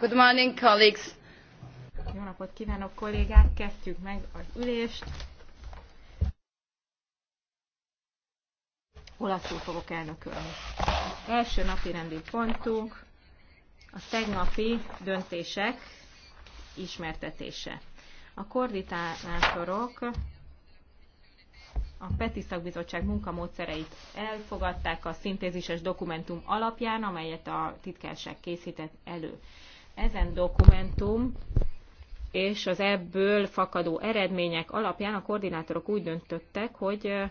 Good morning, colleagues. Jó napot kívánok, kollégák! Kezdjük meg az ülést. Olaszul fogok elnökölni. Első napi rendi pontunk a tegnapi döntések ismertetése. A koordinátorok a PETI szakbizottság munkamódszereit elfogadták a szintézises dokumentum alapján, amelyet a titkárság készített elő. Ezen dokumentum és az ebből fakadó eredmények alapján a koordinátorok úgy döntöttek, hogy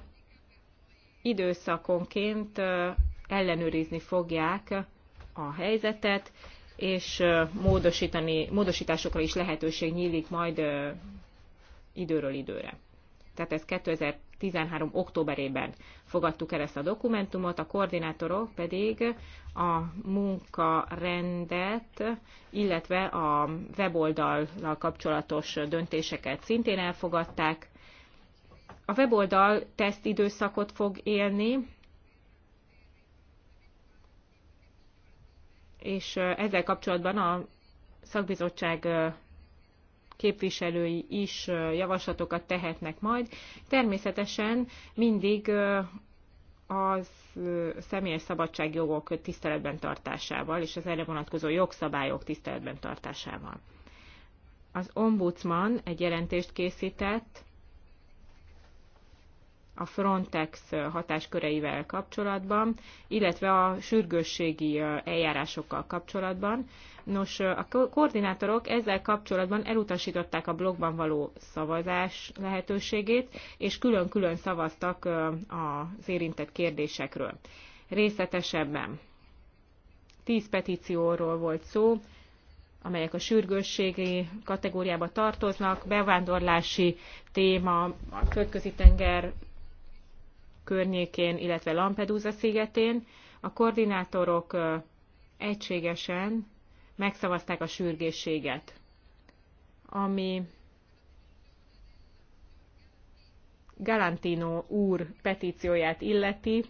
időszakonként ellenőrizni fogják a helyzetet, és módosítani, módosításokra is lehetőség nyílik majd időről időre. Tehát ez 2000. 2013. októberében fogadtuk el ezt a dokumentumot, a koordinátorok pedig a munkarendet, illetve a weboldallal kapcsolatos döntéseket szintén elfogadták. A weboldal tesztidőszakot fog élni, és ezzel kapcsolatban a szakbizottság képviselői is javaslatokat tehetnek majd. Természetesen mindig az személyes szabadságjogok tiszteletben tartásával és az erre vonatkozó jogszabályok tiszteletben tartásával. Az ombudsman egy jelentést készített a Frontex hatásköreivel kapcsolatban, illetve a sürgősségi eljárásokkal kapcsolatban. Nos, a koordinátorok ezzel kapcsolatban elutasították a blogban való szavazás lehetőségét, és külön-külön szavaztak az érintett kérdésekről. Részletesebben. Tíz petícióról volt szó, amelyek a sürgősségi kategóriába tartoznak, bevándorlási téma, a földközi tenger környékén, illetve Lampedusa szigetén, a koordinátorok egységesen megszavazták a sürgésséget, ami Galantino úr petícióját illeti,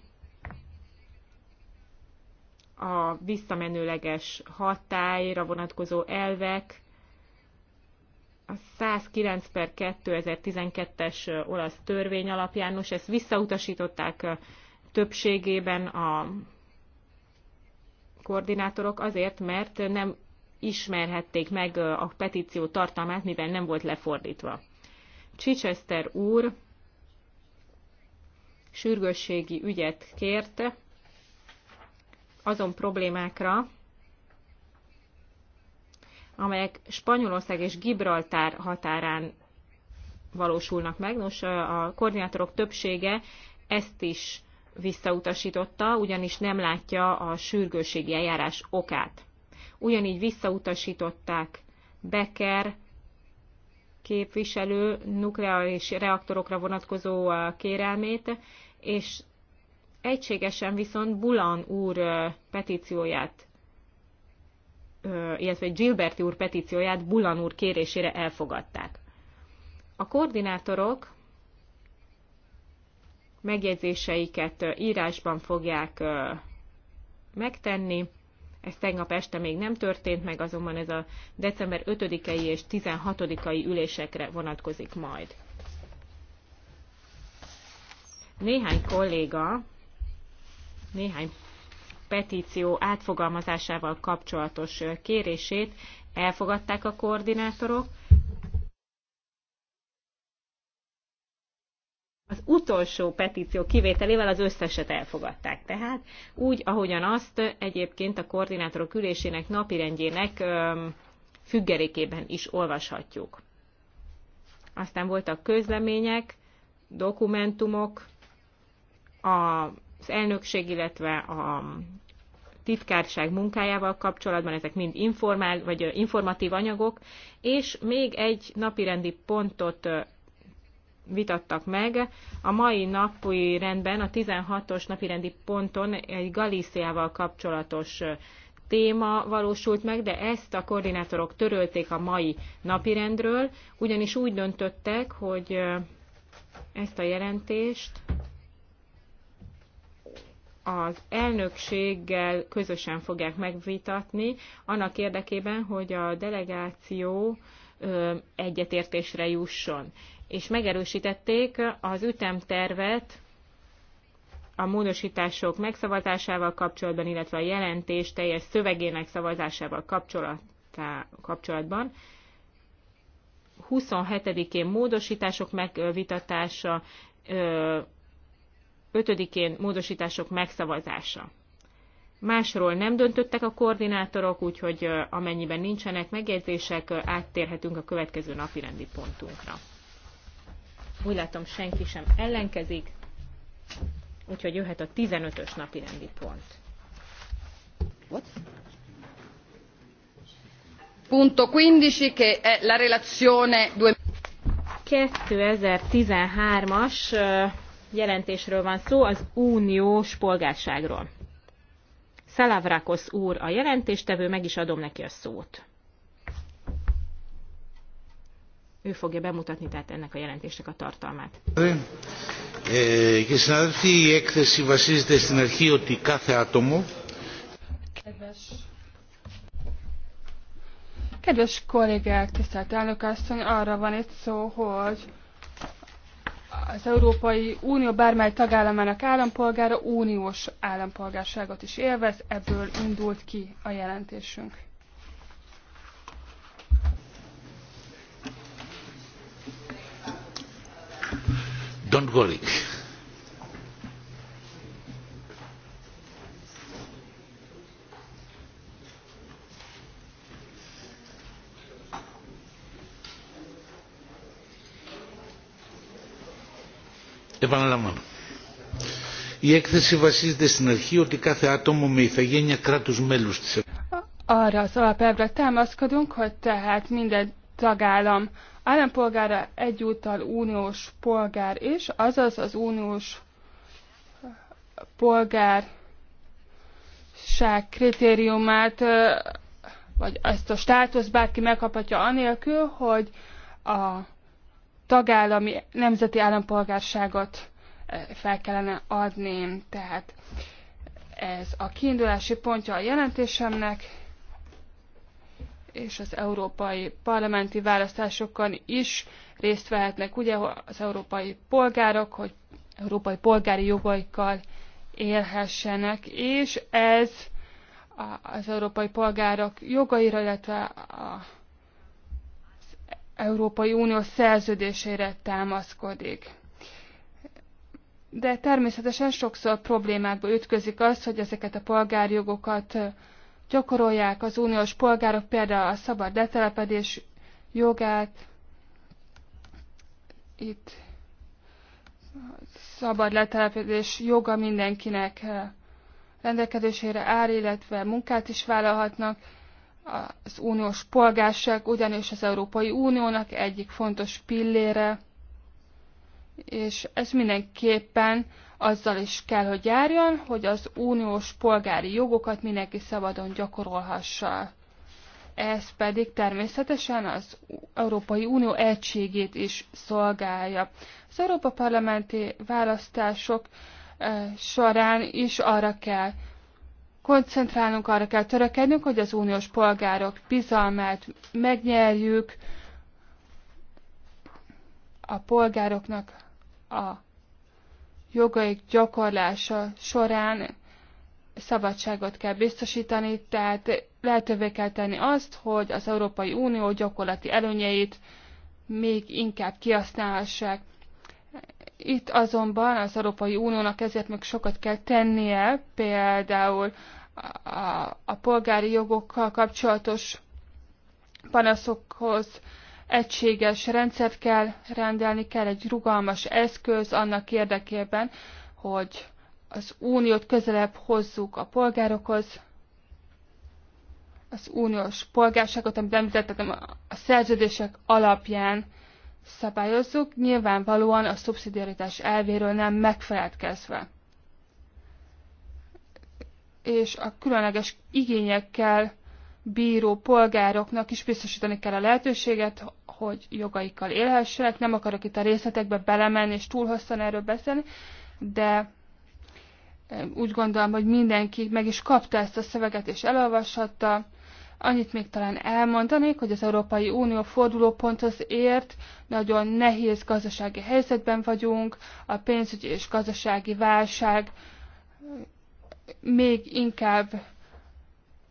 a visszamenőleges hatályra vonatkozó elvek a 109 per 2012-es olasz törvény alapján, most ezt visszautasították többségében a koordinátorok azért, mert nem ismerhették meg a petíció tartalmát, mivel nem volt lefordítva. Chichester úr sürgősségi ügyet kérte azon problémákra, amelyek Spanyolország és Gibraltár határán valósulnak meg. Nos, a koordinátorok többsége ezt is visszautasította, ugyanis nem látja a sürgőségi eljárás okát. Ugyanígy visszautasították Becker képviselő nukleáris reaktorokra vonatkozó kérelmét, és egységesen viszont Bulan úr petícióját illetve Gilberti úr petícióját Bulan úr kérésére elfogadták. A koordinátorok megjegyzéseiket írásban fogják megtenni. Ez tegnap este még nem történt meg, azonban ez a december 5 i és 16-ai ülésekre vonatkozik majd. Néhány kolléga, néhány petíció átfogalmazásával kapcsolatos kérését elfogadták a koordinátorok. Az utolsó petíció kivételével az összeset elfogadták. Tehát úgy, ahogyan azt egyébként a koordinátorok ülésének napirendjének függelékében is olvashatjuk. Aztán voltak közlemények, dokumentumok, az elnökség, illetve a titkárság munkájával kapcsolatban, ezek mind informál, vagy informatív anyagok, és még egy napirendi pontot vitattak meg. A mai napi rendben, a 16-os napirendi ponton egy Galíciával kapcsolatos téma valósult meg, de ezt a koordinátorok törölték a mai napirendről, ugyanis úgy döntöttek, hogy ezt a jelentést az elnökséggel közösen fogják megvitatni, annak érdekében, hogy a delegáció egyetértésre jusson. És megerősítették az ütemtervet a módosítások megszavazásával kapcsolatban, illetve a jelentés teljes szövegének szavazásával kapcsolatban. 27-én módosítások megvitatása 5-én módosítások megszavazása. Másról nem döntöttek a koordinátorok, úgyhogy amennyiben nincsenek megjegyzések, áttérhetünk a következő napi rendi pontunkra. Úgy látom, senki sem ellenkezik, úgyhogy jöhet a 15-ös napi rendi pont. What? Punto 15, che è la relazione 2013-as jelentésről van szó, az uniós polgárságról. Szalavrakosz úr a jelentéstevő, meg is adom neki a szót. Ő fogja bemutatni tehát ennek a jelentésnek a tartalmát. Eh, Kedves Kedves kollégák, tisztelt elnök asszony, arra van itt szó, hogy az Európai Unió bármely tagállamának állampolgára uniós állampolgárságot is élvez, ebből indult ki a jelentésünk. Don't worry. Επαναλαμβάνω. Η έκθεση βασίζεται στην αρχή ότι κάθε άτομο με ηθαγένεια κράτους μέλους της Arra az alapelvre támaszkodunk, hogy tehát minden tagállam állampolgára egyúttal uniós polgár is, azaz az uniós polgárság kritériumát, vagy ezt a státuszt bárki megkaphatja anélkül, hogy a tagállami nemzeti állampolgárságot eh, fel kellene adni. Tehát ez a kiindulási pontja a jelentésemnek, és az európai parlamenti választásokon is részt vehetnek ugye az európai polgárok, hogy európai polgári jogaikkal élhessenek, és ez az európai polgárok jogaira, illetve a Európai Unió szerződésére támaszkodik. De természetesen sokszor problémákba ütközik az, hogy ezeket a polgárjogokat gyakorolják az uniós polgárok, például a szabad letelepedés jogát, itt szabad letelepedés joga mindenkinek rendelkezésére áll, illetve munkát is vállalhatnak, az uniós polgárság ugyanis az Európai Uniónak egyik fontos pillére, és ez mindenképpen azzal is kell, hogy járjon, hogy az uniós polgári jogokat mindenki szabadon gyakorolhassa. Ez pedig természetesen az Európai Unió egységét is szolgálja. Az Európa Parlamenti választások eh, során is arra kell koncentrálnunk, arra kell törekednünk, hogy az uniós polgárok bizalmát megnyerjük, a polgároknak a jogaik gyakorlása során szabadságot kell biztosítani, tehát lehetővé kell tenni azt, hogy az Európai Unió gyakorlati előnyeit még inkább kihasználhassák. Itt azonban az Európai Uniónak ezért még sokat kell tennie, például a, a, a polgári jogokkal kapcsolatos panaszokhoz egységes rendszert kell rendelni, kell egy rugalmas eszköz annak érdekében, hogy az uniót közelebb hozzuk a polgárokhoz, az uniós polgárságot, amit említettem, a szerződések alapján szabályozzuk, nyilvánvalóan a szubszidiaritás elvéről nem megfeledkezve. És a különleges igényekkel bíró polgároknak is biztosítani kell a lehetőséget, hogy jogaikkal élhessenek. Nem akarok itt a részletekbe belemenni és túl hosszan erről beszélni, de eh, úgy gondolom, hogy mindenki meg is kapta ezt a szöveget és elolvashatta. Annyit még talán elmondanék, hogy az Európai Unió fordulóponthoz ért, nagyon nehéz gazdasági helyzetben vagyunk, a pénzügyi és gazdasági válság még inkább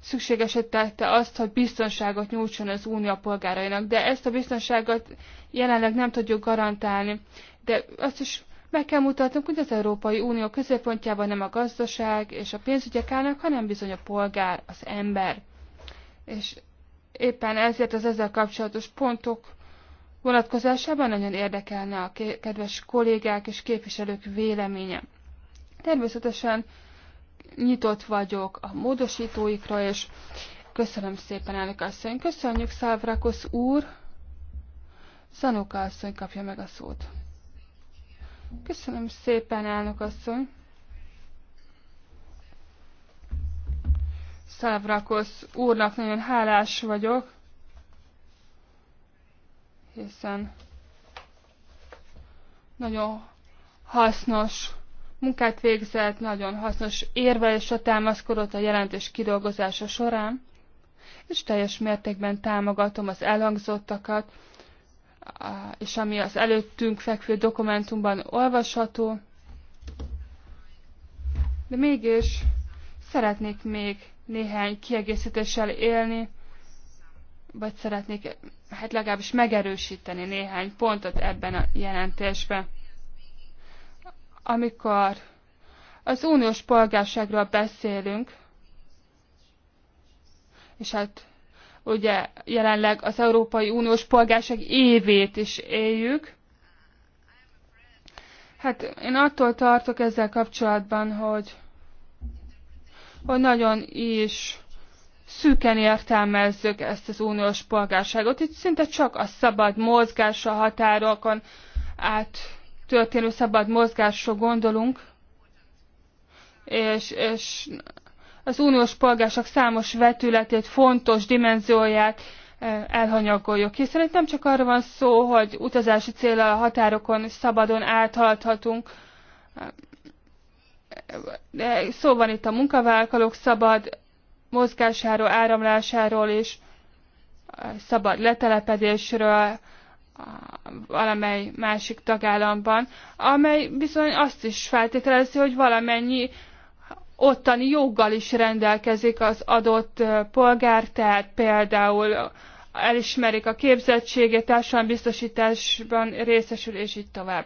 szükségesítette azt, hogy biztonságot nyújtson az unió polgárainak, de ezt a biztonságot jelenleg nem tudjuk garantálni. De azt is meg kell mutatnunk, hogy az Európai Unió középpontjában nem a gazdaság és a pénzügyek állnak, hanem bizony a polgár, az ember és éppen ezért az ezzel kapcsolatos pontok vonatkozásában nagyon érdekelne a kedves kollégák és képviselők véleménye. Természetesen nyitott vagyok a módosítóikra, és köszönöm szépen, elnök asszony. Köszönjük, Szávrakosz úr! Szanuka asszony kapja meg a szót. Köszönöm szépen, elnök asszony! Szávrakosz úrnak nagyon hálás vagyok, hiszen nagyon hasznos munkát végzett, nagyon hasznos a támaszkodott a jelentés kidolgozása során, és teljes mértékben támogatom az elhangzottakat, és ami az előttünk fekvő dokumentumban olvasható. De mégis szeretnék még néhány kiegészítéssel élni, vagy szeretnék hát legalábbis megerősíteni néhány pontot ebben a jelentésben. Amikor az uniós polgárságról beszélünk, és hát ugye jelenleg az Európai Uniós polgárság évét is éljük. Hát én attól tartok ezzel kapcsolatban, hogy hogy nagyon is szűken értelmezzük ezt az uniós polgárságot. Itt szinte csak a szabad mozgásra határokon át történő szabad mozgásra gondolunk, és, és az uniós polgárság számos vetületét, fontos dimenzióját e, elhanyagoljuk, hiszen itt nem csak arra van szó, hogy utazási célra a határokon szabadon áthaladhatunk, szó van itt a munkavállalók szabad mozgásáról, áramlásáról és szabad letelepedésről valamely másik tagállamban, amely bizony azt is feltételezi, hogy valamennyi ottani joggal is rendelkezik az adott polgár, tehát például elismerik a képzettségét, biztosításban részesül, és így tovább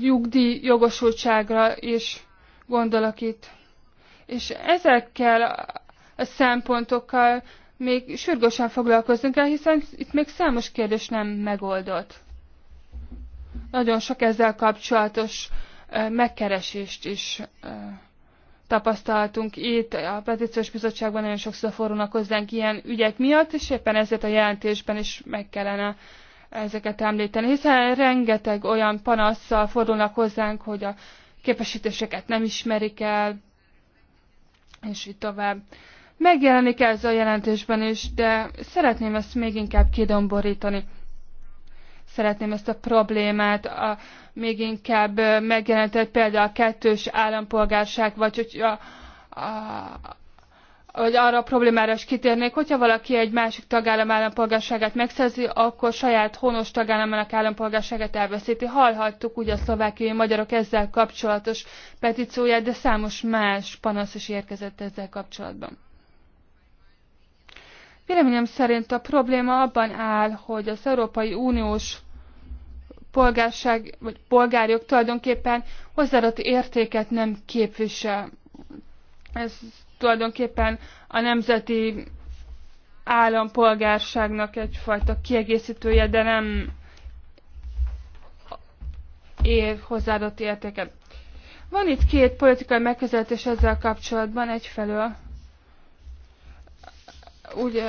nyugdíj jogosultságra is gondolok itt. És ezekkel a szempontokkal még sürgősen foglalkoznunk kell, hiszen itt még számos kérdés nem megoldott. Nagyon sok ezzel kapcsolatos megkeresést is tapasztaltunk itt, a petíciós bizottságban nagyon sokszor fordulnak hozzánk ilyen ügyek miatt, és éppen ezért a jelentésben is meg kellene ezeket említeni, hiszen rengeteg olyan panasszal fordulnak hozzánk, hogy a képesítéseket nem ismerik el, és így tovább. Megjelenik ez a jelentésben is, de szeretném ezt még inkább kidomborítani. Szeretném ezt a problémát a, még inkább megjelentett például a kettős állampolgárság, vagy hogy a, a, hogy arra a problémára is kitérnék, hogyha valaki egy másik tagállam állampolgárságát megszerzi, akkor saját honos tagállamának állampolgárságát elveszíti. Hallhattuk ugye a szlovákiai magyarok ezzel kapcsolatos petícióját, de számos más panasz is érkezett ezzel kapcsolatban. Véleményem szerint a probléma abban áll, hogy az Európai Uniós polgárság vagy polgárjog tulajdonképpen hozzáadott értéket nem képvisel. Ez tulajdonképpen a nemzeti állampolgárságnak egyfajta kiegészítője, de nem ér hozzáadott értéket. Van itt két politikai megközelítés ezzel kapcsolatban egyfelől. Úgy,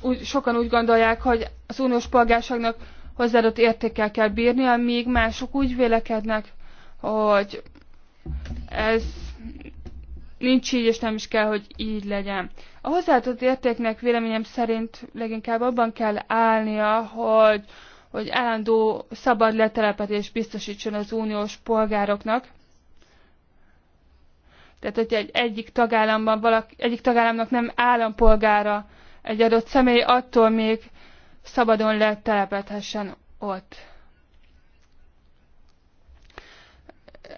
úgy, sokan úgy gondolják, hogy az uniós polgárságnak hozzáadott értékkel kell bírnia, míg mások úgy vélekednek, hogy ez nincs így, és nem is kell, hogy így legyen. A hozzáadott értéknek véleményem szerint leginkább abban kell állnia, hogy, hogy állandó szabad letelepedés biztosítson az uniós polgároknak. Tehát, hogy egy, egyik, tagállamban valaki, egyik tagállamnak nem állampolgára egy adott személy, attól még szabadon letelepedhessen ott.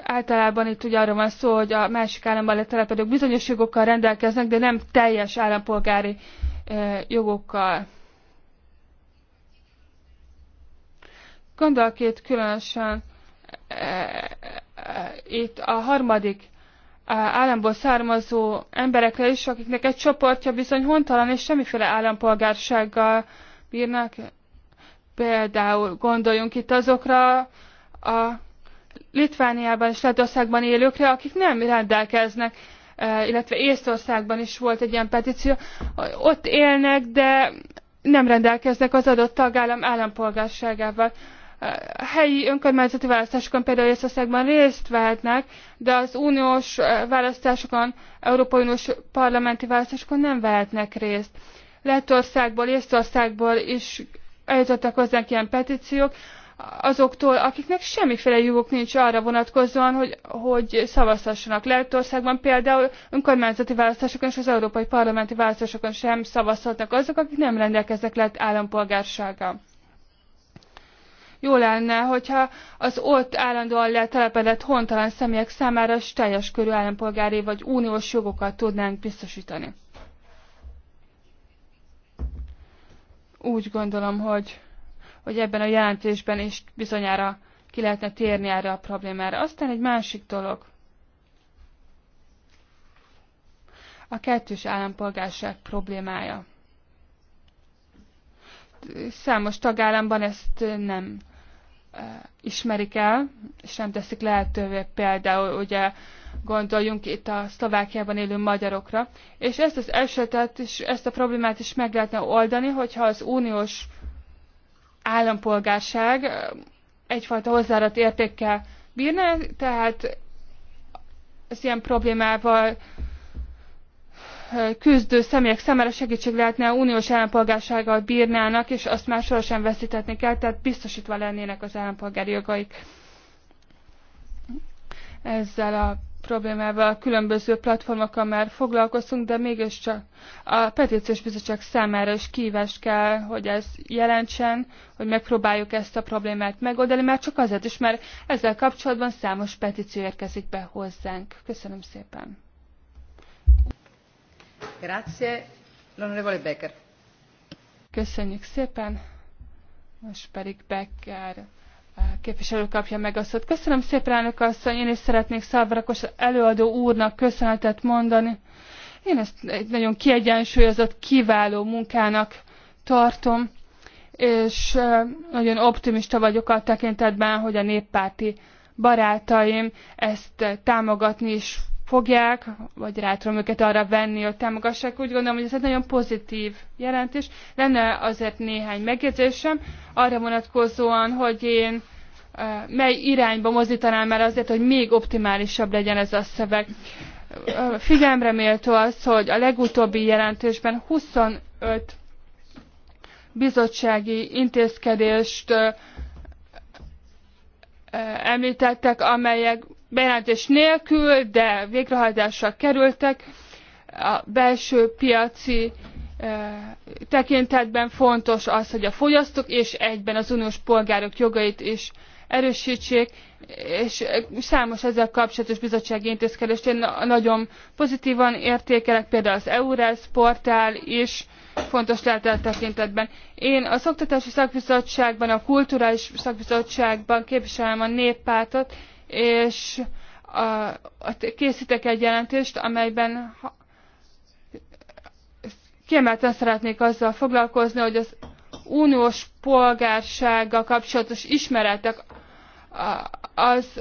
általában itt ugye arra van szó, hogy a másik államban letelepedők bizonyos jogokkal rendelkeznek, de nem teljes állampolgári jogokkal. Gondolok itt különösen itt a harmadik államból származó emberekre is, akiknek egy csoportja bizony hontalan és semmiféle állampolgársággal bírnak. Például gondoljunk itt azokra a Litvániában és Lettországban élőkre, akik nem rendelkeznek, eh, illetve Észtországban is volt egy ilyen petíció, ott élnek, de nem rendelkeznek az adott tagállam állampolgárságával. A eh, helyi önkormányzati választásokon például Észországban részt vehetnek, de az uniós eh, választásokon, Európai Uniós parlamenti választásokon nem vehetnek részt. Lettországból, Észtországból is eljutottak hozzánk ilyen petíciók, azoktól, akiknek semmiféle joguk nincs arra vonatkozóan, hogy, hogy szavazhassanak. Lettországban például önkormányzati választásokon és az európai parlamenti választásokon sem szavazhatnak azok, akik nem rendelkeznek lett állampolgársága. Jó lenne, hogyha az ott állandóan letelepedett hontalan személyek számára is teljes körű állampolgári vagy uniós jogokat tudnánk biztosítani. Úgy gondolom, hogy hogy ebben a jelentésben is bizonyára ki lehetne térni erre a problémára. Aztán egy másik dolog. A kettős állampolgárság problémája. Számos tagállamban ezt nem e, ismerik el, és nem teszik lehetővé például, ugye gondoljunk itt a Szlovákiában élő magyarokra, és ezt az esetet és ezt a problémát is meg lehetne oldani, hogyha az uniós állampolgárság egyfajta hozzáadott értékkel bírna, tehát az ilyen problémával küzdő személyek számára segítség lehetne, uniós állampolgársággal bírnának, és azt már sohasem veszíthetnék el, tehát biztosítva lennének az állampolgári jogaik. Ezzel a problémával különböző platformokkal már foglalkoztunk, de mégiscsak a petíciós bizottság számára is kívást kell, hogy ez jelentsen, hogy megpróbáljuk ezt a problémát megoldani, mert csak azért is, mert ezzel kapcsolatban számos petíció érkezik be hozzánk. Köszönöm szépen. Grazie. L'onorevole Becker. Köszönjük szépen. Most pedig Becker képviselő kapja meg a szót. Köszönöm szépen, elnök asszony, én is szeretnék Szalvarakos előadó úrnak köszönetet mondani. Én ezt egy nagyon kiegyensúlyozott, kiváló munkának tartom, és nagyon optimista vagyok a tekintetben, hogy a néppárti barátaim ezt támogatni is fogják, vagy rá tudom őket arra venni, hogy támogassák. Úgy gondolom, hogy ez egy nagyon pozitív jelentés. Lenne azért néhány megjegyzésem arra vonatkozóan, hogy én mely irányba mozdítanám el azért, hogy még optimálisabb legyen ez a szöveg. Figyelmre méltó az, hogy a legutóbbi jelentésben 25 bizottsági intézkedést említettek, amelyek bejelentés nélkül, de végrehajtásra kerültek. A belső piaci eh, tekintetben fontos az, hogy a fogyasztók és egyben az uniós polgárok jogait is erősítsék, és számos ezzel kapcsolatos bizottsági intézkedést én nagyon pozitívan értékelek, például az EURES portál is fontos lehet a e tekintetben. Én az Oktatási Szakbizottságban, a Kulturális Szakbizottságban képviselem a néppártot, és a, a, készítek egy jelentést, amelyben kiemelten szeretnék azzal foglalkozni, hogy az uniós polgársággal kapcsolatos ismeretek az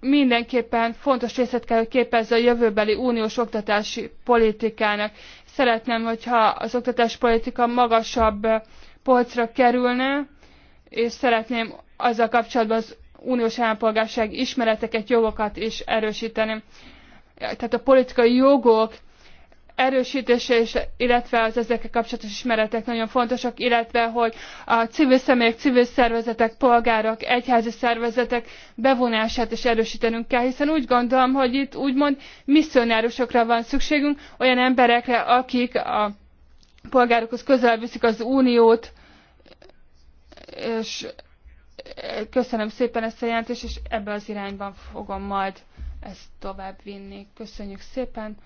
mindenképpen fontos részét kell, hogy képezze a jövőbeli uniós oktatási politikának. Szeretném, hogyha az oktatási politika magasabb polcra kerülne, és szeretném azzal kapcsolatban az uniós állampolgárság ismereteket, jogokat is erősíteni. Tehát a politikai jogok erősítése, és, illetve az ezekkel kapcsolatos ismeretek nagyon fontosak, illetve hogy a civil személyek, civil szervezetek, polgárok, egyházi szervezetek bevonását is erősítenünk kell, hiszen úgy gondolom, hogy itt úgymond misszionárusokra van szükségünk, olyan emberekre, akik a polgárokhoz közel viszik az uniót, és köszönöm szépen ezt a jelentést, és ebbe az irányban fogom majd ezt tovább vinni. Köszönjük szépen!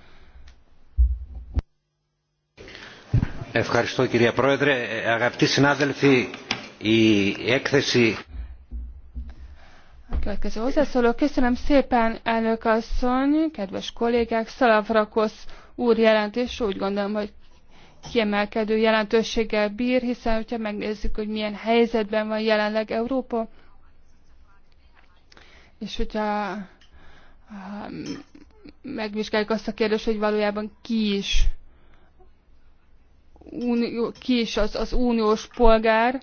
Ευχαριστώ κυρία Πρόεδρε. Αγαπητοί συνάδελφοι, η έκθεση... Következő hozzászóló. Köszönöm szépen, elnök asszony, kedves kollégák, Szalavrakosz úr jelentés, úgy gondolom, hogy kiemelkedő jelentőséggel bír, hiszen hogyha megnézzük, hogy milyen helyzetben van jelenleg Európa, és hogyha um, megvizsgáljuk azt a kérdést, hogy valójában ki is, unió, ki is az, az uniós polgár,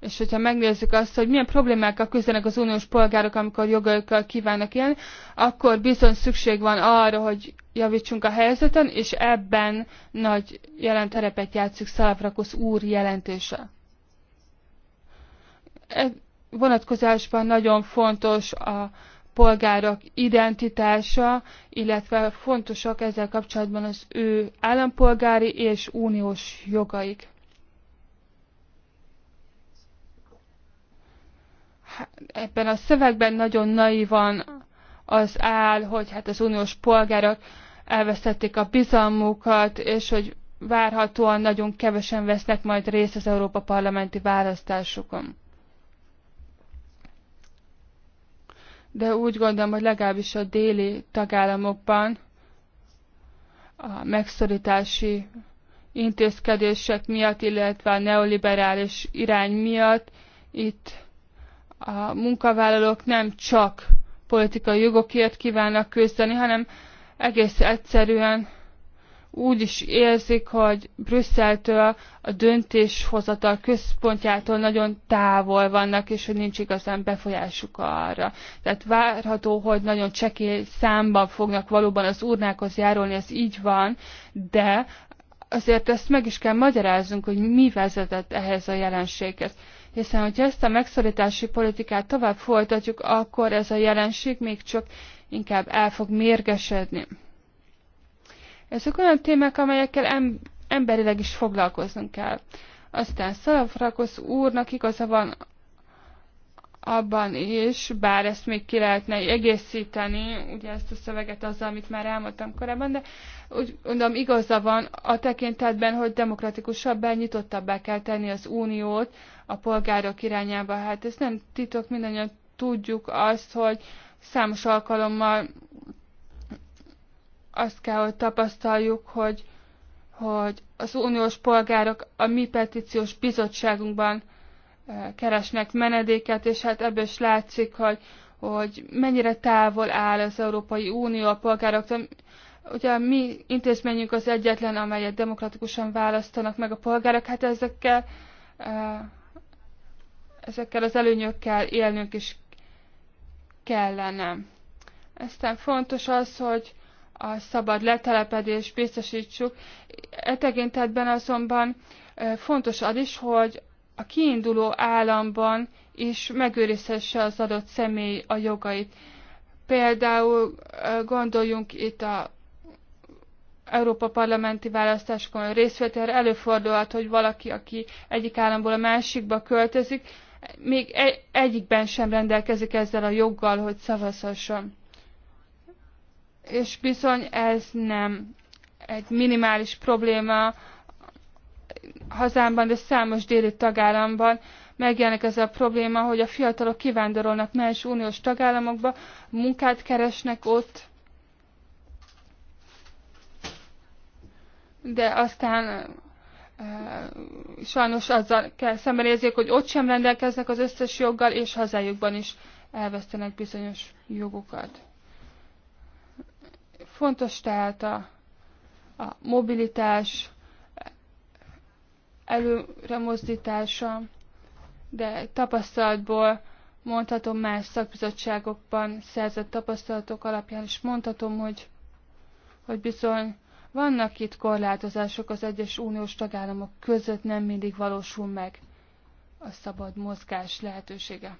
és hogyha megnézzük azt, hogy milyen problémákkal küzdenek az uniós polgárok, amikor jogaikkal kívánnak élni, akkor bizony szükség van arra, hogy javítsunk a helyzeten, és ebben nagy jelent terepet játszik Szalafrakosz úr jelentése. E vonatkozásban nagyon fontos a polgárok identitása, illetve fontosak ezzel kapcsolatban az ő állampolgári és uniós jogaik. ebben a szövegben nagyon naivan az áll, hogy hát az uniós polgárok elvesztették a bizalmukat, és hogy várhatóan nagyon kevesen vesznek majd részt az Európa parlamenti választásokon. De úgy gondolom, hogy legalábbis a déli tagállamokban a megszorítási intézkedések miatt, illetve a neoliberális irány miatt itt a munkavállalók nem csak politikai jogokért kívánnak küzdeni, hanem egész egyszerűen úgy is érzik, hogy Brüsszeltől, a döntéshozatal központjától nagyon távol vannak, és hogy nincs igazán befolyásuk arra. Tehát várható, hogy nagyon csekély számban fognak valóban az urnákhoz járulni, ez így van, de azért ezt meg is kell magyaráznunk, hogy mi vezetett ehhez a jelenséghez hiszen hogyha ezt a megszorítási politikát tovább folytatjuk, akkor ez a jelenség még csak inkább el fog mérgesedni. Ezek olyan témák, amelyekkel em- emberileg is foglalkoznunk kell. Aztán Szalafrakosz úrnak igaza van abban is, bár ezt még ki lehetne egészíteni, ugye ezt a szöveget azzal, amit már elmondtam korábban, de úgy mondom, igaza van a tekintetben, hogy demokratikusabbá, nyitottabbá kell tenni az uniót a polgárok irányába. Hát ez nem titok, mindannyian tudjuk azt, hogy számos alkalommal azt kell, hogy tapasztaljuk, hogy, hogy az uniós polgárok a mi petíciós bizottságunkban eh, keresnek menedéket, és hát ebből is látszik, hogy, hogy mennyire távol áll az Európai Unió a polgároktól. Ugye a mi intézményünk az egyetlen, amelyet demokratikusan választanak meg a polgárok, hát ezekkel eh, ezekkel az előnyökkel élnünk is kellene. Aztán fontos az, hogy a szabad letelepedés biztosítsuk. E tekintetben azonban fontos az is, hogy a kiinduló államban is megőrizhesse az adott személy a jogait. Például gondoljunk itt a Európa parlamenti választásokon részvételre előfordulhat, hogy valaki, aki egyik államból a másikba költözik, még e- egyikben sem rendelkezik ezzel a joggal, hogy szavazhasson. És bizony ez nem egy minimális probléma hazámban, de számos déli tagállamban megjelenik ez a probléma, hogy a fiatalok kivándorolnak más uniós tagállamokba, munkát keresnek ott, de aztán sajnos azzal kell szembenézniük, hogy ott sem rendelkeznek az összes joggal, és hazájukban is elvesztenek bizonyos jogokat. Fontos tehát a, a mobilitás előre mozdítása, de tapasztalatból mondhatom más szakbizottságokban szerzett tapasztalatok alapján is mondhatom, hogy, hogy bizony vannak itt korlátozások az egyes uniós tagállamok között, nem mindig valósul meg a szabad mozgás lehetősége.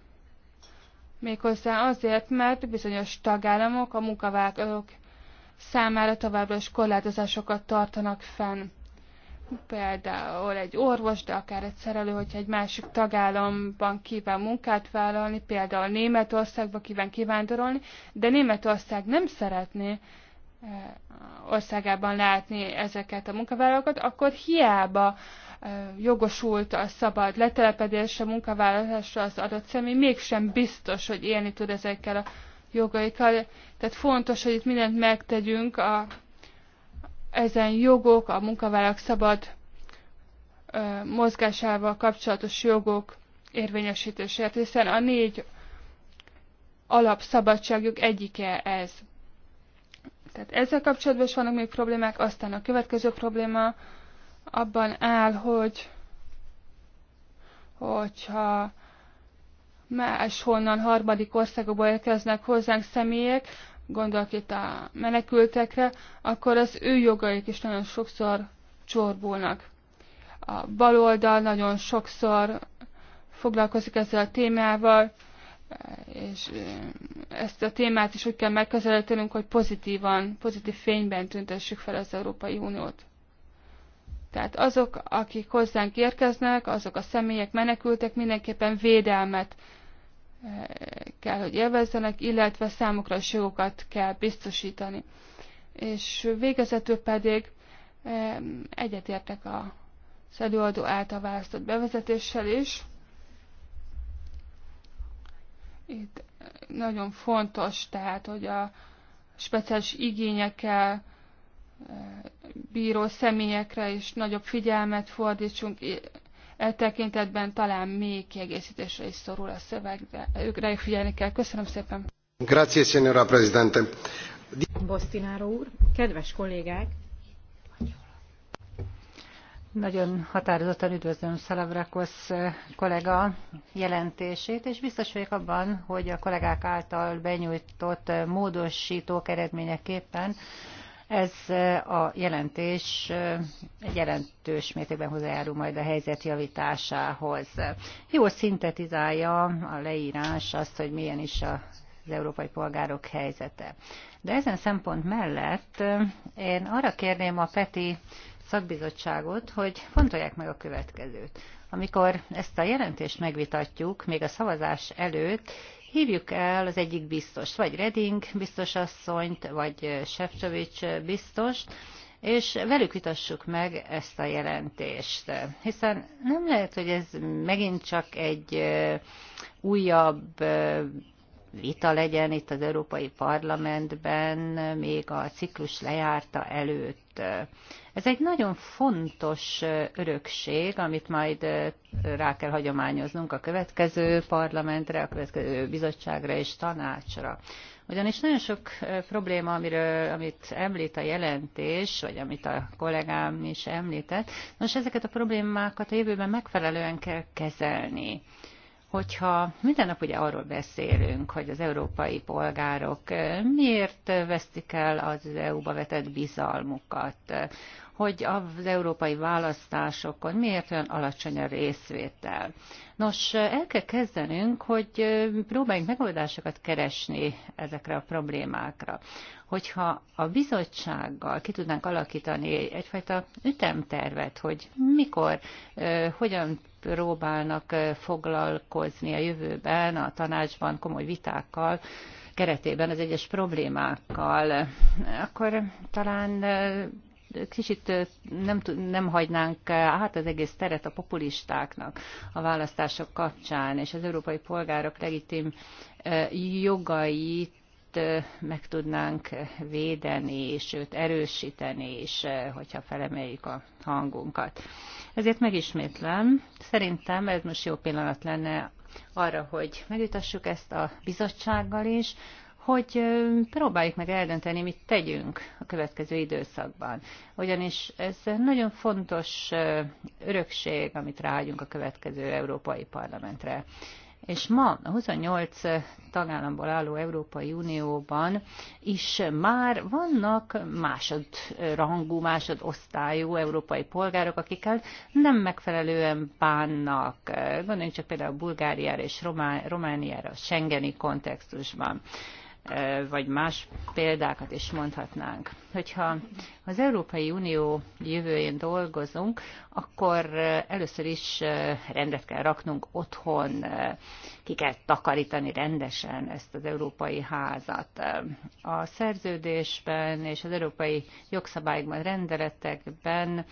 Méghozzá azért, mert bizonyos tagállamok a munkavállalók számára továbbra is korlátozásokat tartanak fenn. Például egy orvos, de akár egy szerelő, hogyha egy másik tagállamban kíván munkát vállalni, például Németországba kíván kivándorolni, de Németország nem szeretné, Eh, országában látni ezeket a munkavállalókat, akkor hiába eh, jogosult a szabad letelepedésre, munkavállalásra az adott személy, mégsem biztos, hogy élni tud ezekkel a jogaikkal. Tehát fontos, hogy itt mindent megtegyünk a, ezen jogok, a munkavállalók szabad eh, mozgásával kapcsolatos jogok érvényesítésért, hiszen a négy alapszabadságjuk egyike ez. Tehát ezzel kapcsolatban is vannak még problémák, aztán a következő probléma abban áll, hogy hogyha máshonnan, harmadik országokból érkeznek hozzánk személyek, gondolok itt a menekültekre, akkor az ő jogaik is nagyon sokszor csorbulnak. A baloldal nagyon sokszor foglalkozik ezzel a témával, és ezt a témát is úgy kell megközelítenünk, hogy pozitívan, pozitív fényben tüntessük fel az Európai Uniót. Tehát azok, akik hozzánk érkeznek, azok a személyek menekültek, mindenképpen védelmet kell, hogy élvezzenek, illetve számukra is jogokat kell biztosítani. És végezetül pedig egyetértek a előadó által választott bevezetéssel is, itt nagyon fontos, tehát, hogy a speciális igényekkel e, bíró személyekre is nagyobb figyelmet fordítsunk, e, e tekintetben talán még kiegészítésre is szorul a szövegre, őkre figyelni kell. Köszönöm szépen. Grazie, signora Presidente. Bostináró úr, kedves kollégák, nagyon határozottan üdvözlöm Szalavrakosz eh, kollega jelentését, és biztos vagyok abban, hogy a kollégák által benyújtott eh, módosítók eredményeképpen ez eh, a jelentés egy jelentős mértékben hozzájárul majd a helyzet javításához. Jó szintetizálja a leírás azt, hogy milyen is a az európai polgárok helyzete. De ezen szempont mellett én arra kérném a Peti szakbizottságot, hogy fontolják meg a következőt. Amikor ezt a jelentést megvitatjuk, még a szavazás előtt, hívjuk el az egyik biztos, vagy Reding biztos asszonyt, vagy Sefcsovics biztos, és velük vitassuk meg ezt a jelentést. Hiszen nem lehet, hogy ez megint csak egy újabb vita legyen itt az Európai Parlamentben, még a ciklus lejárta előtt. Ez egy nagyon fontos örökség, amit majd rá kell hagyományoznunk a következő parlamentre, a következő bizottságra és tanácsra. Ugyanis nagyon sok probléma, amiről, amit említ a jelentés, vagy amit a kollégám is említett, most ezeket a problémákat a jövőben megfelelően kell kezelni hogyha minden nap ugye arról beszélünk, hogy az európai polgárok miért vesztik el az EU-ba vetett bizalmukat, hogy az európai választásokon miért olyan alacsony a részvétel. Nos, el kell kezdenünk, hogy próbáljunk megoldásokat keresni ezekre a problémákra. Hogyha a bizottsággal ki tudnánk alakítani egyfajta ütemtervet, hogy mikor, hogyan próbálnak eh, foglalkozni a jövőben a tanácsban komoly vitákkal, keretében az egyes problémákkal, akkor talán eh, kicsit eh, nem, nem hagynánk át az egész teret a populistáknak a választások kapcsán, és az európai polgárok legitim jogait meg tudnánk védeni, és őt erősíteni és hogyha felemeljük a hangunkat. Ezért megismétlem, szerintem ez most jó pillanat lenne arra, hogy megütassuk ezt a bizottsággal is, hogy próbáljuk meg eldönteni, mit tegyünk a következő időszakban. Ugyanis ez nagyon fontos örökség, amit ráhagyunk a következő Európai Parlamentre és ma a 28 tagállamból álló Európai Unióban is már vannak másodrangú, másodosztályú európai polgárok, akikkel nem megfelelően bánnak. Gondoljunk csak például Bulgáriára és Romániára a Schengeni kontextusban vagy más példákat is mondhatnánk. Hogyha az Európai Unió jövőjén dolgozunk, akkor először is rendet kell raknunk otthon, ki kell takarítani rendesen ezt az európai házat. A szerződésben és az európai jogszabályokban, rendeletekben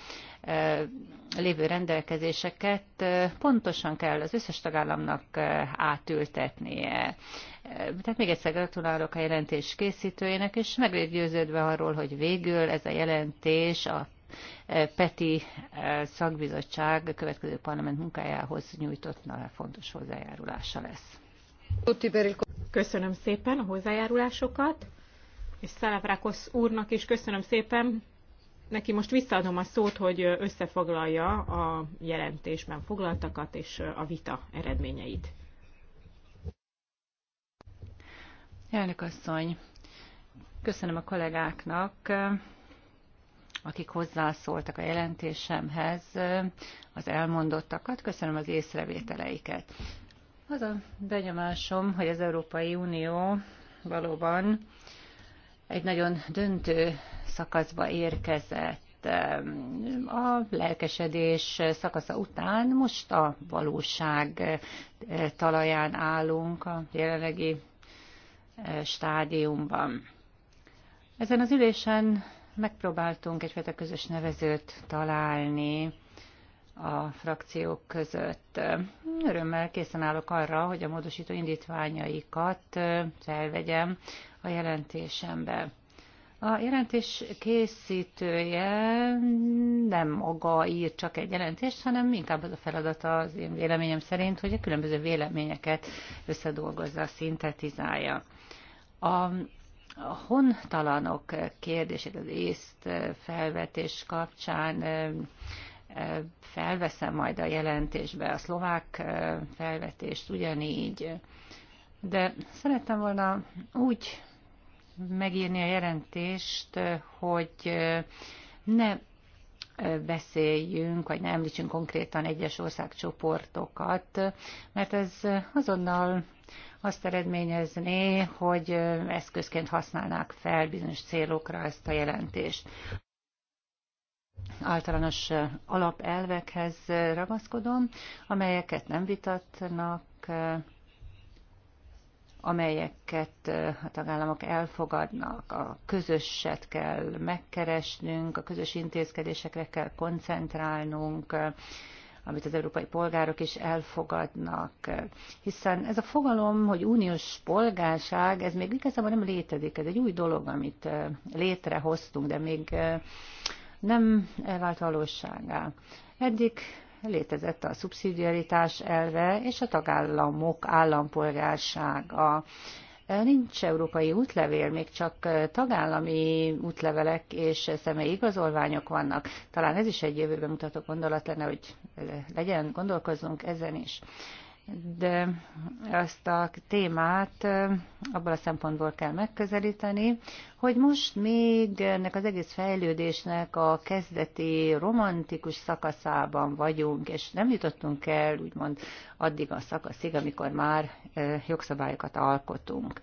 lévő rendelkezéseket pontosan kell az összes tagállamnak átültetnie. Tehát még egyszer gratulálok a jelentés készítőjének, és meg győződve arról, hogy végül ez a jelentés a e, PETI e, szakbizottság következő parlament munkájához nyújtott fontos hozzájárulása lesz. Köszönöm szépen a hozzájárulásokat, és Szelefrákosz úrnak is köszönöm szépen. Neki most visszaadom a szót, hogy összefoglalja a jelentésben foglaltakat és a vita eredményeit. Elnök asszony, köszönöm a kollégáknak, akik hozzászóltak a jelentésemhez, az elmondottakat, köszönöm az észrevételeiket. Az a benyomásom, hogy az Európai Unió valóban egy nagyon döntő szakaszba érkezett a lelkesedés szakasza után most a valóság talaján állunk a jelenlegi E, stádiumban. Ezen az ülésen megpróbáltunk egyfajta közös nevezőt találni a frakciók között. Örömmel készen állok arra, hogy a módosító indítványaikat e, felvegyem a jelentésembe. A jelentés készítője nem maga ír csak egy jelentést, hanem inkább az a feladata az én véleményem szerint, hogy a különböző véleményeket összedolgozza, szintetizálja. A hontalanok kérdését az észt felvetés kapcsán felveszem majd a jelentésbe a szlovák felvetést ugyanígy. De szerettem volna úgy megírni a jelentést, hogy ne beszéljünk, vagy ne említsünk konkrétan egyes országcsoportokat, mert ez azonnal azt eredményezné, hogy eszközként használnák fel bizonyos célokra ezt a jelentést. Általános alapelvekhez ragaszkodom, amelyeket nem vitatnak, amelyeket eh, a tagállamok elfogadnak. A közösset kell megkeresnünk, a közös intézkedésekre kell koncentrálnunk, eh, amit az európai polgárok is elfogadnak. Hiszen ez a fogalom, hogy uniós polgárság, ez még igazából nem létezik, ez egy új dolog, amit eh, létrehoztunk, de még nem vált valóságá. Eddig létezett a szubszidiaritás elve és a tagállamok állampolgársága. Nincs európai útlevél, még csak tagállami útlevelek és személyi igazolványok vannak. Talán ez is egy jövőben mutató gondolat lenne, hogy legyen, gondolkozzunk ezen is de ezt a témát abban a szempontból kell megközelíteni, hogy most még ennek az egész fejlődésnek a kezdeti romantikus szakaszában vagyunk, és nem jutottunk el úgymond addig a szakaszig, amikor már jogszabályokat alkotunk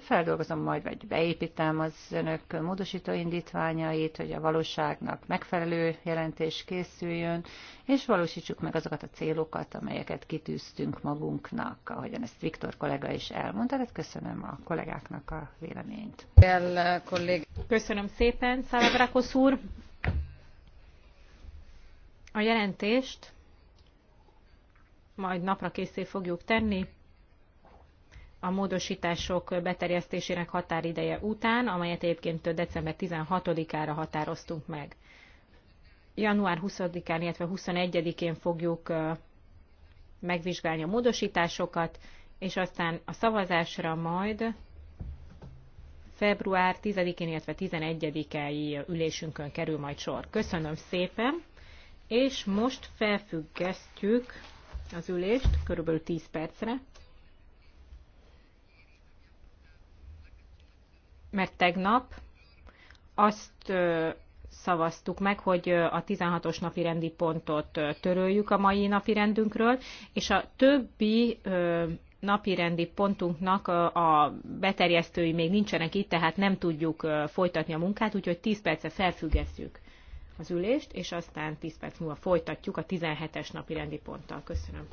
feldolgozom majd, vagy beépítem az önök módosító indítványait, hogy a valóságnak megfelelő jelentés készüljön, és valósítsuk meg azokat a célokat, amelyeket kitűztünk magunknak, ahogyan ezt Viktor kollega is elmondta, tehát köszönöm a kollégáknak a véleményt. Köszönöm szépen, Szalabrákos úr! A jelentést majd napra készé fogjuk tenni, a módosítások beterjesztésének határideje után, amelyet egyébként december 16-ára határoztunk meg. Január 20-án, illetve 21-én fogjuk megvizsgálni a módosításokat, és aztán a szavazásra majd február 10-én, illetve 11-i ülésünkön kerül majd sor. Köszönöm szépen, és most felfüggesztjük az ülést körülbelül 10 percre. mert tegnap azt szavaztuk meg, hogy a 16-os napi rendi pontot töröljük a mai napi rendünkről, és a többi napi rendi pontunknak a beterjesztői még nincsenek itt, tehát nem tudjuk folytatni a munkát, úgyhogy 10 perce felfüggesztjük az ülést, és aztán 10 perc múlva folytatjuk a 17-es napi rendi ponttal. Köszönöm.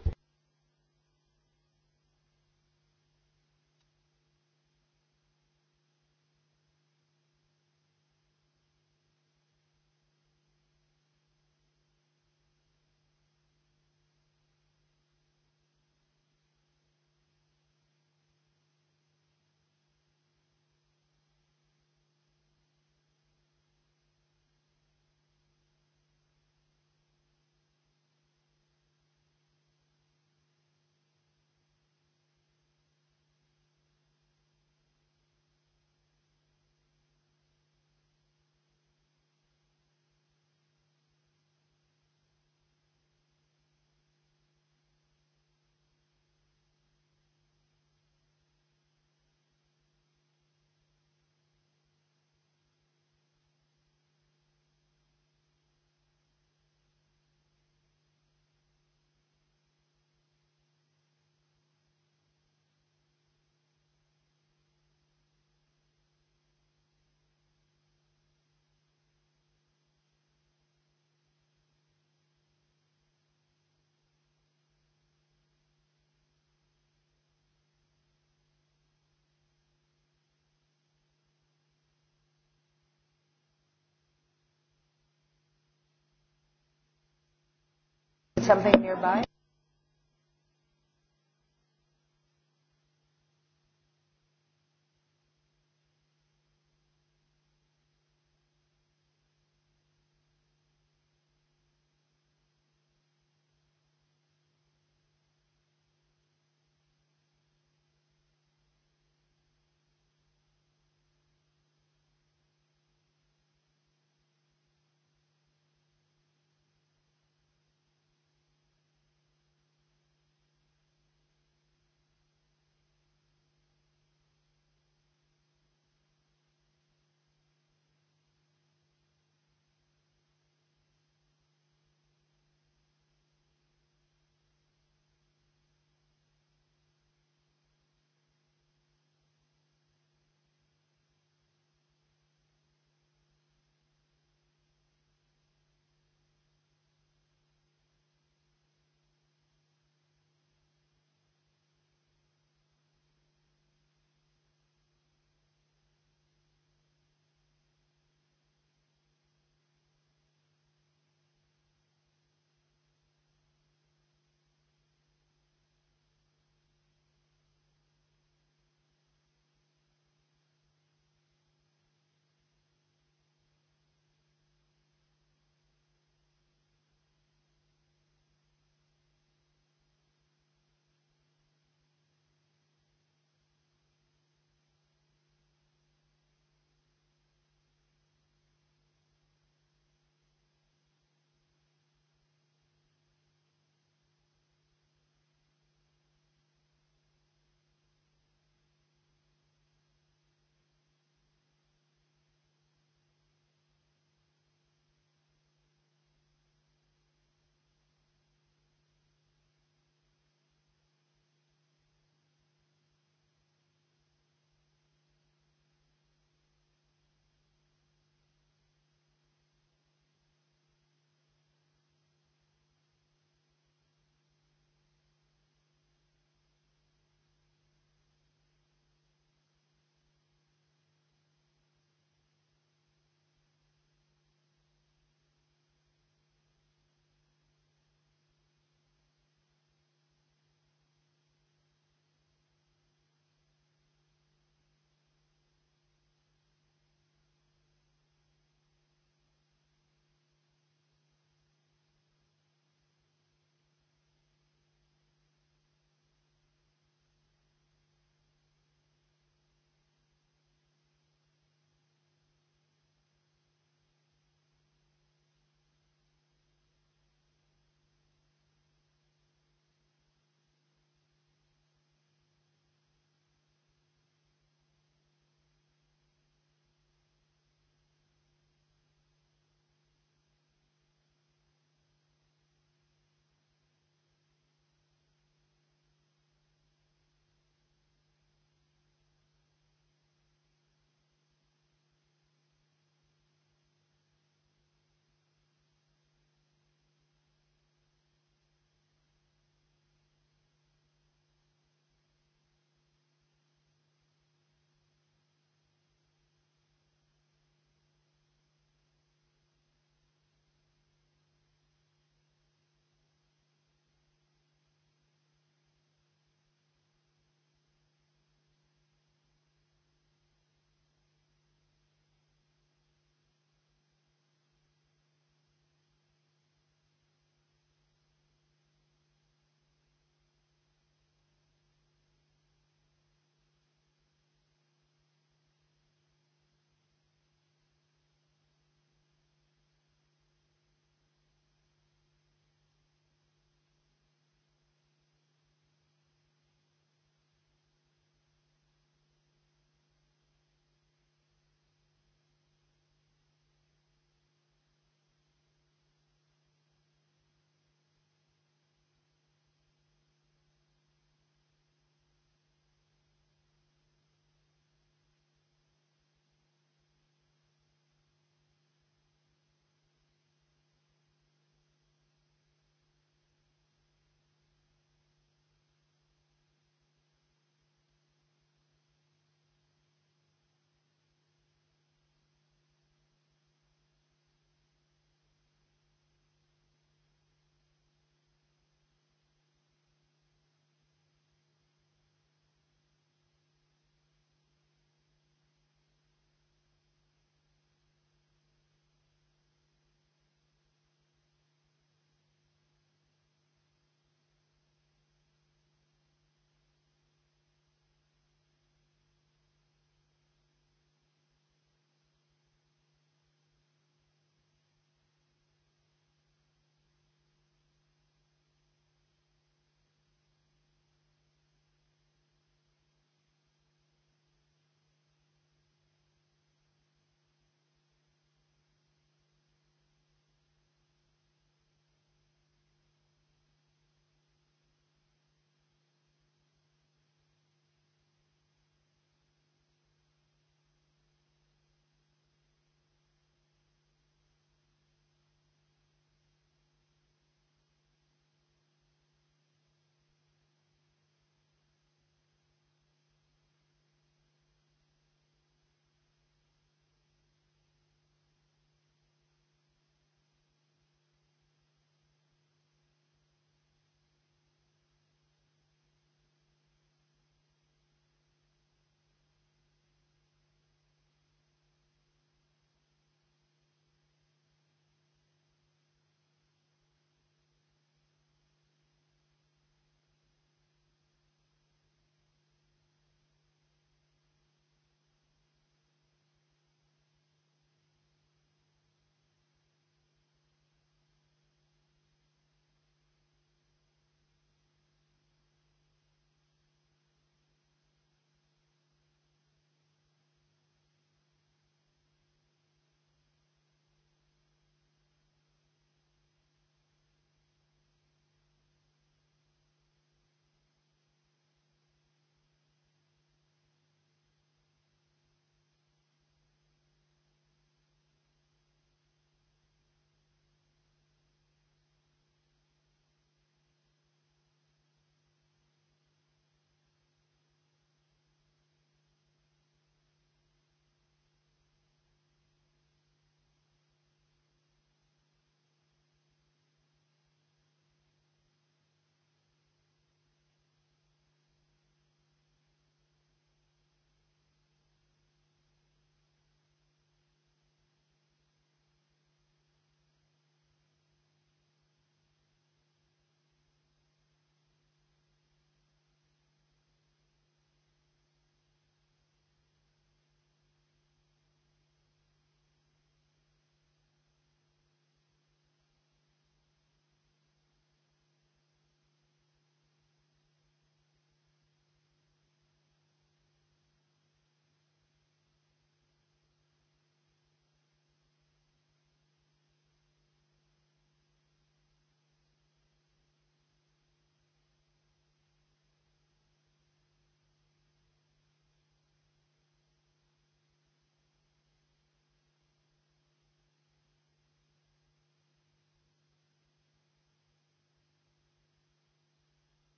something nearby?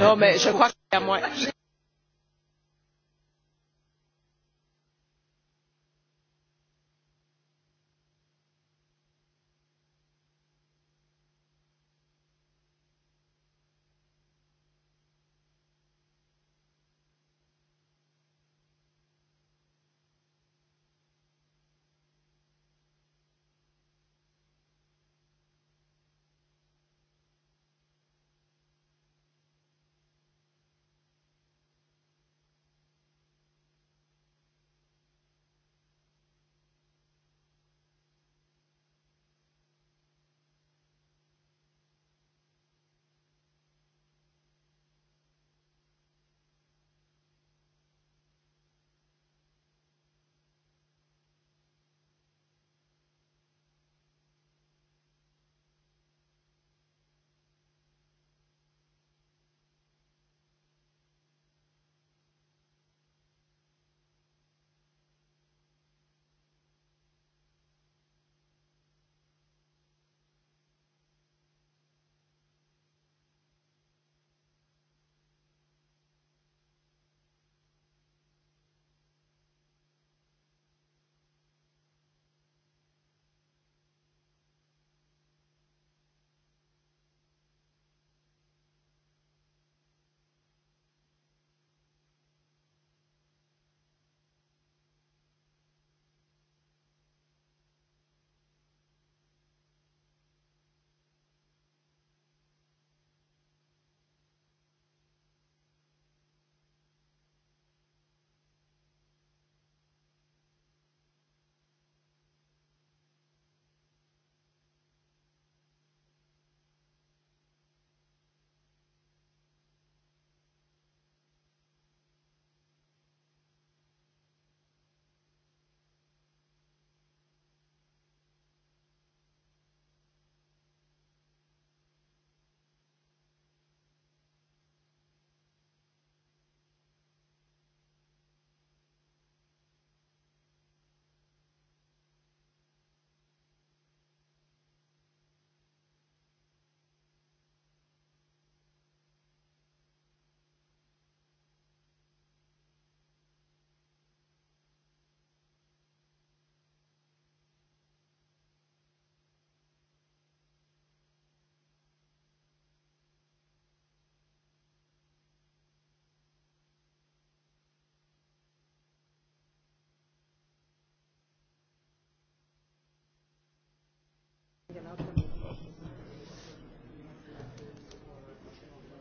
Non, mais je crois qu'il y a moyen.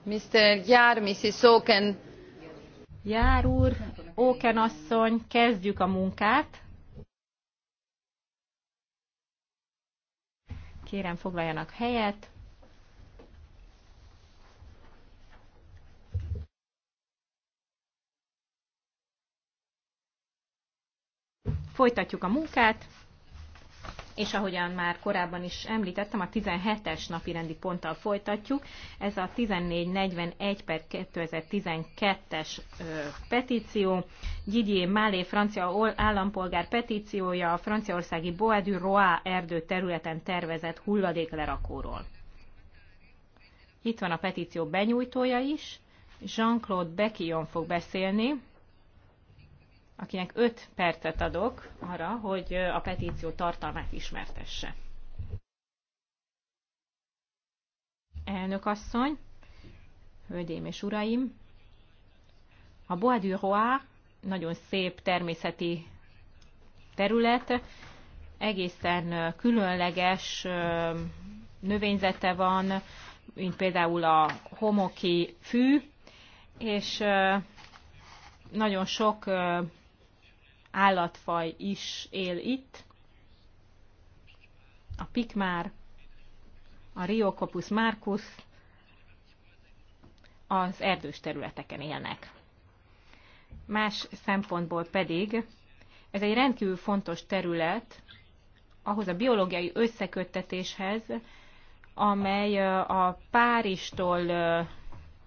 Mr. Jár, Oken. Jár úr, Oken asszony, kezdjük a munkát. Kérem, foglaljanak helyet. Folytatjuk a munkát és ahogyan már korábban is említettem, a 17-es napi rendi ponttal folytatjuk. Ez a 1441 per 2012-es petíció. Didier Málé, francia állampolgár petíciója a franciaországi Bois du Roi erdő területen tervezett hulladéklerakóról. Itt van a petíció benyújtója is. Jean-Claude Bequillon fog beszélni akinek 5 percet adok arra, hogy a petíció tartalmát ismertesse. Elnök asszony, hölgyeim és uraim, a Bois du Roi nagyon szép természeti terület, egészen különleges növényzete van, mint például a homoki fű, és nagyon sok állatfaj is él itt. A pikmár, a Riocopus marcus az erdős területeken élnek. Más szempontból pedig ez egy rendkívül fontos terület ahhoz a biológiai összeköttetéshez, amely a Páristól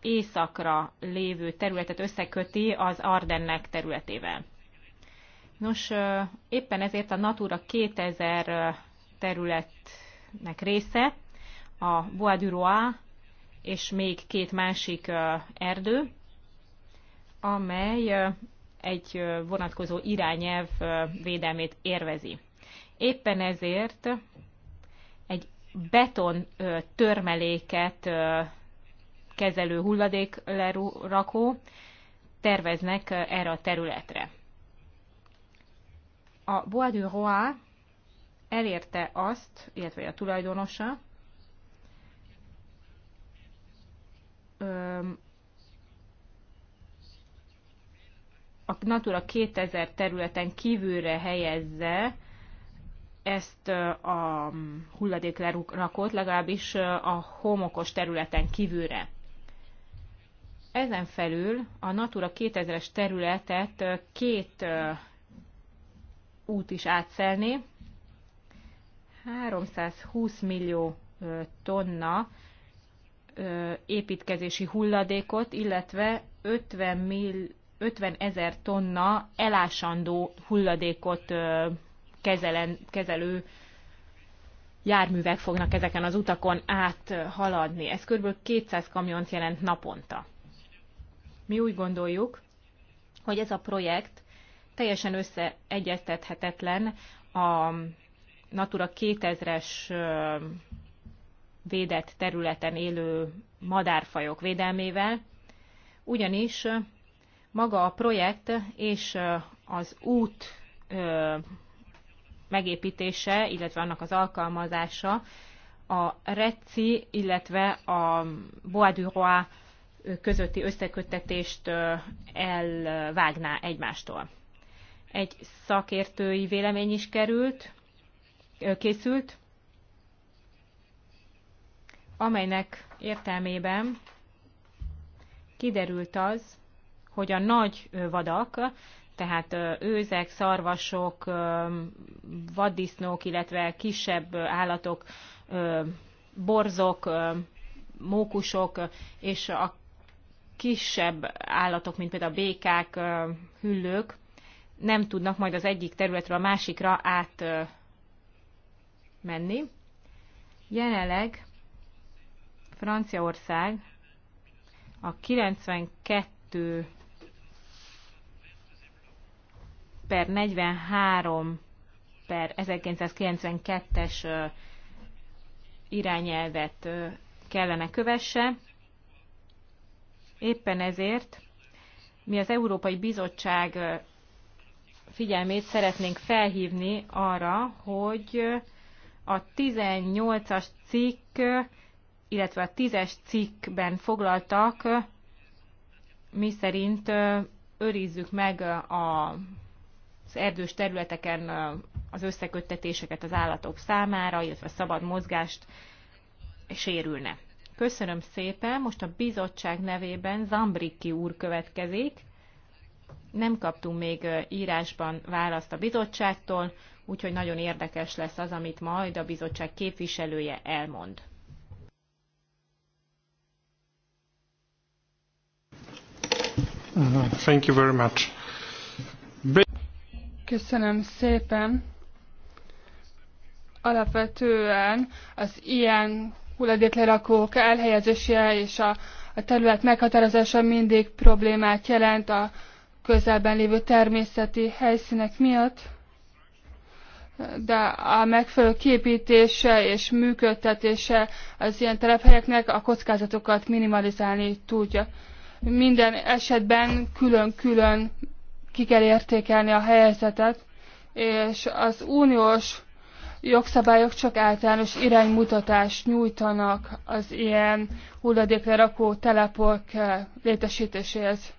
északra lévő területet összeköti az Ardennek területével. Nos, éppen ezért a Natura 2000 területnek része a Bois du Roi és még két másik erdő, amely egy vonatkozó irányelv védelmét érvezi. Éppen ezért egy beton törmeléket kezelő hulladéklerakó terveznek erre a területre a Bois du Roi elérte azt, illetve a tulajdonosa, a Natura 2000 területen kívülre helyezze ezt a hulladéklerakót, legalábbis a homokos területen kívülre. Ezen felül a Natura 2000-es területet két út is átszelni. 320 millió tonna építkezési hulladékot, illetve 50, mill, 50 ezer tonna elásandó hulladékot kezelen, kezelő járművek fognak ezeken az utakon áthaladni. Ez kb. 200 kamiont jelent naponta. Mi úgy gondoljuk, hogy ez a projekt teljesen összeegyeztethetetlen a Natura 2000-es védett területen élő madárfajok védelmével, ugyanis maga a projekt és az út megépítése, illetve annak az alkalmazása a Reci, illetve a Bois du Roi közötti összeköttetést elvágná egymástól. Egy szakértői vélemény is került, készült, amelynek értelmében kiderült az, hogy a nagy vadak, tehát őzek, szarvasok, vaddisznók, illetve kisebb állatok, borzok, mókusok és a kisebb állatok, mint például a békák, hüllők, nem tudnak majd az egyik területről a másikra átmenni. Jelenleg Franciaország a 92 per 43 per 1992-es irányelvet kellene kövesse. Éppen ezért mi az Európai Bizottság figyelmét szeretnénk felhívni arra, hogy a 18-as cikk, illetve a 10-es cikkben foglaltak, mi szerint őrizzük meg az erdős területeken az összeköttetéseket az állatok számára, illetve a szabad mozgást sérülne. Köszönöm szépen, most a bizottság nevében Zambriki úr következik. Nem kaptunk még írásban választ a bizottságtól, úgyhogy nagyon érdekes lesz az, amit majd a bizottság képviselője elmond. Uh, thank you very much. Köszönöm szépen. Alapvetően az ilyen hulladéklerakók elhelyezése és a, a terület meghatározása mindig problémát jelent a, közelben lévő természeti helyszínek miatt, de a megfelelő képítése és működtetése az ilyen telephelyeknek a kockázatokat minimalizálni tudja. Minden esetben külön-külön ki kell értékelni a helyzetet, és az uniós jogszabályok csak általános iránymutatást nyújtanak az ilyen hulladékre rakó telepok eh, létesítéséhez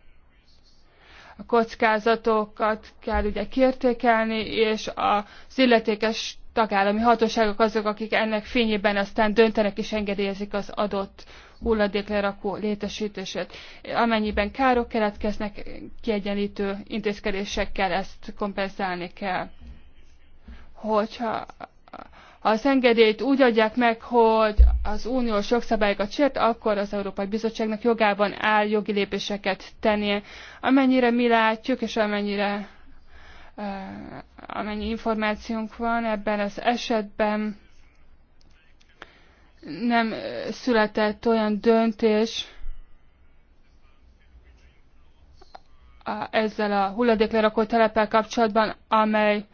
a kockázatokat kell ugye kiértékelni, és az illetékes tagállami hatóságok azok, akik ennek fényében aztán döntenek és engedélyezik az adott hulladéklerakó létesítését. Amennyiben károk keletkeznek, kiegyenlítő intézkedésekkel ezt kompenzálni kell. Hogyha az engedélyt úgy adják meg, hogy az uniós jogszabályokat sért, akkor az Európai Bizottságnak jogában áll jogi lépéseket tennie. Amennyire mi látjuk, és amennyire amennyi információnk van ebben az esetben, nem született olyan döntés ezzel a hulladéklerakó telepel kapcsolatban, amely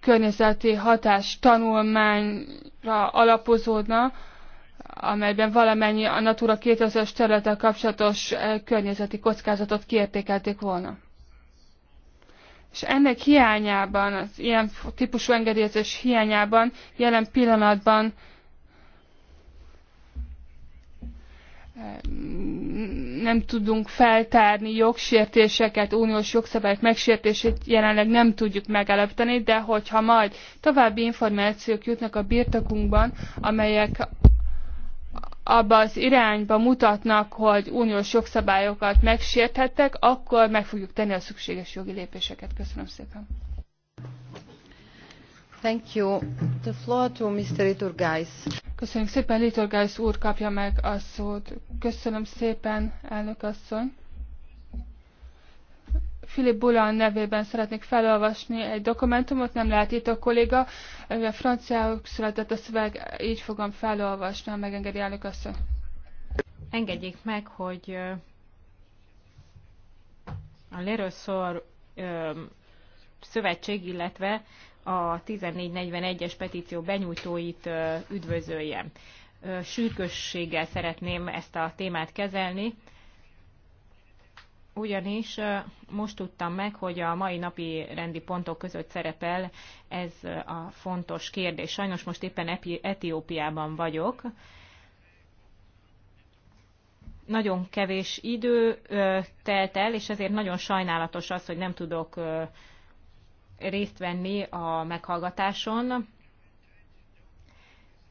környezeti hatás tanulmányra alapozódna, amelyben valamennyi a Natura 2000-es területtel kapcsolatos környezeti kockázatot kiértékelték volna. És ennek hiányában, az ilyen típusú engedélyezés hiányában jelen pillanatban nem tudunk feltárni jogsértéseket, uniós jogszabályok megsértését jelenleg nem tudjuk megállapítani, de hogyha majd további információk jutnak a birtokunkban, amelyek abba az irányba mutatnak, hogy uniós jogszabályokat megsérthettek, akkor meg fogjuk tenni a szükséges jogi lépéseket. Köszönöm szépen. Köszönjük szépen, Liturgais úr kapja meg a szót. Köszönöm szépen, elnök asszony. Philip Bulan nevében szeretnék felolvasni egy dokumentumot, nem lehet itt a kolléga, mivel franciául született a szöveg, így fogom felolvasni, ha megengedi elnök asszony. Engedjék meg, hogy a Lerőszor szövetség, illetve a 1441-es petíció benyújtóit üdvözöljem. Sürkösséggel szeretném ezt a témát kezelni, ugyanis most tudtam meg, hogy a mai napi rendi pontok között szerepel ez a fontos kérdés. Sajnos most éppen Etiópiában vagyok. Nagyon kevés idő telt el, és ezért nagyon sajnálatos az, hogy nem tudok részt venni a meghallgatáson.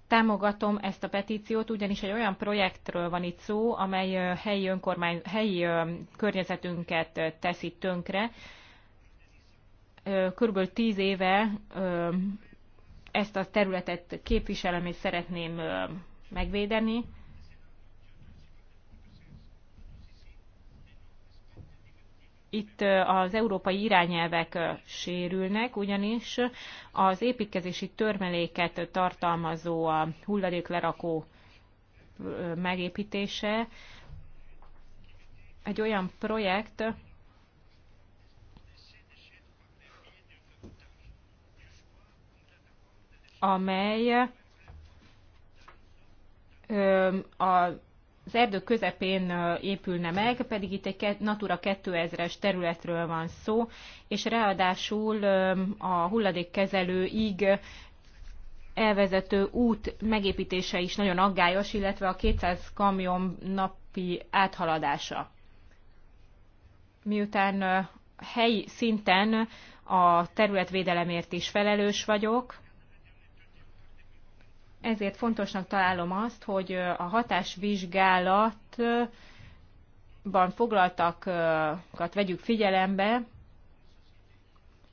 Támogatom ezt a petíciót, ugyanis egy olyan projektről van itt szó, amely helyi, önkormány, helyi környezetünket teszi tönkre. Körülbelül tíz éve ezt a területet képviselem és szeretném megvédeni. itt az európai irányelvek sérülnek, ugyanis az építkezési törmeléket tartalmazó a hulladéklerakó megépítése egy olyan projekt, amely a az erdő közepén épülne meg, pedig itt egy Natura 2000-es területről van szó, és ráadásul a hulladékkezelőig elvezető út megépítése is nagyon aggályos, illetve a 200 kamion napi áthaladása. Miután helyi szinten a területvédelemért is felelős vagyok, ezért fontosnak találom azt, hogy a hatásvizsgálatban foglaltakat vegyük figyelembe,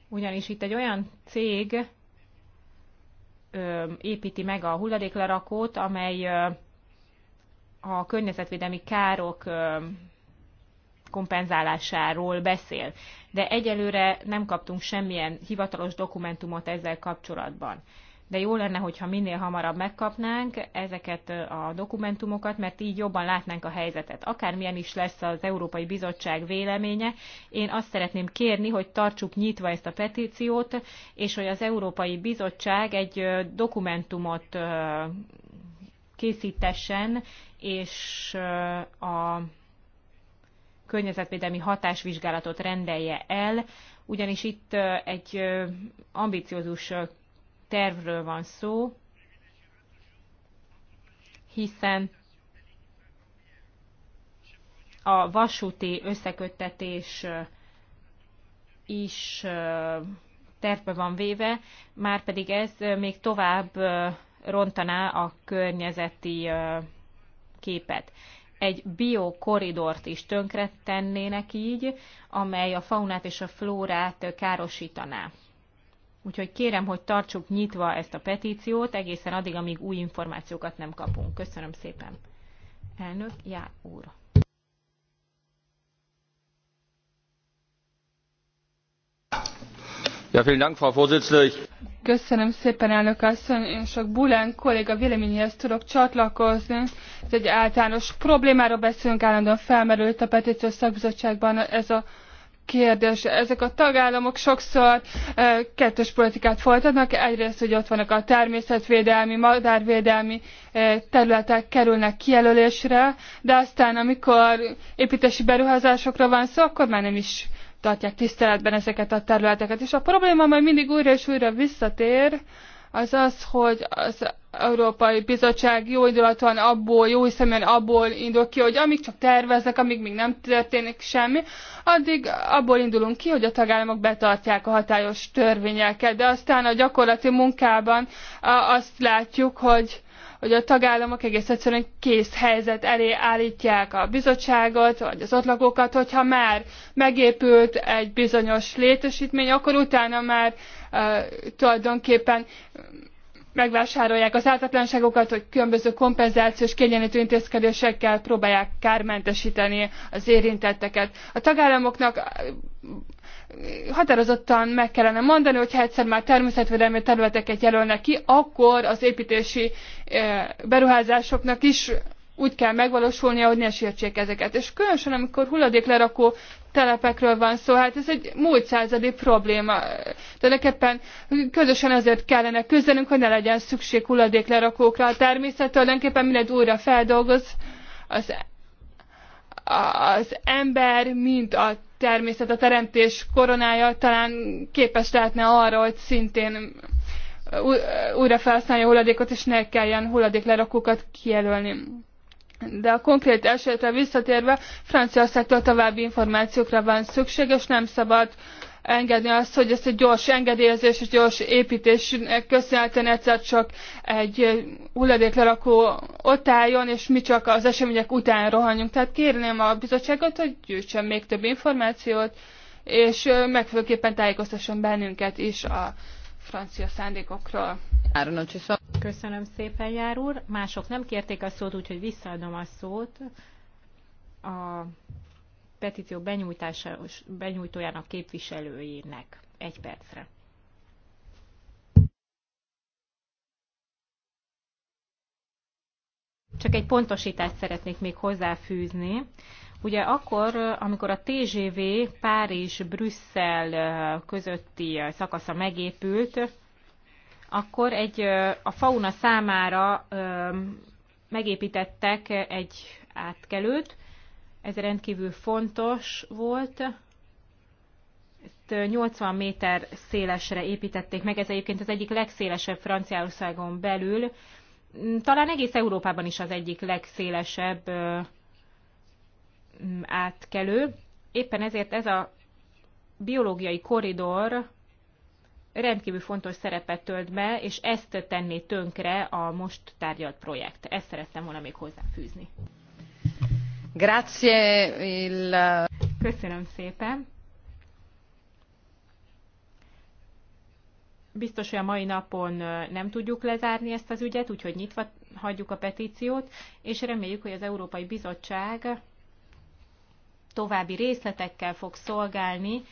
ugyanis itt egy olyan cég építi meg a hulladéklerakót, amely a környezetvédelmi károk kompenzálásáról beszél. De egyelőre nem kaptunk semmilyen hivatalos dokumentumot ezzel kapcsolatban de jó lenne, hogyha minél hamarabb megkapnánk ezeket a dokumentumokat, mert így jobban látnánk a helyzetet. Akármilyen is lesz az Európai Bizottság véleménye, én azt szeretném kérni, hogy tartsuk nyitva ezt a petíciót, és hogy az Európai Bizottság egy dokumentumot készítessen, és a környezetvédelmi hatásvizsgálatot rendelje el, ugyanis itt egy ambiciózus tervről van szó, hiszen a vasúti összeköttetés is tervbe van véve, már pedig ez még tovább rontaná a környezeti képet. Egy biokoridort is tönkretennének így, amely a faunát és a flórát károsítaná. Úgyhogy kérem, hogy tartsuk nyitva ezt a petíciót egészen addig, amíg új információkat nem kapunk. Köszönöm szépen. Elnök, já úr. Ja, vielen Dank, Frau Vorsitzende. Köszönöm szépen, elnök asszony. Én sok Bulán kolléga véleményéhez tudok csatlakozni. Ez egy általános problémáról beszélünk, állandóan felmerült a petíciós szakbizottságban ez a kérdése. Ezek a tagállamok sokszor e, kettős politikát folytatnak. Egyrészt, hogy ott vannak a természetvédelmi, madárvédelmi e, területek kerülnek kijelölésre, de aztán amikor építési beruházásokra van szó, akkor már nem is tartják tiszteletben ezeket a területeket. És a probléma majd mindig újra és újra visszatér, az az, hogy az Európai Bizottság jó indulatlan abból, jó hiszemben abból indul ki, hogy amíg csak terveznek, amíg még nem történik semmi, addig abból indulunk ki, hogy a tagállamok betartják a hatályos törvényeket. De aztán a gyakorlati munkában azt látjuk, hogy hogy a tagállamok egész egyszerűen kész helyzet elé állítják a bizottságot, vagy az ott lakókat, hogyha már megépült egy bizonyos létesítmény, akkor utána már tulajdonképpen megvásárolják az ártatlanságokat, hogy különböző kompenzációs kiegyenlítő intézkedésekkel próbálják kármentesíteni az érintetteket. A tagállamoknak határozottan meg kellene mondani, hogy ha egyszer már természetvédelmi területeket jelölnek ki, akkor az építési beruházásoknak is úgy kell megvalósulnia, hogy ne sértsék ezeket. És különösen, amikor hulladéklerakó telepekről van szó, hát ez egy múlt századi probléma. Tulajdonképpen közösen azért kellene küzdenünk, hogy ne legyen szükség hulladéklerakókra. A természet tulajdonképpen mindegy újra feldolgoz, az, az ember, mint a természet, a teremtés koronája talán képes lehetne arra, hogy szintén újra felhasználja a hulladékot, és ne kelljen hulladéklerakókat kijelölni. De a konkrét esetre visszatérve, Franciaországtól további információkra van szükség, és nem szabad engedni azt, hogy ezt egy gyors engedélyezés és gyors építésnek köszönhetően egyszer csak egy hulladéklerakó ott álljon, és mi csak az események után rohanjunk. Tehát kérném a bizottságot, hogy gyűjtsen még több információt, és megfőképpen tájékoztasson bennünket is a francia szándékokról. Köszönöm szépen, Jár úr. Mások nem kérték a szót, úgyhogy visszaadom a szót a petíció benyújtójának képviselőjének. Egy percre. Csak egy pontosítást szeretnék még hozzáfűzni. Ugye akkor, amikor a TGV Párizs-Brüsszel eh, közötti eh, szakasza megépült, akkor egy, eh, a fauna számára megépítettek egy átkelőt. Ez rendkívül fontos volt. Ezt 80 méter szélesre építették meg. Ez egyébként az egyik legszélesebb Franciaországon belül. Mm, talán egész Európában is az egyik legszélesebb átkelő. Éppen ezért ez a biológiai koridor rendkívül fontos szerepet tölt be, és ezt tenné tönkre a most tárgyalt projekt. Ezt szerettem volna még hozzáfűzni. Grazie. Il... Köszönöm szépen. Biztos, hogy a mai napon nem tudjuk lezárni ezt az ügyet, úgyhogy nyitva hagyjuk a petíciót, és reméljük, hogy az Európai Bizottság további részletekkel fog szolgálni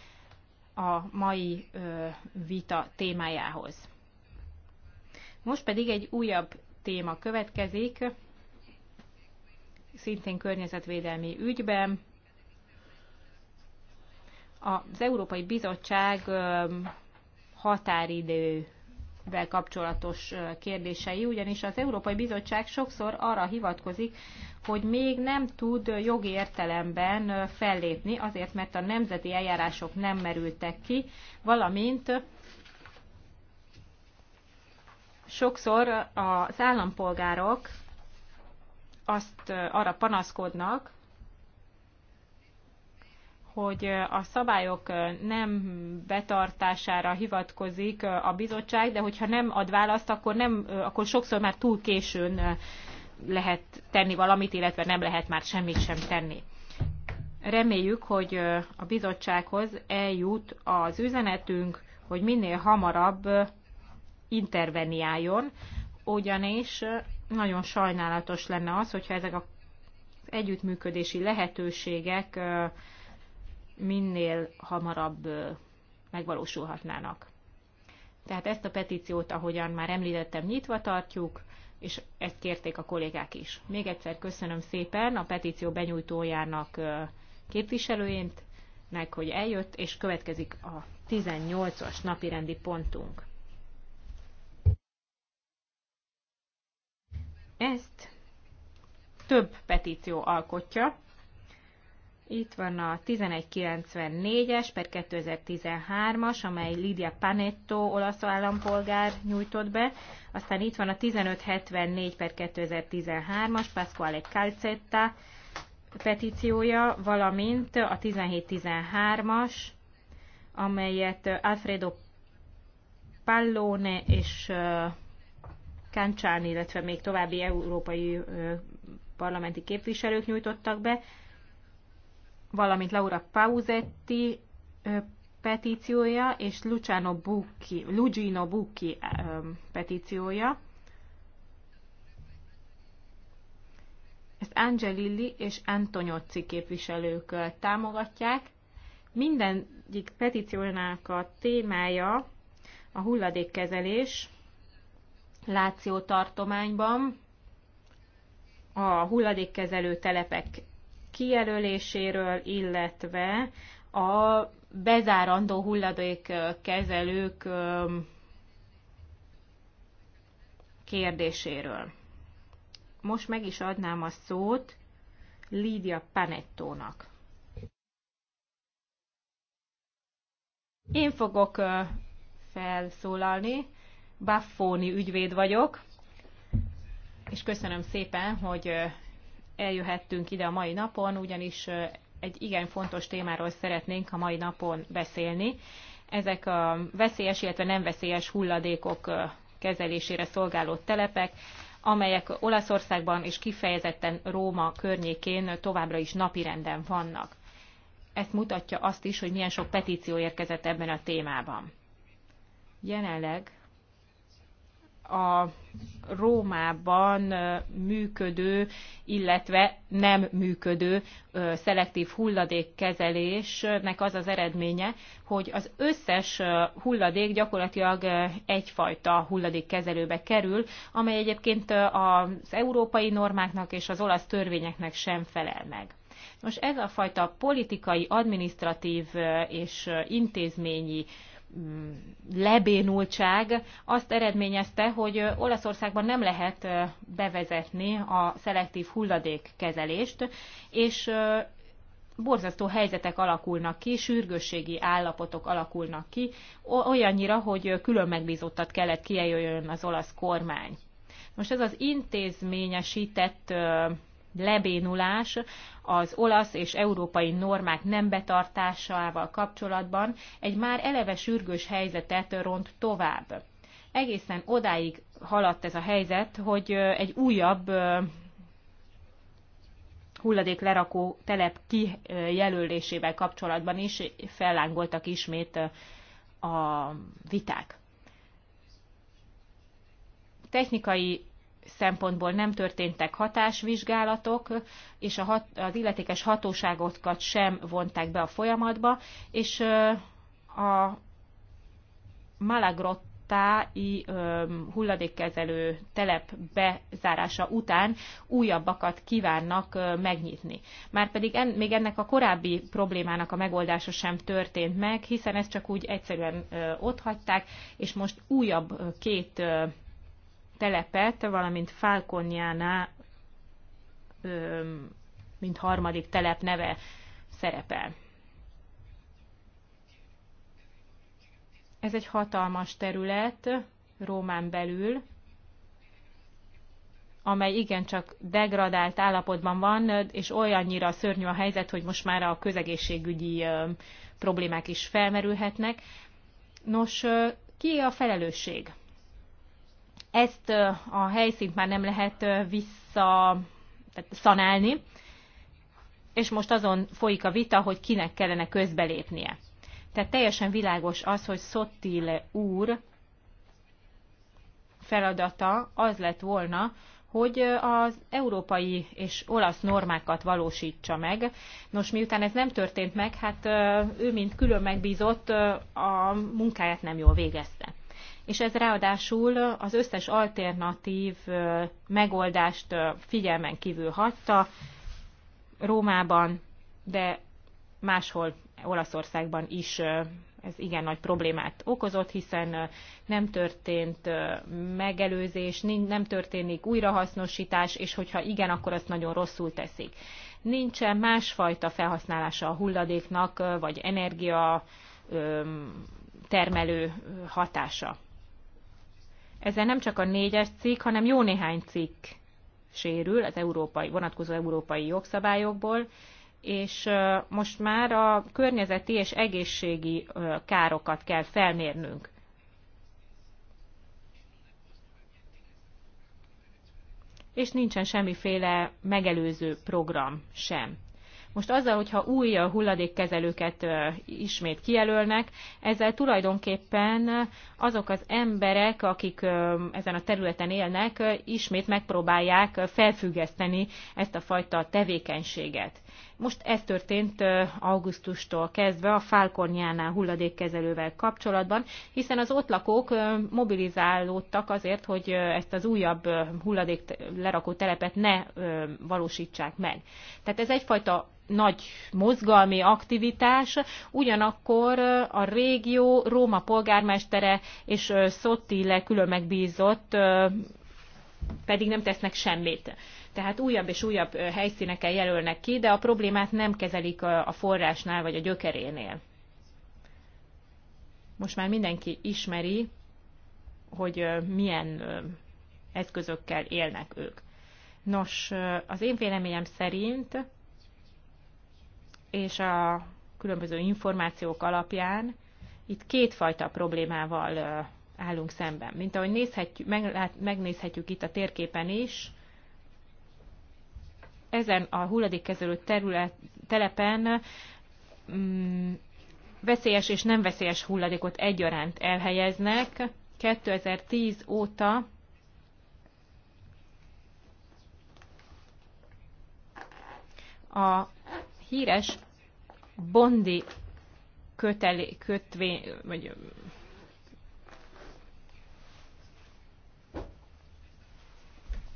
a mai vita témájához. Most pedig egy újabb téma következik, szintén környezetvédelmi ügyben. Az Európai Bizottság határidő vel kapcsolatos kérdései, ugyanis az Európai Bizottság sokszor arra hivatkozik, hogy még nem tud jogi értelemben fellépni, azért mert a nemzeti eljárások nem merültek ki, valamint sokszor az állampolgárok azt arra panaszkodnak, hogy a szabályok nem betartására hivatkozik a bizottság, de hogyha nem ad választ, akkor, nem, akkor sokszor már túl későn lehet tenni valamit, illetve nem lehet már semmit sem tenni. Reméljük, hogy a bizottsághoz eljut az üzenetünk, hogy minél hamarabb interveniáljon, ugyanis nagyon sajnálatos lenne az, hogyha ezek az együttműködési lehetőségek minél hamarabb megvalósulhatnának. Tehát ezt a petíciót, ahogyan már említettem, nyitva tartjuk, és ezt kérték a kollégák is. Még egyszer köszönöm szépen a petíció benyújtójának képviselőjént, meg, hogy eljött, és következik a 18-as napirendi pontunk. Ezt több petíció alkotja, itt van a 1194-es per 2013-as, amely Lidia Panetto olasz állampolgár nyújtott be. Aztán itt van a 1574 per 2013-as Pasquale Calcetta petíciója, valamint a 1713-as, amelyet Alfredo Pallone és Cancian, illetve még további európai parlamenti képviselők nyújtottak be valamint Laura Pausetti petíciója és Luciano Bucchi, Lugino Bucchi petíciója. Ezt Angelilli és Antoniozzi képviselők támogatják. Mindegyik petíciónak a témája a hulladékkezelés Láció tartományban, a hulladékkezelő telepek kijelöléséről, illetve a bezárandó hulladék kezelők kérdéséről. Most meg is adnám a szót Lídia Panettónak. Én fogok felszólalni, Baffoni ügyvéd vagyok, és köszönöm szépen, hogy eljöhettünk ide a mai napon, ugyanis egy igen fontos témáról szeretnénk a mai napon beszélni. Ezek a veszélyes, illetve nem veszélyes hulladékok kezelésére szolgáló telepek, amelyek Olaszországban és kifejezetten Róma környékén továbbra is napirenden vannak. Ezt mutatja azt is, hogy milyen sok petíció érkezett ebben a témában. Jelenleg a Rómában működő, illetve nem működő szelektív hulladékkezelésnek az az eredménye, hogy az összes hulladék gyakorlatilag egyfajta hulladékkezelőbe kerül, amely egyébként az európai normáknak és az olasz törvényeknek sem felel meg. Most ez a fajta politikai, administratív és intézményi lebénultság azt eredményezte, hogy Olaszországban nem lehet bevezetni a szelektív hulladékkezelést, és borzasztó helyzetek alakulnak ki, sürgősségi állapotok alakulnak ki, olyannyira, hogy külön megbízottat kellett kijelöljön az olasz kormány. Most ez az intézményesített lebénulás az olasz és európai normák nem betartásával kapcsolatban egy már eleve sürgős helyzetet ront tovább. Egészen odáig haladt ez a helyzet, hogy egy újabb hulladék lerakó telep kijelölésével kapcsolatban is fellángoltak ismét a viták. Technikai szempontból nem történtek hatásvizsgálatok, és a hat, az illetékes hatóságokat sem vonták be a folyamatba, és a Malagrottai hulladékkezelő telep bezárása után újabbakat kívánnak megnyitni. Márpedig en, még ennek a korábbi problémának a megoldása sem történt meg, hiszen ezt csak úgy egyszerűen otthagyták, és most újabb két telepet, valamint Falkonjánál, mint harmadik telep neve szerepel. Ez egy hatalmas terület Rómán belül, amely igencsak degradált állapotban van, és olyannyira szörnyű a helyzet, hogy most már a közegészségügyi problémák is felmerülhetnek. Nos, ki a felelősség? ezt a helyszínt már nem lehet vissza szanálni, és most azon folyik a vita, hogy kinek kellene közbelépnie. Tehát teljesen világos az, hogy Szottile úr feladata az lett volna, hogy az európai és olasz normákat valósítsa meg. Nos, miután ez nem történt meg, hát ő, mint külön megbízott, a munkáját nem jól végezte és ez ráadásul az összes alternatív megoldást figyelmen kívül hagyta Rómában, de máshol Olaszországban is ez igen nagy problémát okozott, hiszen nem történt megelőzés, nem történik újrahasznosítás, és hogyha igen, akkor azt nagyon rosszul teszik. Nincsen másfajta felhasználása a hulladéknak, vagy energia termelő hatása. Ezzel nem csak a négyes cikk, hanem jó néhány cikk sérül az európai, vonatkozó európai jogszabályokból, és most már a környezeti és egészségi károkat kell felmérnünk. És nincsen semmiféle megelőző program sem. Most azzal, hogyha új uh, hulladékkezelőket uh, ismét kijelölnek, ezzel tulajdonképpen uh, azok az emberek, akik um, ezen a területen élnek, ismét megpróbálják felfüggeszteni ezt a fajta tevékenységet. Most ez történt augusztustól kezdve a Fálkornyánál hulladékkezelővel kapcsolatban, hiszen az ott lakók mobilizálódtak azért, hogy ezt az újabb hulladék lerakó telepet ne valósítsák meg. Tehát ez egyfajta nagy mozgalmi aktivitás, ugyanakkor a régió Róma polgármestere és Szottile külön megbízott pedig nem tesznek semmit tehát újabb és újabb helyszíneken jelölnek ki, de a problémát nem kezelik a forrásnál vagy a gyökerénél. Most már mindenki ismeri, hogy milyen eszközökkel élnek ők. Nos, az én véleményem szerint és a különböző információk alapján itt kétfajta problémával állunk szemben. Mint ahogy nézhetjük, meglát, megnézhetjük itt a térképen is, ezen a hulladékkezelő terület, telepen mm, veszélyes és nem veszélyes hulladékot egyaránt elhelyeznek. 2010 óta a híres Bondi kötelé, kötvény, vagy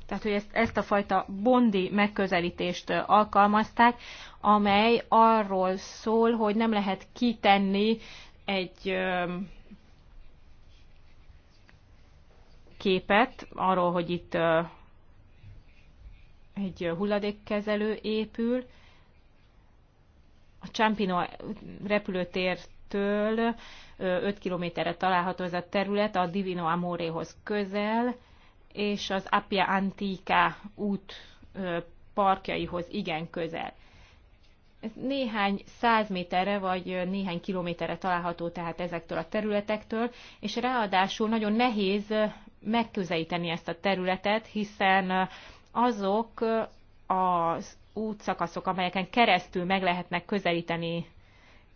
Tehát, hogy ezt, ezt a fajta bondi megközelítést alkalmazták, amely arról szól, hogy nem lehet kitenni egy képet arról, hogy itt egy hulladékkezelő épül. A Csampino repülőtértől 5 kilométerre található ez a terület, a Divino Amorehoz közel, és az Appia Antica út parkjaihoz igen közel. Ez néhány száz méterre vagy néhány kilométerre található tehát ezektől a területektől, és ráadásul nagyon nehéz megközelíteni ezt a területet, hiszen azok az útszakaszok, amelyeken keresztül meg lehetnek közelíteni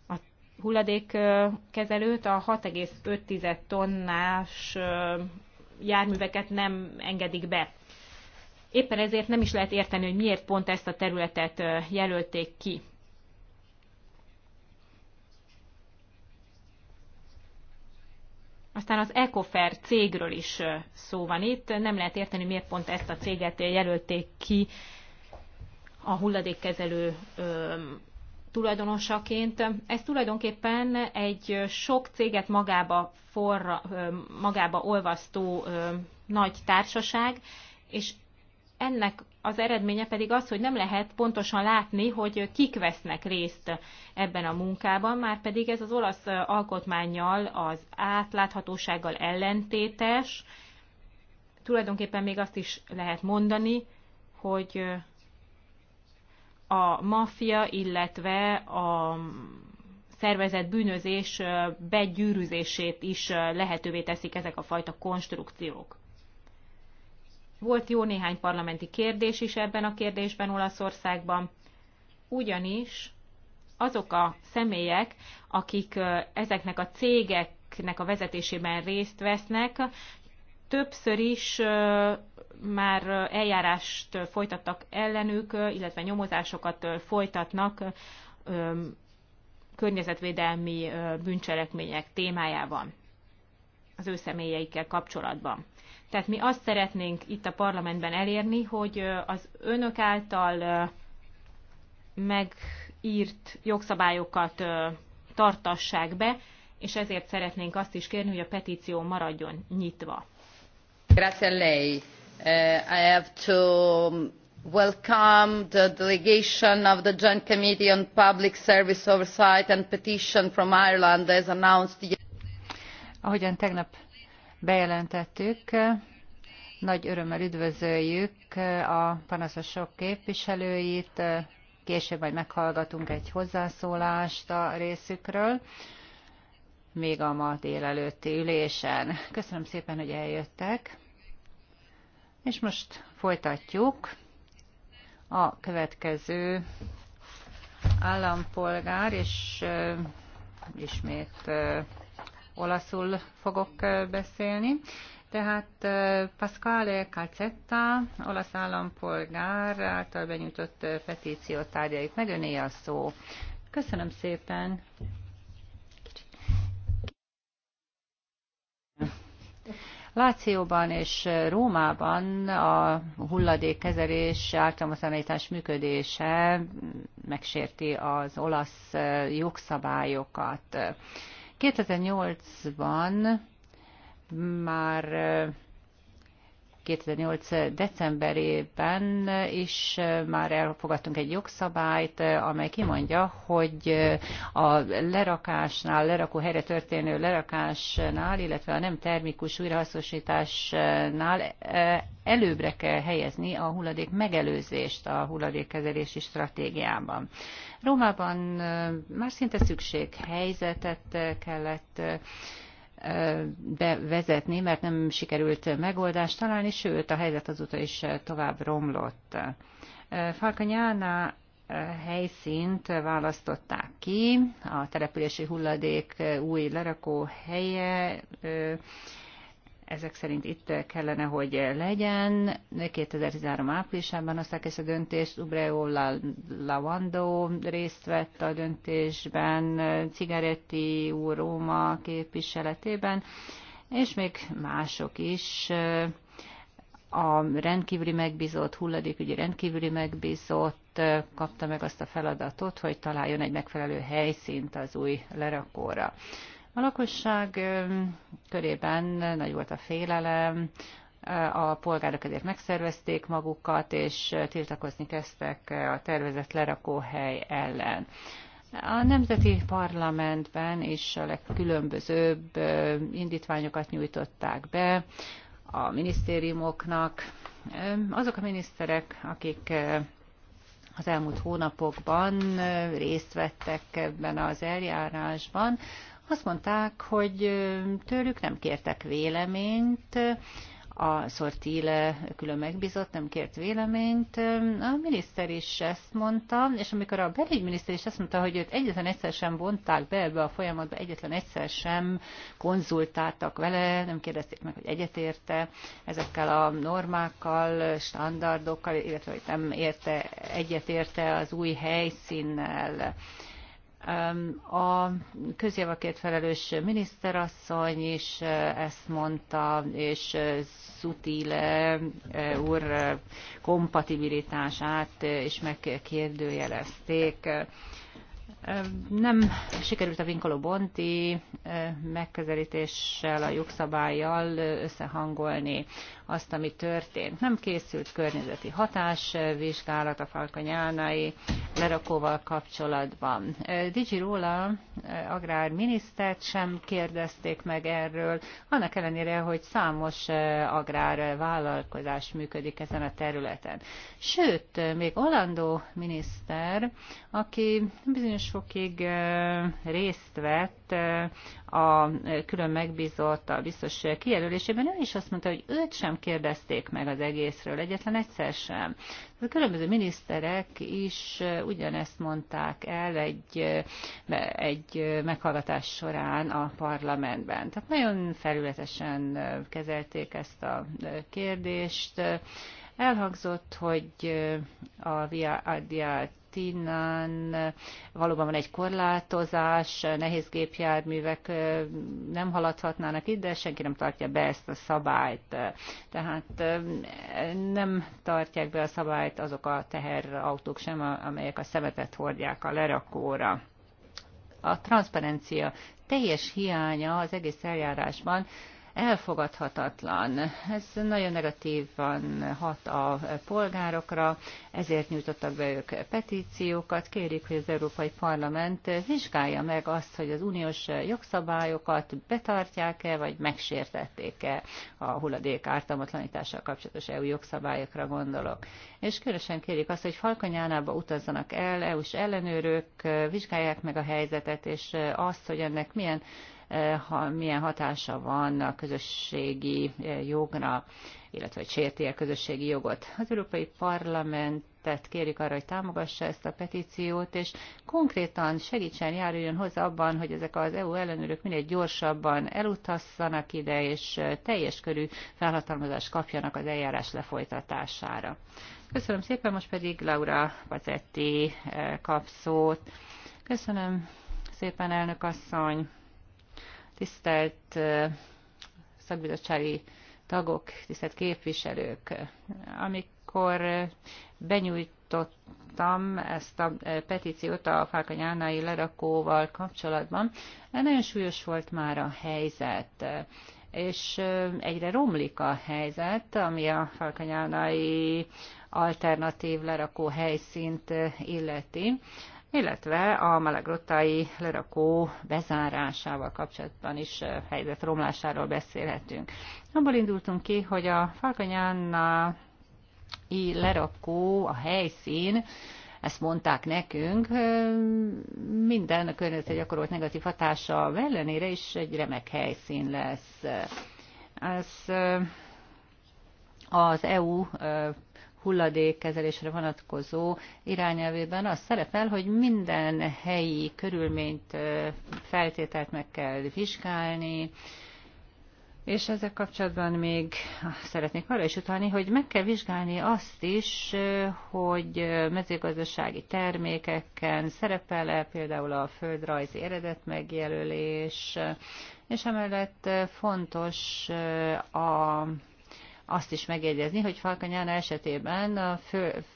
a hulladékkezelőt, a 6,5 tonnás járműveket nem engedik be. Éppen ezért nem is lehet érteni, hogy miért pont ezt a területet jelölték ki. Aztán az Ecofer cégről is szó van itt. Nem lehet érteni, miért pont ezt a céget jelölték ki a hulladékkezelő tulajdonosaként. Ez tulajdonképpen egy sok céget magába, forra, magába olvasztó nagy társaság, és ennek az eredménye pedig az, hogy nem lehet pontosan látni, hogy kik vesznek részt ebben a munkában, már pedig ez az olasz alkotmányjal, az átláthatósággal ellentétes. Tulajdonképpen még azt is lehet mondani, hogy a maffia, illetve a szervezett bűnözés begyűrűzését is lehetővé teszik ezek a fajta konstrukciók. Volt jó néhány parlamenti kérdés is ebben a kérdésben Olaszországban, ugyanis azok a személyek, akik ezeknek a cégeknek a vezetésében részt vesznek, többször is már eljárást folytattak ellenük, illetve nyomozásokat folytatnak környezetvédelmi bűncselekmények témájában az ő személyeikkel kapcsolatban. Tehát mi azt szeretnénk itt a parlamentben elérni, hogy az önök által megírt jogszabályokat tartassák be, és ezért szeretnénk azt is kérni, hogy a petíció maradjon nyitva. Grazie a lei. Uh, I have to um, welcome the delegation of the Joint Committee on Public Service Oversight and Petition from Ireland as announced. Ahogyan tegnap bejelentettük, nagy örömmel üdvözöljük a panaszosok képviselőit, később majd meghallgatunk egy hozzászólást a részükről, még a ma délelőtti ülésen. Köszönöm szépen, hogy eljöttek. És most folytatjuk a következő állampolgár, és uh, ismét uh, olaszul fogok uh, beszélni. Tehát uh, Pasquale Calcetta, olasz állampolgár által benyújtott uh, petíciót tárgyaljuk meg, öné a szó. Köszönöm szépen. Lációban és Rómában a hulladékkezelés általánosanítás működése megsérti az olasz jogszabályokat. 2008-ban már 2008. decemberében is már elfogadtunk egy jogszabályt, amely kimondja, hogy a lerakásnál, lerakó helyre történő lerakásnál, illetve a nem termikus újrahasznosításnál eh, előbbre kell helyezni a hulladék megelőzést a hulladékkezelési stratégiában. Rómában eh, már szinte szükség eh, kellett bevezetni, mert nem sikerült megoldást találni, sőt a helyzet azóta is tovább romlott. Farkanyána eh, helyszínt választották ki, a települési hulladék eh, új lerakó helye eh, ezek szerint itt kellene, hogy legyen. 2013 áprilisában hozták ezt a döntést, Ubreo Lavando részt vett a döntésben, Cigaretti úr Róma képviseletében, és még mások is. A rendkívüli megbízott, hulladékügyi rendkívüli megbízott kapta meg azt a feladatot, hogy találjon egy megfelelő helyszínt az új lerakóra. A lakosság körében nagy volt a félelem, a polgárok ezért megszervezték magukat, és tiltakozni kezdtek a tervezett lerakóhely ellen. A nemzeti parlamentben is a legkülönbözőbb indítványokat nyújtották be a minisztériumoknak. Azok a miniszterek, akik az elmúlt hónapokban részt vettek ebben az eljárásban, azt mondták, hogy tőlük nem kértek véleményt, a szortíle külön megbízott, nem kért véleményt. A miniszter is ezt mondta, és amikor a belügyminiszter is ezt mondta, hogy őt egyetlen egyszer sem vonták be ebbe a folyamatba, egyetlen egyszer sem konzultáltak vele, nem kérdezték meg, hogy egyetérte ezekkel a normákkal, standardokkal, illetve hogy nem érte, egyetérte az új helyszínnel a közjavakért felelős miniszterasszony is eh, ezt mondta, és Szutile eh, eh, úr kompatibilitását is megkérdőjelezték. Nem sikerült a vinkoló bonti megközelítéssel, a jogszabályjal összehangolni azt, ami történt. Nem készült környezeti hatásvizsgálat a falkanyánai lerakóval kapcsolatban. Digi Róla agrárminisztert sem kérdezték meg erről, annak ellenére, hogy számos agrárvállalkozás működik ezen a területen. Sőt, még Olandó miniszter, aki bizonyos fokig részt vett a külön megbízott, a biztos kijelölésében, ő is azt mondta, hogy őt sem kérdezték meg az egészről, egyetlen egyszer sem. A különböző miniszterek is ugyanezt mondták el egy, egy meghallgatás során a parlamentben. Tehát nagyon felületesen kezelték ezt a kérdést. Elhangzott, hogy a Via Adiát Argentinán valóban van egy korlátozás, nehéz gépjárművek nem haladhatnának itt, de senki nem tartja be ezt a szabályt. Tehát nem tartják be a szabályt azok a teherautók sem, amelyek a szemetet hordják a lerakóra. A transzparencia teljes hiánya az egész eljárásban elfogadhatatlan. Ez nagyon negatívan hat a polgárokra, ezért nyújtottak be ők petíciókat, kérik, hogy az Európai Parlament vizsgálja meg azt, hogy az uniós jogszabályokat betartják-e, vagy megsértették-e a hulladék ártalmatlanítással kapcsolatos EU jogszabályokra gondolok. És különösen kérik azt, hogy Falkanyánába utazzanak el, EU-s ellenőrök vizsgálják meg a helyzetet, és azt, hogy ennek milyen E, ha, milyen hatása van a közösségi e, jogra, illetve hogy sérti a közösségi jogot. Az Európai Parlament tehát kérjük arra, hogy támogassa ezt a petíciót, és konkrétan segítsen járuljon hozzá abban, hogy ezek az EU ellenőrök minél gyorsabban elutasszanak ide, és e, teljes körű felhatalmazást kapjanak az eljárás lefolytatására. Köszönöm szépen, most pedig Laura Pazetti kap szót. Köszönöm szépen, elnök asszony! Tisztelt szakbizottsági tagok, tisztelt képviselők, amikor benyújtottam ezt a petíciót a Fákanyánai lerakóval kapcsolatban, nagyon súlyos volt már a helyzet és egyre romlik a helyzet, ami a falkanyánai alternatív lerakó helyszínt illeti illetve a malagrottai lerakó bezárásával kapcsolatban is helyzet romlásáról beszélhetünk. Abból indultunk ki, hogy a Falkanyánnai i lerakó, a helyszín, ezt mondták nekünk, minden a környezetre gyakorolt negatív hatása ellenére is egy remek helyszín lesz. Ez az EU hulladékkezelésre vonatkozó irányelvében az szerepel, hogy minden helyi körülményt, feltételt meg kell vizsgálni, és ezzel kapcsolatban még szeretnék arra is utalni, hogy meg kell vizsgálni azt is, hogy mezőgazdasági termékeken szerepel-e például a földrajzi eredet megjelölés, és emellett fontos a azt is megjegyezni, hogy Falkanyána esetében a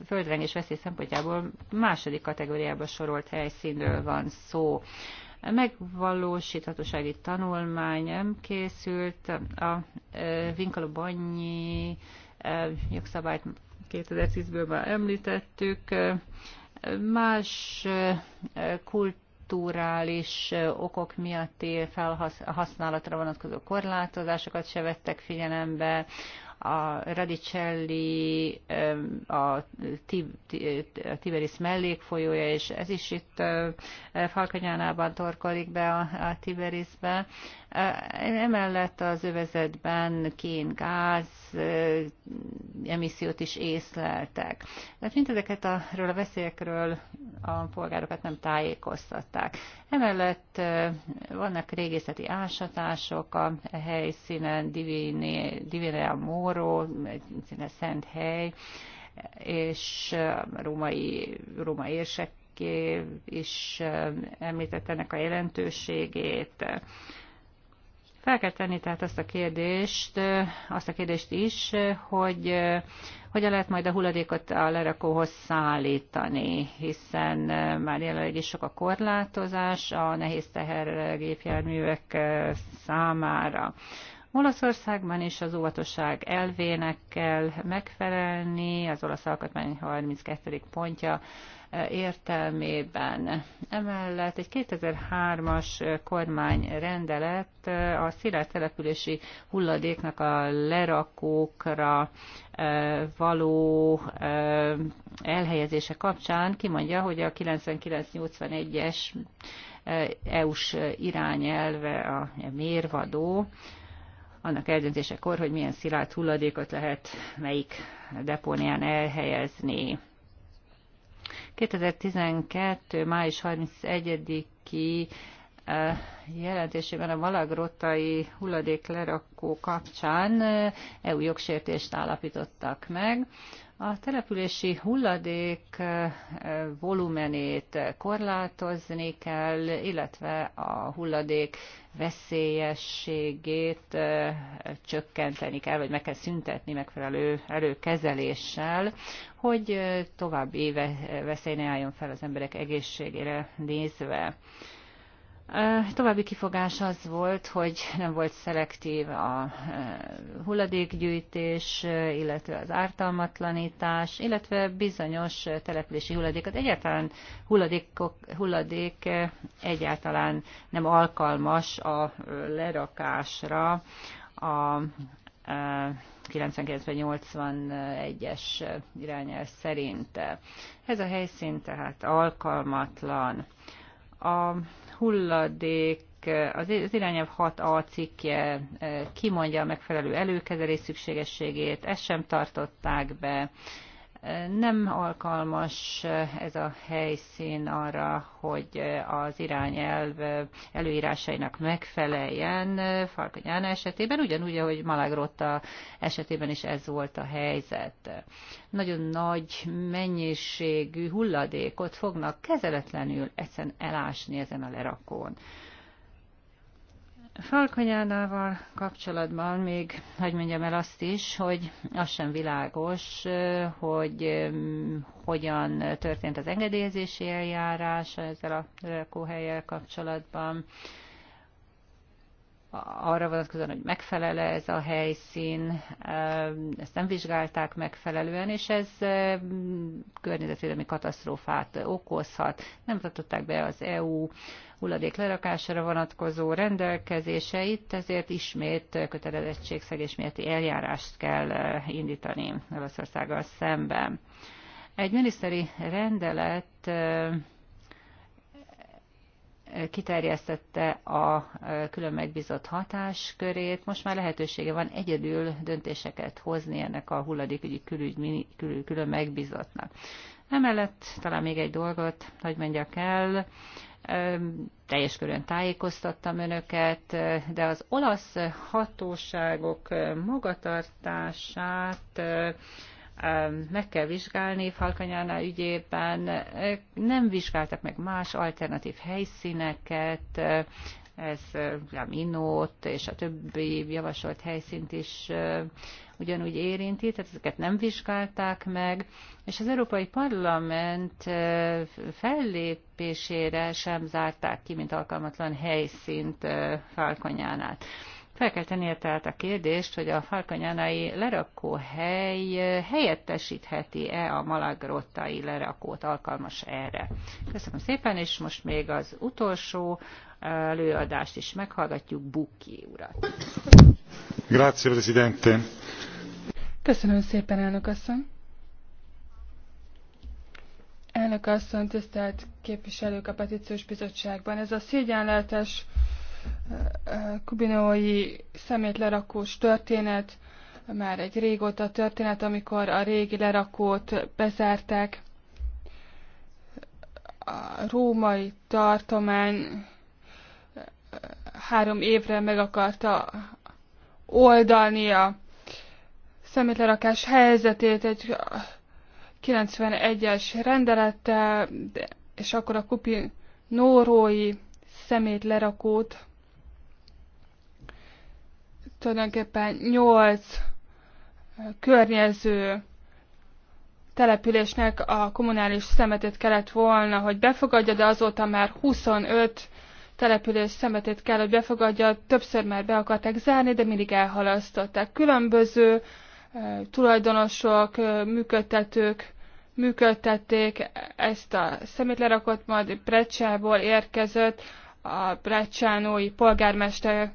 földrengés veszély szempontjából második kategóriába sorolt helyszínről van szó. A megvalósíthatósági tanulmány nem készült, a Vinkalobanyi jogszabályt 2010-ből már említettük, más kulturális okok miatti felhasználatra vonatkozó korlátozásokat se vettek figyelembe, a Radicelli, a Tiberis mellékfolyója, és ez is itt Falkanyánában torkolik be a Tiberisbe. Emellett az övezetben kén gáz emissziót is észleltek. Tehát mindezeket a, a veszélyekről a polgárokat nem tájékoztatták. Emellett vannak régészeti ásatások a helyszínen, Divine, Divine Amor, egy szent hely, és eh, római, római érsek is eh, említette ennek a jelentőségét. Fel kell tenni tehát azt a kérdést, eh, azt a kérdést is, hogy hogyan lehet majd a hulladékot a lerakóhoz szállítani, hiszen már jelenleg is sok a korlátozás a nehéz tehergépjárművek számára. Olaszországban is az óvatosság elvének kell megfelelni, az olasz alkotmány 32. pontja e, értelmében. Emellett egy 2003-as kormányrendelet e, a szilárd települési hulladéknak a lerakókra e, való elhelyezése kapcsán kimondja, hogy a 9981-es EU-s irányelve a mérvadó, annak eldöntésekor, hogy milyen szilárd hulladékot lehet melyik depónián elhelyezni. 2012. május 31-i eh, jelentésében a hulladék hulladéklerakó kapcsán eh, EU jogsértést állapítottak meg. A települési hulladék volumenét korlátozni kell, illetve a hulladék veszélyességét csökkenteni kell, vagy meg kell szüntetni megfelelő előkezeléssel, hogy további veszély ne álljon fel az emberek egészségére nézve. További kifogás az volt, hogy nem volt szelektív a hulladékgyűjtés, illetve az ártalmatlanítás, illetve bizonyos települési hulladékot. Egyáltalán hulladékok, hulladék egyáltalán nem alkalmas a lerakásra a 99-81-es irányelv szerint. Ez a helyszín tehát alkalmatlan. A hulladék az irányelv 6a cikkje eh, kimondja a megfelelő előkezelés szükségességét, ezt sem tartották be, nem alkalmas eh, ez a helyszín arra, hogy eh, az irányelv eh, előírásainak megfeleljen Farkanyána esetében, ugyanúgy, ahogy Malagrotta esetében is ez volt a helyzet. Nagyon nagy mennyiségű hulladékot fognak kezeletlenül egyszerűen elásni ezen a lerakón. Falkonyánával kapcsolatban még, hogy mondjam el azt is, hogy az sem világos, hogy mm, hogyan történt az engedélyezési eljárás ezzel a eh, kóhelyel kapcsolatban arra vonatkozóan, hogy megfelele ez a helyszín, ezt nem vizsgálták megfelelően, és ez környezetvédelmi katasztrófát okozhat. Nem tartották be az EU hulladék lerakására vonatkozó rendelkezéseit, ezért ismét kötelezettségszegés miatti eljárást kell indítani Olaszországgal szemben. Egy miniszteri rendelet kiterjesztette a külön megbízott hatáskörét. Most már lehetősége van egyedül döntéseket hozni ennek a hulladékügyi külön megbízottnak. Emellett talán még egy dolgot, hogy mondjak el, teljes körön tájékoztattam önöket, de az olasz hatóságok magatartását meg kell vizsgálni Falkanyána ügyében. Nem vizsgáltak meg más alternatív helyszíneket, ez minót és a többi javasolt helyszínt is ugyanúgy érinti, tehát ezeket nem vizsgálták meg, és az Európai Parlament fellépésére sem zárták ki, mint alkalmatlan helyszínt Falkonyánát. Fel kell tennie tehát a kérdést, hogy a farkanyánai lerakóhely helyettesítheti-e a malagrottai lerakót, alkalmas erre. Köszönöm szépen, és most még az utolsó előadást is meghallgatjuk Buki urat. Grazie, Presidente. Köszönöm szépen, elnök asszony. Elnök asszony, tisztelt képviselők a petíciós bizottságban. Ez a szégyenletes kubinói lerakós történet, már egy régóta történet, amikor a régi lerakót bezárták. A római tartomány eh, három évre meg akarta oldani a szemétlerakás helyzetét egy 91-es eh, rendelettel, és akkor a kupi nórói szemétlerakót tulajdonképpen nyolc környező településnek a kommunális szemetét kellett volna, hogy befogadja, de azóta már 25 település szemetét kell, hogy befogadja, többször már be akarták zárni, de mindig elhalasztották. Különböző eh, tulajdonosok, eh, működtetők működtették ezt a szemétlerakot, majd Brecsából érkezett a brecsánói polgármester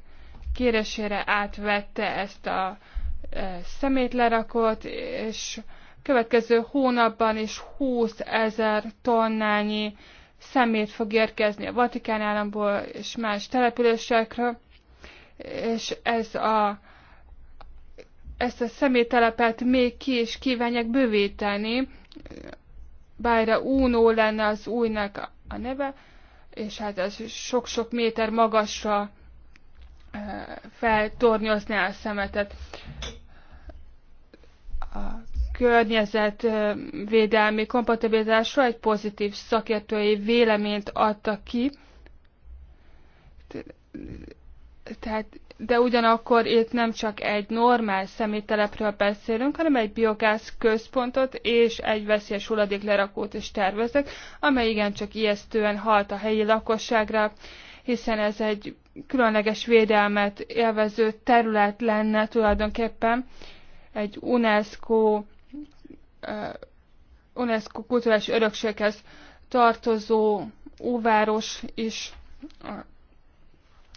kérésére átvette ezt a e, szemétlerakot, és következő hónapban is 20 ezer tonnányi szemét fog érkezni a Vatikán államból és más településekre és ez a, ezt a szemételepet még ki is kívánják bővíteni, bárra Uno lenne az újnak a neve, és hát ez sok-sok méter magasra feltornyozni a szemetet. A környezetvédelmi kompatibilitásra egy pozitív szakértői véleményt adtak ki, tehát, de ugyanakkor itt nem csak egy normál szeméttelepről beszélünk, hanem egy biogáz központot és egy veszélyes hulladék lerakót is terveznek, amely igencsak ijesztően halt a helyi lakosságra, hiszen ez egy különleges védelmet élvező terület lenne tulajdonképpen egy UNESCO UNESCO kulturális örökséghez tartozó óváros is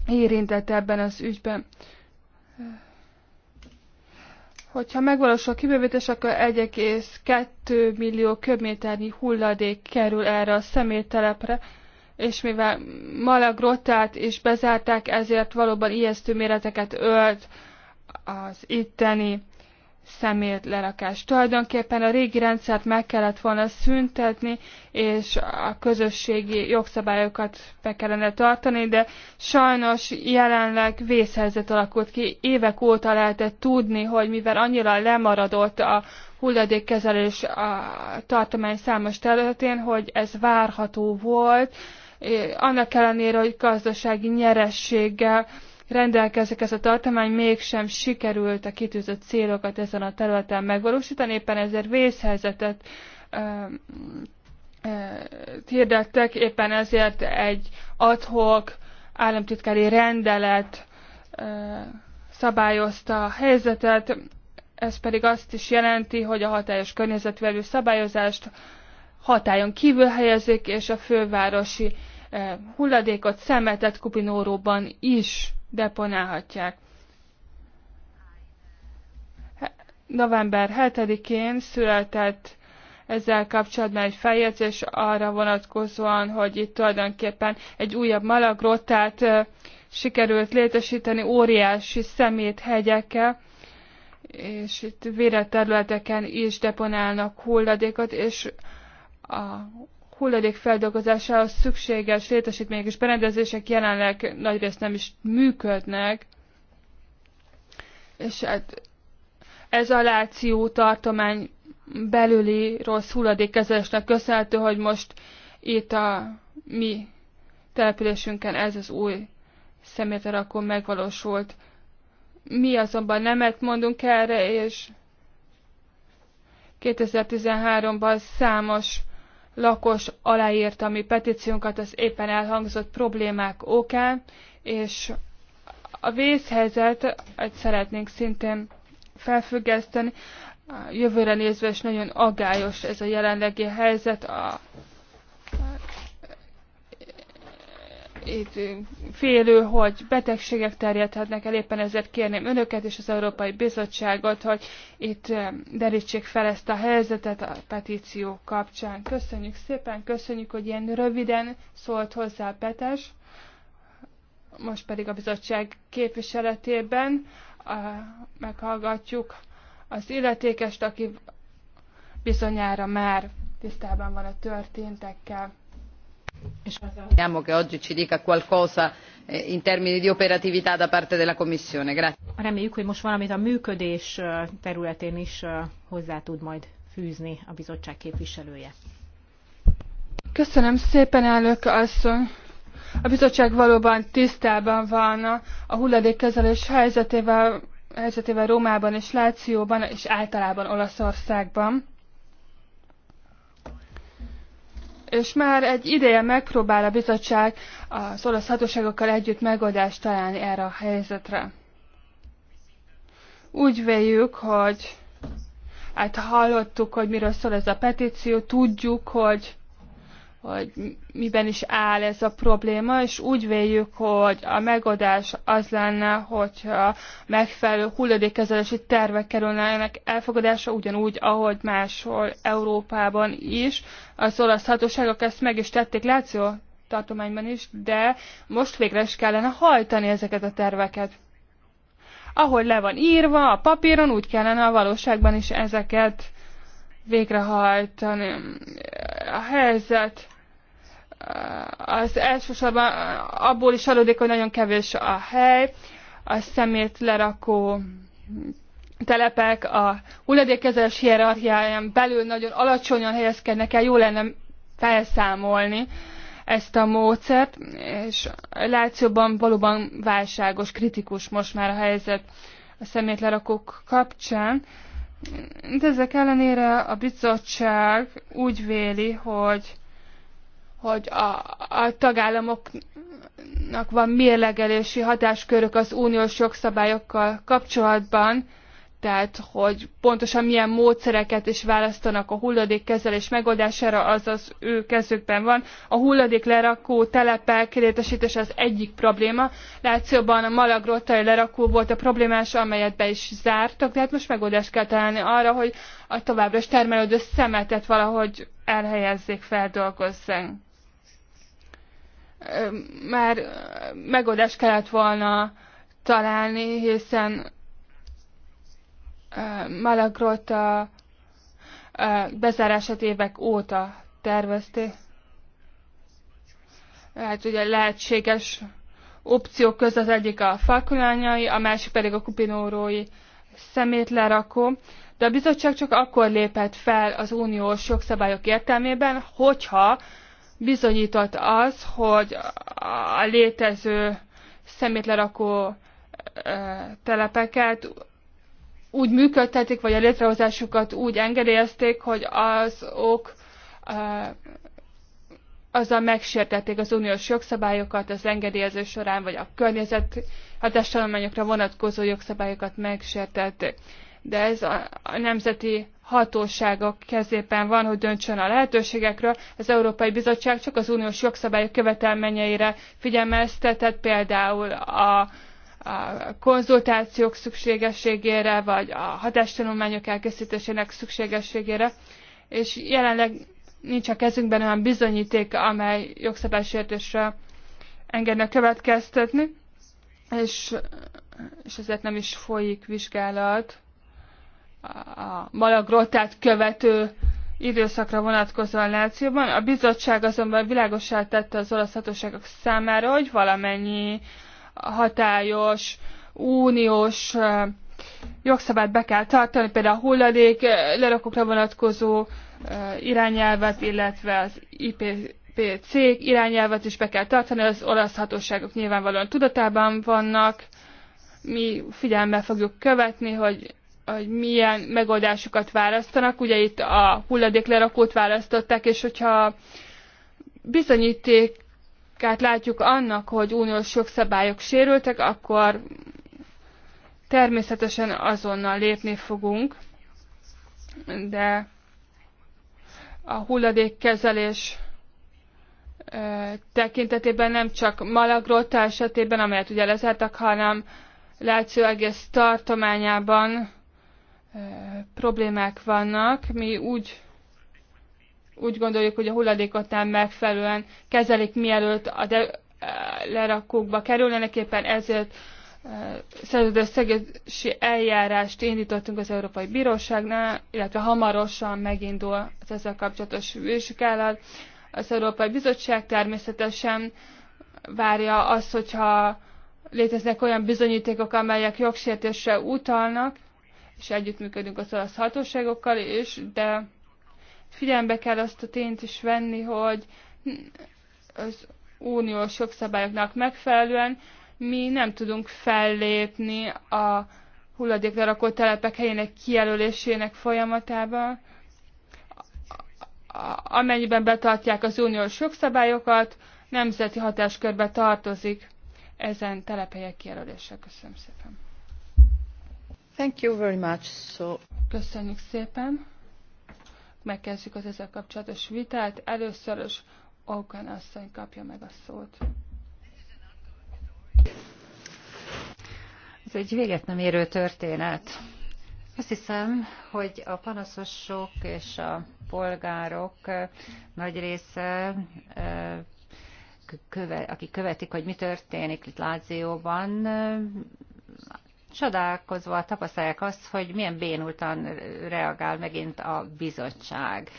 érintett ebben az ügyben. Hogyha megvalósul a kibővítés, akkor 1,2 millió köbméternyi hulladék kerül erre a személytelepre, és mivel Mala grottát is bezárták, ezért valóban ijesztő méreteket ölt az itteni szemét lerakás. Tulajdonképpen a régi rendszert meg kellett volna szüntetni, és a közösségi jogszabályokat be kellene tartani, de sajnos jelenleg vészhelyzet alakult ki. Évek óta lehetett tudni, hogy mivel annyira lemaradott a hulladékkezelés a tartomány számos területén, hogy ez várható volt, annak ellenére, hogy gazdasági nyerességgel rendelkezik ez a tartomány, mégsem sikerült a kitűzött célokat ezen a területen megvalósítani, éppen ezért vészhelyzetet hirdettek, éppen ezért egy adhok államtitkári rendelet szabályozta a helyzetet, ez pedig azt is jelenti, hogy a hatályos környezetvelő szabályozást hatályon kívül helyezik, és a fővárosi eh, hulladékot, szemetet Kupinóróban is deponálhatják. November 7-én született ezzel kapcsolatban egy feljegyzés arra vonatkozóan, hogy itt tulajdonképpen egy újabb malagrotát eh, sikerült létesíteni óriási szemét hegyekkel, és itt védett területeken is deponálnak hulladékot, és a hulladék feldolgozásához szükséges létesítmények és berendezések jelenleg nagyrészt nem is működnek, és hát ez a láció tartomány belüli rossz hulladékkezelésnek köszönhető, hogy most itt a mi településünkön ez az új akkor megvalósult. Mi azonban nemet mondunk erre, és 2013-ban számos lakos a mi petíciónkat az éppen elhangzott problémák okán, és a egy szeretnénk szintén felfüggeszteni. jövőre nézve is nagyon agályos ez a jelenlegi helyzet. A itt félő, hogy betegségek terjedhetnek el, éppen ezért kérném önöket és az Európai Bizottságot, hogy itt eh, derítsék fel ezt a helyzetet a petíció kapcsán. Köszönjük szépen, köszönjük, hogy ilyen röviden szólt hozzá Petes, most pedig a bizottság képviseletében a, eh, meghallgatjuk az illetékest, aki bizonyára már tisztában van a történtekkel. Siamo che oggi ci dica qualcosa eh, in termini di operatività da parte della Commissione. Grazie. Reméljük, hogy most valamit a működés eh, területén is eh, hozzá tud majd fűzni a bizottság képviselője. Köszönöm szépen, elnök asszony! A bizottság valóban tisztában van a hulladékkezelés helyzetével, helyzetével Rómában és Lációban és általában Olaszországban. és már egy ideje megpróbál a bizottság az orosz hatóságokkal együtt megoldást találni erre a helyzetre. Úgy véljük, hogy hát hallottuk, hogy miről szól ez a petíció, tudjuk, hogy hogy miben is áll ez a probléma, és úgy véljük, hogy a megoldás az lenne, hogyha megfelelő hulladékkezelési tervek kerülnének elfogadása, ugyanúgy, ahogy máshol Európában is. Az olasz hatóságok ezt meg is tették, látszó tartományban is, de most végre is kellene hajtani ezeket a terveket. Ahogy le van írva a papíron, úgy kellene a valóságban is ezeket végrehajtani. A helyzet az elsősorban abból is adódik, hogy nagyon kevés a hely, a szemét lerakó telepek a hulladékkezelés hierarchiáján belül nagyon alacsonyan helyezkednek el, jó lenne felszámolni ezt a módszert, és látszóban valóban válságos, kritikus most már a helyzet a szemétlerakók kapcsán. De ezek ellenére a bizottság úgy véli, hogy hogy a, a tagállamoknak van mérlegelési hatáskörök az uniós jogszabályokkal kapcsolatban, tehát hogy pontosan milyen módszereket is választanak a hulladékkezelés megoldására, az az ő kezükben van. A hulladék lerakó telepek létesítése az egyik probléma. Látszóban a malagrottai lerakó volt a problémás, amelyet be is zártak, de hát most megoldást kell találni arra, hogy a továbbra is termelődő szemetet valahogy elhelyezzék, feldolgozzák már megoldást kellett volna találni, hiszen Malagrot a bezárását évek óta tervezték. Hát ugye lehetséges opciók között az egyik a falkulányai, a másik pedig a kupinórói szemétlerakó. De a bizottság csak akkor lépett fel az uniós jogszabályok értelmében, hogyha bizonyított az, hogy a létező szemétlerakó telepeket úgy működtetik, vagy a létrehozásukat úgy engedélyezték, hogy azok azzal megsértették az uniós jogszabályokat az engedélyezés során, vagy a környezet hatástanulmányokra vonatkozó jogszabályokat megsértették. De ez a, a nemzeti hatóságok kezében van, hogy döntsön a lehetőségekről. Az Európai Bizottság csak az uniós jogszabályok követelményeire figyelmeztetett, például a, a konzultációk szükségességére, vagy a hatástanulmányok elkészítésének szükségességére, és jelenleg nincs a kezünkben olyan bizonyíték, amely jogszabálysértésre engedne következtetni, és, és ezért nem is folyik vizsgálat a Malagrotát követő időszakra vonatkozóan Lációban. A bizottság azonban világosá tette az olasz hatóságok számára, hogy valamennyi hatályos uniós jogszabályt be kell tartani, például a hulladék lerakokra vonatkozó irányelvet, illetve az IPPC irányelvet is be kell tartani, az olasz hatóságok nyilvánvalóan tudatában vannak, mi figyelme fogjuk követni, hogy hogy milyen megoldásokat választanak. Ugye itt a hulladéklerakót választották, és hogyha bizonyítékát látjuk annak, hogy uniós jogszabályok sérültek, akkor természetesen azonnal lépni fogunk, de a hulladékkezelés tekintetében nem csak Malagrotta esetében, amelyet ugye lezártak, hanem látszó egész tartományában problémák vannak. Mi úgy, úgy gondoljuk, hogy a hulladékot nem megfelelően kezelik, mielőtt a de, lerakókba kerülnek, éppen ezért szerződőszegési eljárást indítottunk az Európai Bíróságnál, illetve hamarosan megindul az ezzel kapcsolatos vizsgálat. Az Európai Bizottság természetesen várja azt, hogyha léteznek olyan bizonyítékok, amelyek jogsértésre utalnak, és együttműködünk az olasz hatóságokkal is, de figyelembe kell azt a tényt is venni, hogy az uniós jogszabályoknak megfelelően mi nem tudunk fellépni a hulladéklerakó telepek helyének kijelölésének folyamatában, amennyiben betartják az uniós jogszabályokat, nemzeti hatáskörbe tartozik ezen telephelyek kijelölése. Köszönöm szépen. Thank you very much. So... Köszönjük szépen. Megkezdjük az ezzel kapcsolatos vitát. Először is Okan asszony kapja meg a szót. Ez egy véget nem érő történet. Azt hiszem, hogy a panaszosok és a polgárok nagy része akik követik, hogy mi történik itt Lázióban, csodálkozva tapasztalják azt, hogy milyen bénultan reagál megint a bizottság.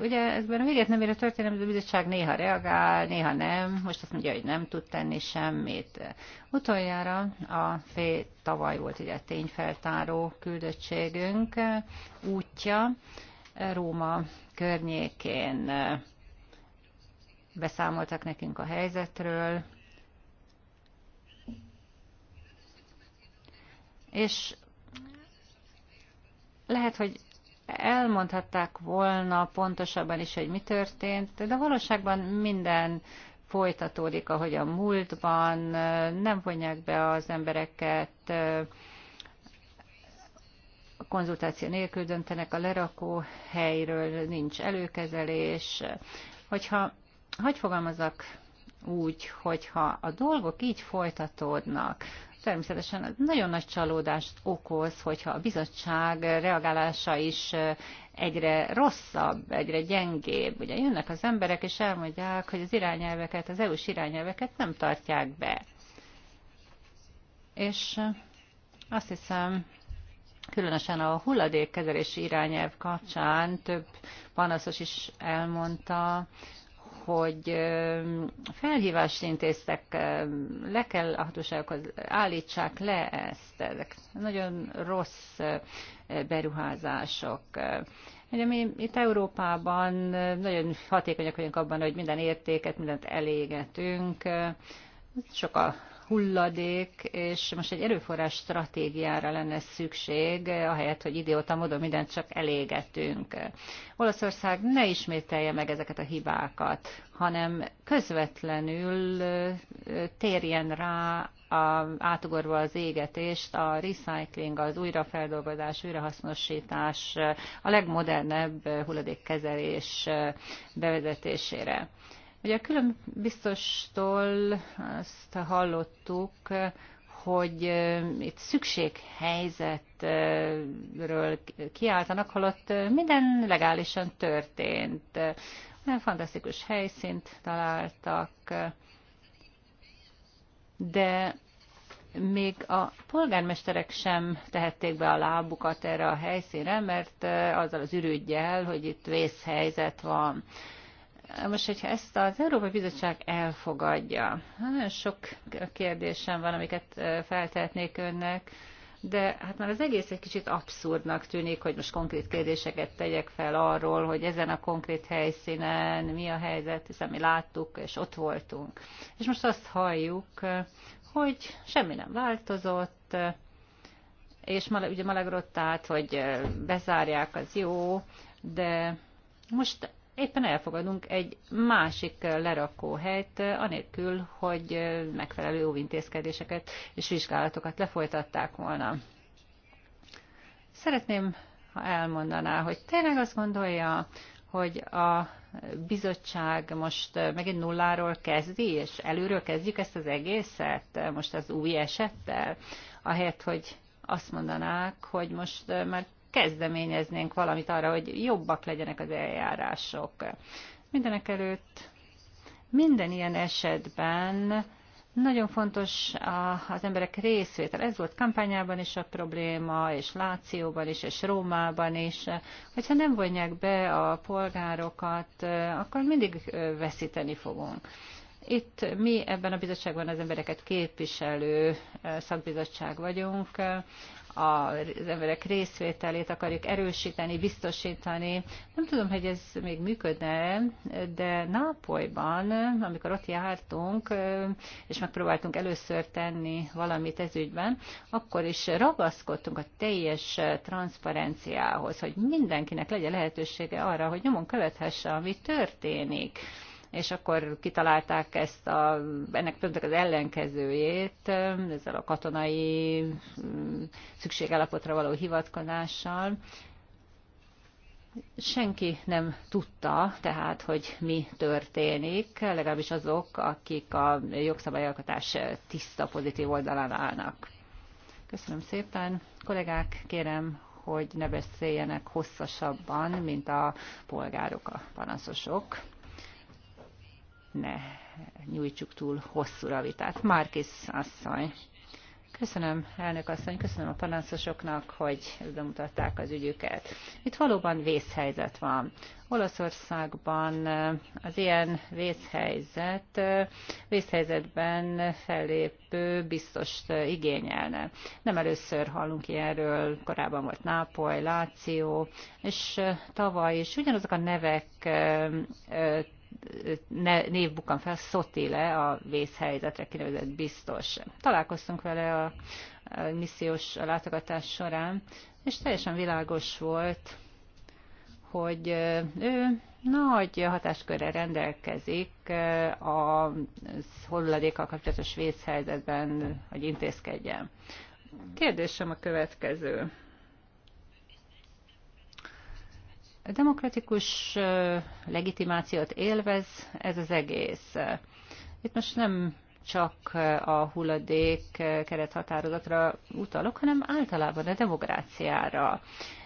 Ugye ezben a véget nem ér a történelem, de a bizottság néha reagál, néha nem. Most azt mondja, hogy nem tud tenni semmit. Utoljára a fél tavaly volt ugye a tényfeltáró küldöttségünk útja Róma környékén beszámoltak nekünk a helyzetről, És lehet, hogy elmondhatták volna pontosabban is, hogy mi történt, de valóságban minden folytatódik, ahogy a múltban, nem vonják be az embereket, a konzultáció nélkül döntenek a lerakó helyről, nincs előkezelés. Hogyha, hogy fogalmazok úgy, hogyha a dolgok így folytatódnak, természetesen nagyon nagy csalódást okoz, hogyha a bizottság reagálása is egyre rosszabb, egyre gyengébb. Ugye jönnek az emberek, és elmondják, hogy az irányelveket, az EU-s irányelveket nem tartják be. És azt hiszem, különösen a hulladékkezelési irányelv kapcsán több panaszos is elmondta, hogy felhívást intéztek, le kell a hatóságokhoz, állítsák le ezt. Ezek nagyon rossz beruházások. Ugye mi itt Európában nagyon hatékonyak vagyunk abban, hogy minden értéket, mindent elégetünk. Sok a hulladék, és most egy erőforrás stratégiára lenne szükség, ahelyett, hogy idióta módon mindent csak elégetünk. Olaszország ne ismételje meg ezeket a hibákat, hanem közvetlenül térjen rá a, átugorva az égetést, a recycling, az újrafeldolgozás, újrahasznosítás, a legmodernebb hulladékkezelés bevezetésére. Ugye a külön biztostól azt hallottuk, hogy itt szükséghelyzetről kiáltanak, holott minden legálisan történt. Nagyon fantasztikus helyszínt találtak, de még a polgármesterek sem tehették be a lábukat erre a helyszínre, mert azzal az ürügyjel, hogy itt vészhelyzet van. Most, hogyha ezt az Európai Bizottság elfogadja, hát nagyon sok kérdésem van, amiket feltehetnék önnek, de hát már az egész egy kicsit abszurdnak tűnik, hogy most konkrét kérdéseket tegyek fel arról, hogy ezen a konkrét helyszínen mi a helyzet, hiszen mi láttuk, és ott voltunk. És most azt halljuk, hogy semmi nem változott, és ugye Malegrottát, hogy bezárják, az jó, de most éppen elfogadunk egy másik lerakóhelyt, anélkül, hogy megfelelő óvintézkedéseket és vizsgálatokat lefolytatták volna. Szeretném, ha elmondaná, hogy tényleg azt gondolja, hogy a bizottság most megint nulláról kezdi, és előről kezdjük ezt az egészet, most az új esettel, ahelyett, hogy azt mondanák, hogy most már kezdeményeznénk valamit arra, hogy jobbak legyenek az eljárások. Mindenek előtt minden ilyen esetben nagyon fontos az emberek részvétel. Ez volt kampányában is a probléma, és Lációban is, és Rómában is. Hogyha nem vonják be a polgárokat, akkor mindig veszíteni fogunk. Itt mi ebben a bizottságban az embereket képviselő szakbizottság vagyunk az emberek részvételét akarjuk erősíteni, biztosítani. Nem tudom, hogy ez még működne, de Nápolyban, amikor ott jártunk, és megpróbáltunk először tenni valamit ügyben, akkor is ragaszkodtunk a teljes transzparenciához, hogy mindenkinek legyen lehetősége arra, hogy nyomon követhesse, ami történik és akkor kitalálták ezt a, ennek pont az ellenkezőjét, ezzel a katonai mm, szükségállapotra való hivatkozással, senki nem tudta tehát, hogy mi történik, legalábbis azok, akik a jogszabályalkotás tiszta pozitív oldalán állnak. Köszönöm szépen. Kollégák, kérem, hogy ne beszéljenek hosszasabban, mint a polgárok, a panaszosok ne nyújtsuk túl hosszúra a vitát. Márkis asszony. Köszönöm, elnök asszony, köszönöm a panaszosoknak, hogy bemutatták az ügyüket. Itt valóban vészhelyzet van. Olaszországban az ilyen vészhelyzet, vészhelyzetben fellépő biztos igényelne. Nem először hallunk ilyenről, korábban volt Nápoly, Láció, és tavaly is ugyanazok a nevek név bukkan fel Szotile, a vészhelyzetre kinevezett biztos. Találkoztunk vele a missziós látogatás során, és teljesen világos volt, hogy ő nagy hatáskörre rendelkezik a hulladékkal kapcsolatos vészhelyzetben, hogy intézkedjen. Kérdésem a következő. Demokratikus legitimációt élvez ez az egész. Itt most nem csak a hulladék kerethatározatra utalok, hanem általában a demokráciára.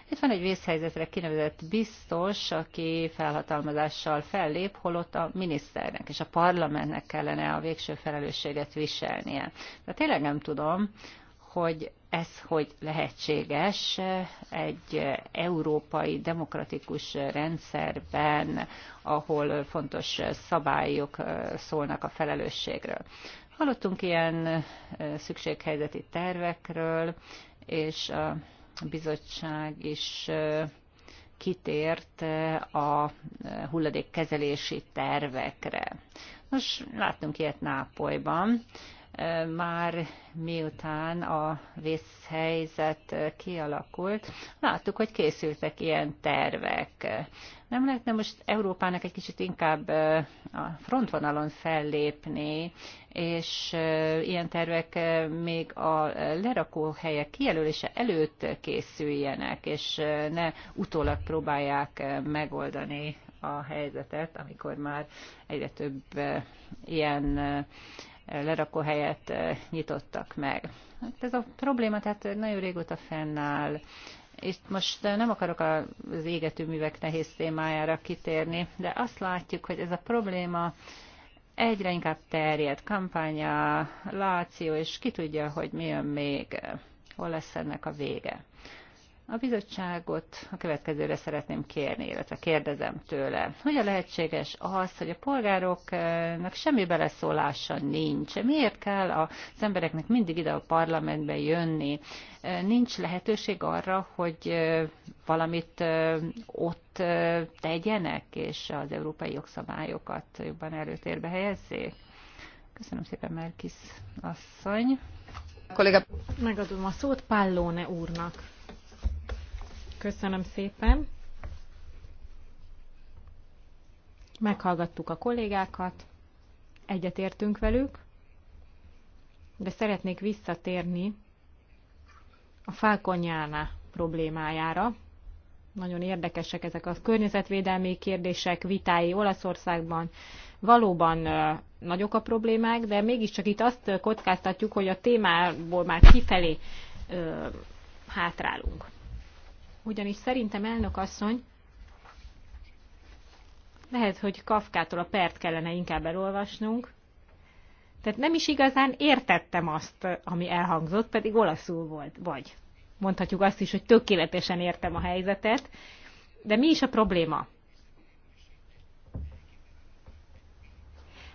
Itt van egy vészhelyzetre kinevezett biztos, aki felhatalmazással fellép, holott a miniszternek és a parlamentnek kellene a végső felelősséget viselnie. De tényleg nem tudom, hogy ez hogy lehetséges egy európai demokratikus rendszerben, ahol fontos szabályok szólnak a felelősségről. Hallottunk ilyen szükséghelyzeti tervekről, és a bizottság is kitért a hulladékkezelési tervekre. Nos, láttunk ilyet Nápolyban, már miután a vészhelyzet kialakult, láttuk, hogy készültek ilyen tervek. Nem lehetne most Európának egy kicsit inkább a frontvonalon fellépni, és ilyen tervek még a lerakóhelyek kijelölése előtt készüljenek, és ne utólag próbálják megoldani a helyzetet, amikor már egyre több ilyen lerakó helyet nyitottak meg. Hát ez a probléma tehát nagyon régóta fennáll. és most nem akarok az égető művek nehéz témájára kitérni, de azt látjuk, hogy ez a probléma egyre inkább terjed. Kampánya, láció, és ki tudja, hogy mi jön még, hol lesz ennek a vége. A bizottságot a következőre szeretném kérni, illetve kérdezem tőle. Hogyan lehetséges az, hogy a polgároknak semmi beleszólása nincs? Miért kell az embereknek mindig ide a parlamentbe jönni? Nincs lehetőség arra, hogy valamit ott tegyenek, és az európai jogszabályokat jobban előtérbe helyezzék? Köszönöm szépen, Merkis asszony. Kolléga. Megadom a szót Pallone úrnak. Köszönöm szépen. Meghallgattuk a kollégákat, egyetértünk velük, de szeretnék visszatérni a fákonyána problémájára. Nagyon érdekesek ezek a környezetvédelmi kérdések, vitái Olaszországban. Valóban nagyok a problémák, de mégiscsak itt azt kockáztatjuk, hogy a témából már kifelé hátrálunk ugyanis szerintem elnök asszony lehet, hogy Kafkától a pert kellene inkább elolvasnunk. Tehát nem is igazán értettem azt, ami elhangzott, pedig olaszul volt, vagy mondhatjuk azt is, hogy tökéletesen értem a helyzetet. De mi is a probléma?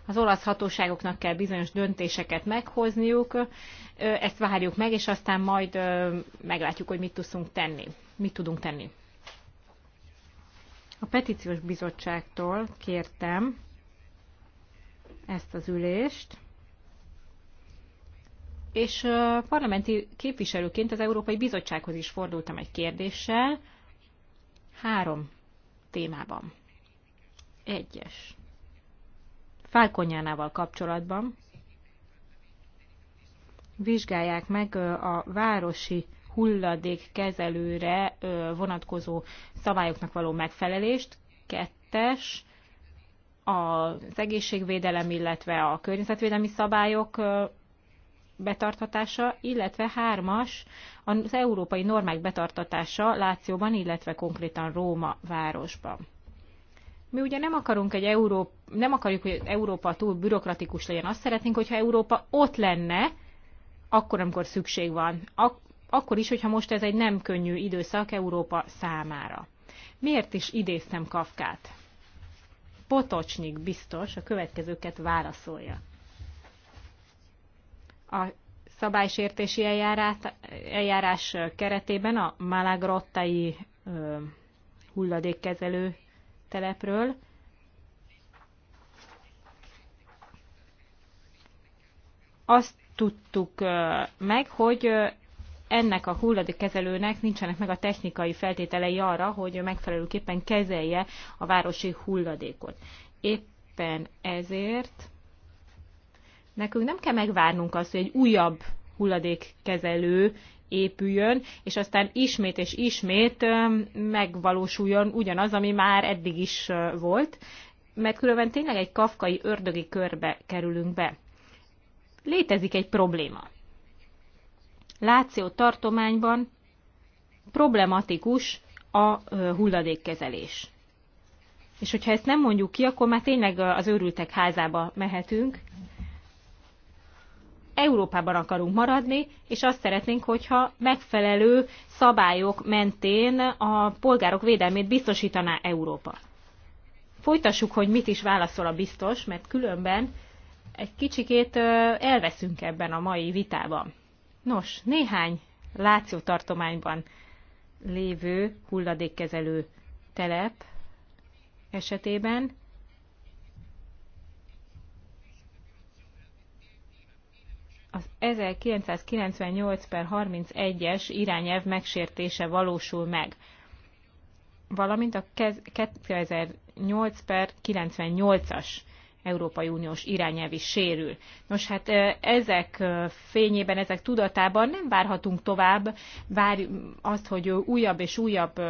az olasz hatóságoknak kell bizonyos döntéseket meghozniuk, ezt várjuk meg, és aztán majd meglátjuk, hogy mit tudunk tenni mit tudunk tenni. A petíciós bizottságtól kértem ezt az ülést, és parlamenti képviselőként az Európai Bizottsághoz is fordultam egy kérdéssel, három témában. Egyes. Fálkonyánával kapcsolatban vizsgálják meg a városi hulladékkezelőre vonatkozó szabályoknak való megfelelést. Kettes, az egészségvédelem, illetve a környezetvédelmi szabályok betartatása, illetve hármas az európai normák betartatása Lációban, illetve konkrétan Róma városban. Mi ugye nem akarunk egy Európa, nem akarjuk, hogy Európa túl bürokratikus legyen. Azt szeretnénk, hogyha Európa ott lenne, akkor, amikor szükség van akkor is, hogyha most ez egy nem könnyű időszak Európa számára. Miért is idéztem Kafkát? Potocsnik biztos a következőket válaszolja. A szabálysértési eljárás, eljárás keretében a Malagrottai ö, hulladékkezelő telepről azt tudtuk meg, hogy ennek a hulladékkezelőnek nincsenek meg a technikai feltételei arra, hogy megfelelőképpen kezelje a városi hulladékot. Éppen ezért nekünk nem kell megvárnunk azt, hogy egy újabb hulladékkezelő épüljön, és aztán ismét és ismét megvalósuljon ugyanaz, ami már eddig is volt, mert különben tényleg egy kafkai ördögi körbe kerülünk be. Létezik egy probléma. Láció tartományban problematikus a hulladékkezelés. És hogyha ezt nem mondjuk ki, akkor már tényleg az őrültek házába mehetünk. Európában akarunk maradni, és azt szeretnénk, hogyha megfelelő szabályok mentén a polgárok védelmét biztosítaná Európa. Folytassuk, hogy mit is válaszol a biztos, mert különben egy kicsikét elveszünk ebben a mai vitában. Nos, néhány Láció tartományban lévő hulladékkezelő telep esetében az 1998 per 31-es irányelv megsértése valósul meg, valamint a 2008 per 98-as Európai Uniós irányelv is sérül. Nos, hát ezek fényében, ezek tudatában nem várhatunk tovább, várj azt, hogy újabb és újabb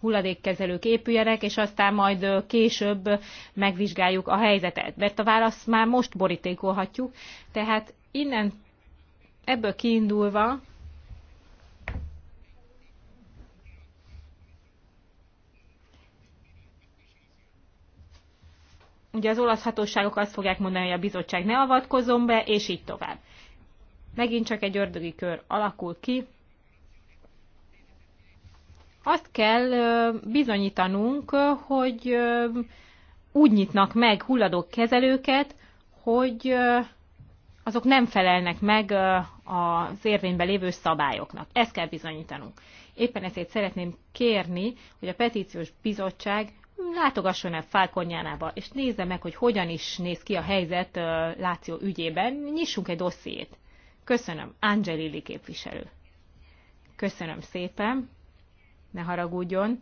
hulladékkezelők épüljenek, és aztán majd később megvizsgáljuk a helyzetet. Mert a választ már most borítékolhatjuk, tehát innen ebből kiindulva ugye az olasz hatóságok azt fogják mondani, hogy a bizottság ne avatkozom be, és így tovább. Megint csak egy ördögi kör alakul ki. Azt kell bizonyítanunk, hogy úgy nyitnak meg hulladók kezelőket, hogy azok nem felelnek meg az érvényben lévő szabályoknak. Ezt kell bizonyítanunk. Éppen ezért szeretném kérni, hogy a petíciós bizottság látogasson el Falkonjánába, és nézze meg, hogy hogyan is néz ki a helyzet Láció ügyében, nyissunk egy dossziét. Köszönöm, Angelili képviselő. Köszönöm szépen, ne haragudjon,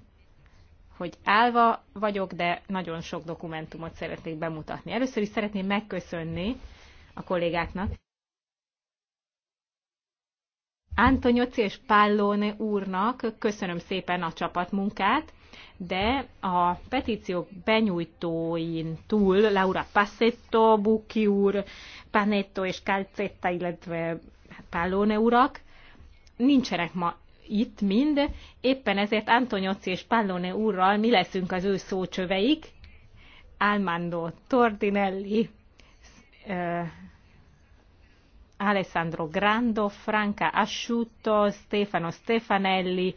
hogy állva vagyok, de nagyon sok dokumentumot szeretnék bemutatni. Először is szeretném megköszönni a kollégáknak. Antonioci és Pallone úrnak köszönöm szépen a csapatmunkát, de a petíciók benyújtóin túl Laura Passetto, Buki úr, Panetto és Calcetta, illetve Pallone urak nincsenek ma itt mind, éppen ezért Antoniozzi és Pallone úrral mi leszünk az ő szócsöveik, Almando Tordinelli, Alessandro Grando, Franca Asciutto, Stefano Stefanelli,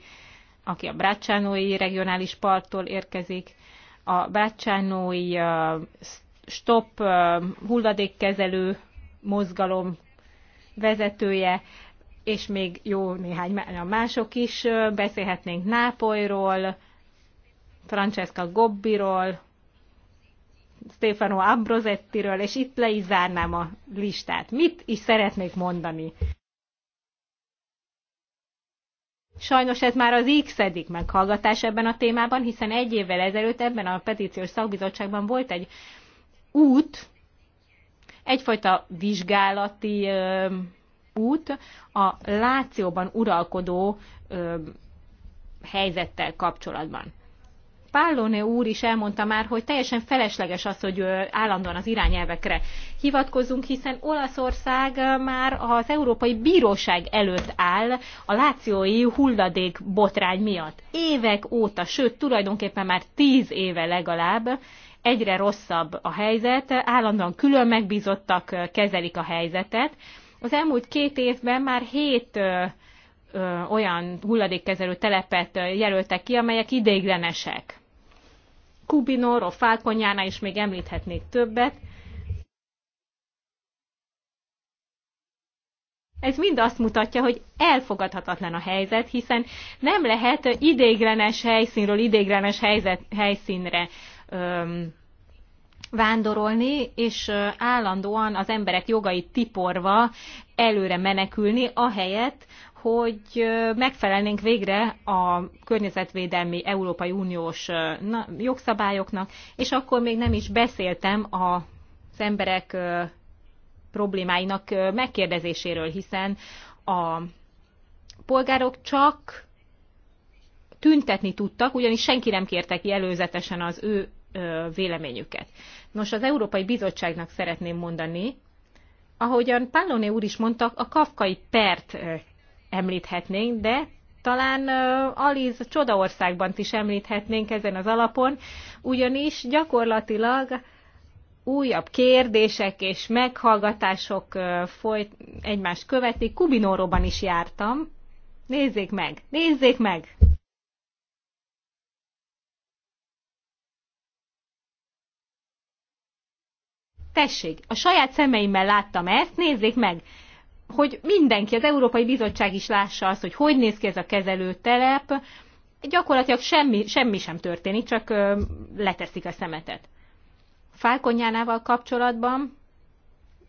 aki a Brácsánói regionális parttól érkezik, a Brácsánói Stop hulladékkezelő mozgalom vezetője, és még jó néhány mások is. Beszélhetnénk Nápolyról, Francesca Gobbiról, Stefano Abrozettiről, és itt le is zárnám a listát. Mit is szeretnék mondani? Sajnos ez már az x meghallgatás ebben a témában, hiszen egy évvel ezelőtt ebben a petíciós szakbizottságban volt egy út, egyfajta vizsgálati út a lációban uralkodó helyzettel kapcsolatban. Pallone úr is elmondta már, hogy teljesen felesleges az, hogy állandóan az irányelvekre hivatkozunk, hiszen Olaszország már az Európai Bíróság előtt áll a lációi hulladék botrány miatt. Évek óta, sőt tulajdonképpen már tíz éve legalább, egyre rosszabb a helyzet, állandóan külön megbízottak kezelik a helyzetet. Az elmúlt két évben már hét olyan hulladékkezelő telepet jelöltek ki, amelyek ideiglenesek. Kubinor, a Fákonyánál is még említhetnék többet. Ez mind azt mutatja, hogy elfogadhatatlan a helyzet, hiszen nem lehet idéglenes helyszínről idéglenes helyzet, helyszínre öm, vándorolni, és állandóan az emberek jogait tiporva előre menekülni, ahelyett, hogy megfelelnénk végre a környezetvédelmi Európai Uniós jogszabályoknak, és akkor még nem is beszéltem az emberek problémáinak megkérdezéséről, hiszen a polgárok csak tüntetni tudtak, ugyanis senki nem kérte ki előzetesen az ő véleményüket. Nos, az Európai Bizottságnak szeretném mondani, ahogyan Pálloné úr is mondta, a kafkai pert említhetnénk, de talán Aliz csodaországban is említhetnénk ezen az alapon, ugyanis gyakorlatilag újabb kérdések és meghallgatások folyt, egymást követik. Kubinóróban is jártam. Nézzék meg! Nézzék meg! Tessék, a saját szemeimmel láttam ezt, nézzék meg! hogy mindenki, az Európai Bizottság is lássa azt, hogy hogy néz ki ez a kezelőtelep, gyakorlatilag semmi, semmi sem történik, csak ö, leteszik a szemetet. Fákonyánával kapcsolatban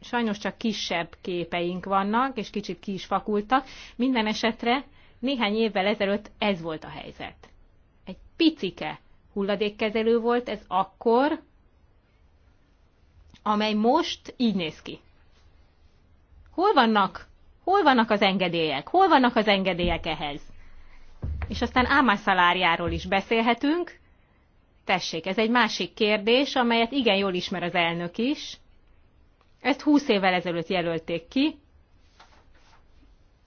sajnos csak kisebb képeink vannak, és kicsit ki is fakultak. Minden esetre néhány évvel ezelőtt ez volt a helyzet. Egy picike hulladékkezelő volt ez akkor, amely most így néz ki. Hol vannak? Hol vannak az engedélyek? Hol vannak az engedélyek ehhez? És aztán ámászaláriáról is beszélhetünk. Tessék, ez egy másik kérdés, amelyet igen jól ismer az elnök is. Ezt 20 évvel ezelőtt jelölték ki,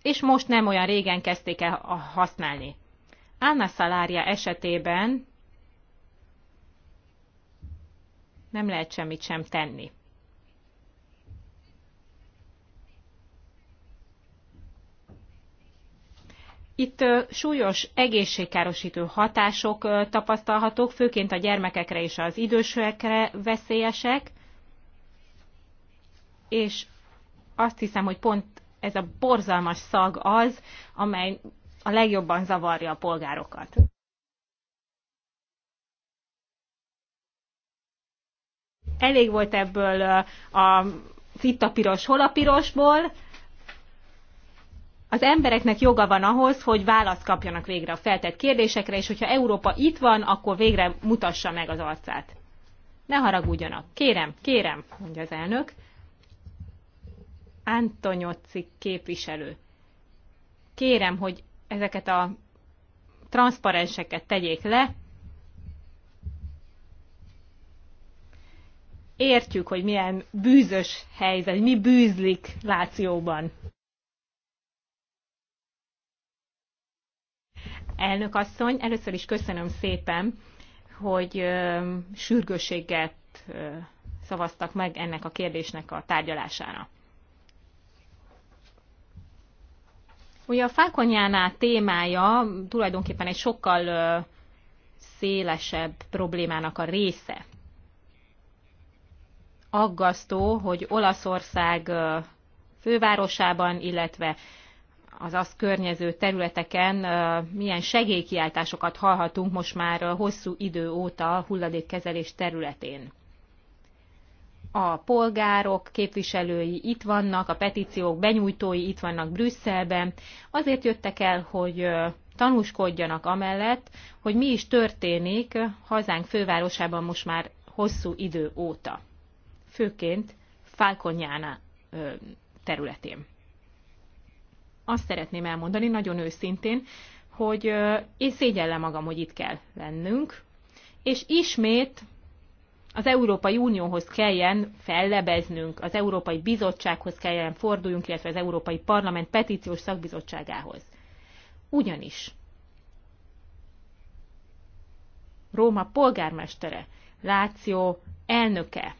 és most nem olyan régen kezdték el használni. Anna Szalária esetében nem lehet semmit sem tenni. Itt súlyos egészségkárosító hatások tapasztalhatók, főként a gyermekekre és az idősekre veszélyesek, és azt hiszem, hogy pont ez a borzalmas szag az, amely a legjobban zavarja a polgárokat. Elég volt ebből a, itt a piros, hol a pirosból, az embereknek joga van ahhoz, hogy választ kapjanak végre a feltett kérdésekre, és hogyha Európa itt van, akkor végre mutassa meg az arcát. Ne haragudjanak. Kérem, kérem, mondja az elnök. Antonyocci képviselő. Kérem, hogy ezeket a transzparenseket tegyék le. Értjük, hogy milyen bűzös helyzet, mi bűzlik Lációban. Elnök asszony, először is köszönöm szépen, hogy sürgőséget szavaztak meg ennek a kérdésnek a tárgyalására. Ugye a Fákonyánál témája tulajdonképpen egy sokkal szélesebb problémának a része. Aggasztó, hogy Olaszország fővárosában, illetve az azt környező területeken milyen segélykiáltásokat hallhatunk most már hosszú idő óta a hulladékkezelés területén. A polgárok képviselői itt vannak, a petíciók benyújtói itt vannak Brüsszelben. Azért jöttek el, hogy tanúskodjanak amellett, hogy mi is történik hazánk fővárosában most már hosszú idő óta. Főként Falkonyána területén azt szeretném elmondani nagyon őszintén, hogy én szégyellem magam, hogy itt kell lennünk, és ismét az Európai Unióhoz kelljen fellebeznünk, az Európai Bizottsághoz kelljen forduljunk, illetve az Európai Parlament petíciós szakbizottságához. Ugyanis Róma polgármestere, Láció elnöke,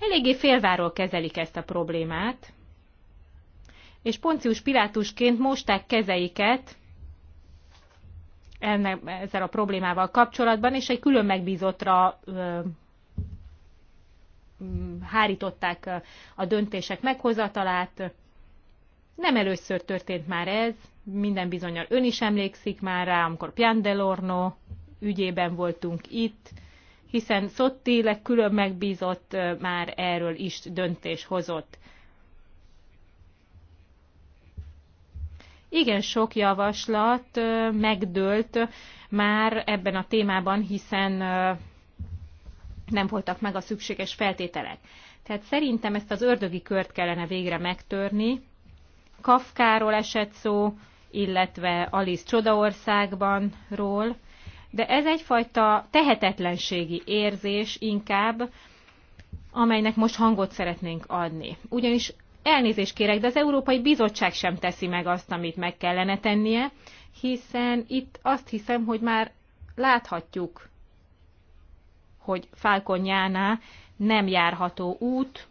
eléggé félváról kezelik ezt a problémát, és Poncius Pilátusként mosták kezeiket ennek, ezzel a problémával kapcsolatban, és egy külön megbízottra ö, hárították a döntések meghozatalát. Nem először történt már ez, minden bizonyal ön is emlékszik már rá, amikor Pian Delorno ügyében voltunk itt, hiszen Szotti külön megbízott már erről is döntés hozott. Igen sok javaslat megdőlt már ebben a témában, hiszen nem voltak meg a szükséges feltételek. Tehát szerintem ezt az ördögi kört kellene végre megtörni. Kafkáról esett szó, illetve Alice Csodaországbanról, de ez egyfajta tehetetlenségi érzés inkább, amelynek most hangot szeretnénk adni. Ugyanis elnézést kérek, de az Európai Bizottság sem teszi meg azt, amit meg kellene tennie, hiszen itt azt hiszem, hogy már láthatjuk, hogy Fálkonyánál nem járható út,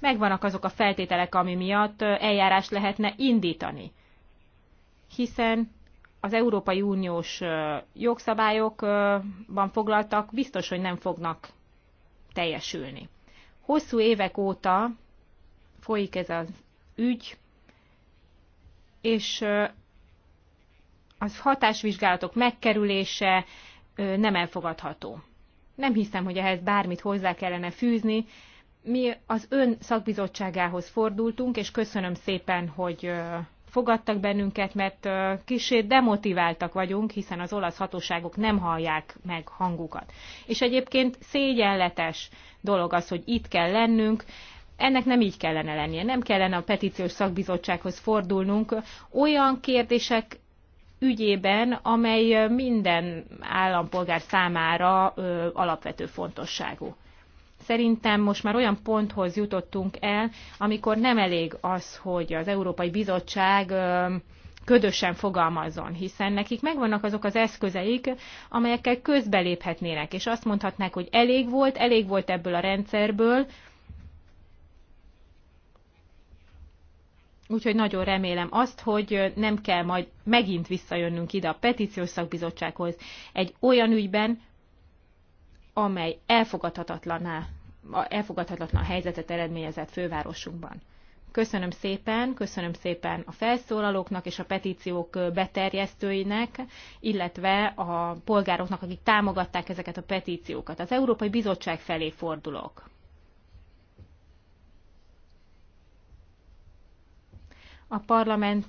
megvannak azok a feltételek, ami miatt eljárást lehetne indítani. Hiszen az Európai Uniós jogszabályokban foglaltak biztos, hogy nem fognak teljesülni. Hosszú évek óta folyik ez az ügy, és az hatásvizsgálatok megkerülése nem elfogadható. Nem hiszem, hogy ehhez bármit hozzá kellene fűzni. Mi az ön szakbizottságához fordultunk, és köszönöm szépen, hogy fogadtak bennünket, mert kicsit demotiváltak vagyunk, hiszen az olasz hatóságok nem hallják meg hangukat. És egyébként szégyenletes dolog az, hogy itt kell lennünk, ennek nem így kellene lennie, nem kellene a petíciós szakbizottsághoz fordulnunk olyan kérdések ügyében, amely minden állampolgár számára alapvető fontosságú. Szerintem most már olyan ponthoz jutottunk el, amikor nem elég az, hogy az Európai Bizottság ködösen fogalmazzon, hiszen nekik megvannak azok az eszközeik, amelyekkel közbeléphetnének, és azt mondhatnák, hogy elég volt, elég volt ebből a rendszerből, Úgyhogy nagyon remélem azt, hogy nem kell majd megint visszajönnünk ide a petíciós szakbizottsághoz egy olyan ügyben, amely elfogadhatatlaná, elfogadhatatlan helyzetet eredményezett fővárosunkban. Köszönöm szépen, köszönöm szépen a felszólalóknak és a petíciók beterjesztőinek, illetve a polgároknak, akik támogatták ezeket a petíciókat. Az Európai Bizottság felé fordulok. A parlament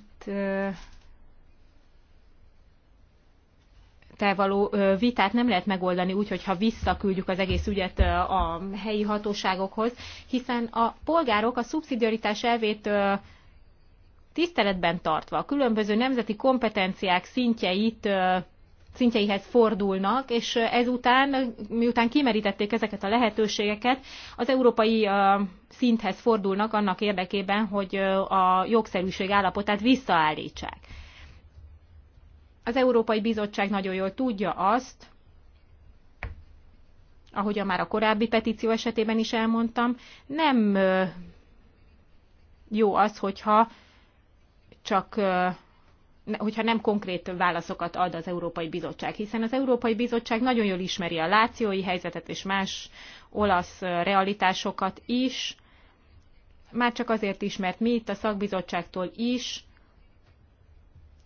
te való vitát nem lehet megoldani úgy, hogyha visszaküldjük az egész ügyet a helyi hatóságokhoz, hiszen a polgárok a szubszidiaritás elvét tiszteletben tartva a különböző nemzeti kompetenciák szintjeit szintjeihez fordulnak, és ezután, miután kimerítették ezeket a lehetőségeket, az európai szinthez fordulnak annak érdekében, hogy a jogszerűség állapotát visszaállítsák. Az Európai Bizottság nagyon jól tudja azt, ahogy már a korábbi petíció esetében is elmondtam, nem jó az, hogyha csak hogyha nem konkrét válaszokat ad az Európai Bizottság, hiszen az Európai Bizottság nagyon jól ismeri a lációi helyzetet és más olasz realitásokat is, már csak azért is, mert mi itt a szakbizottságtól is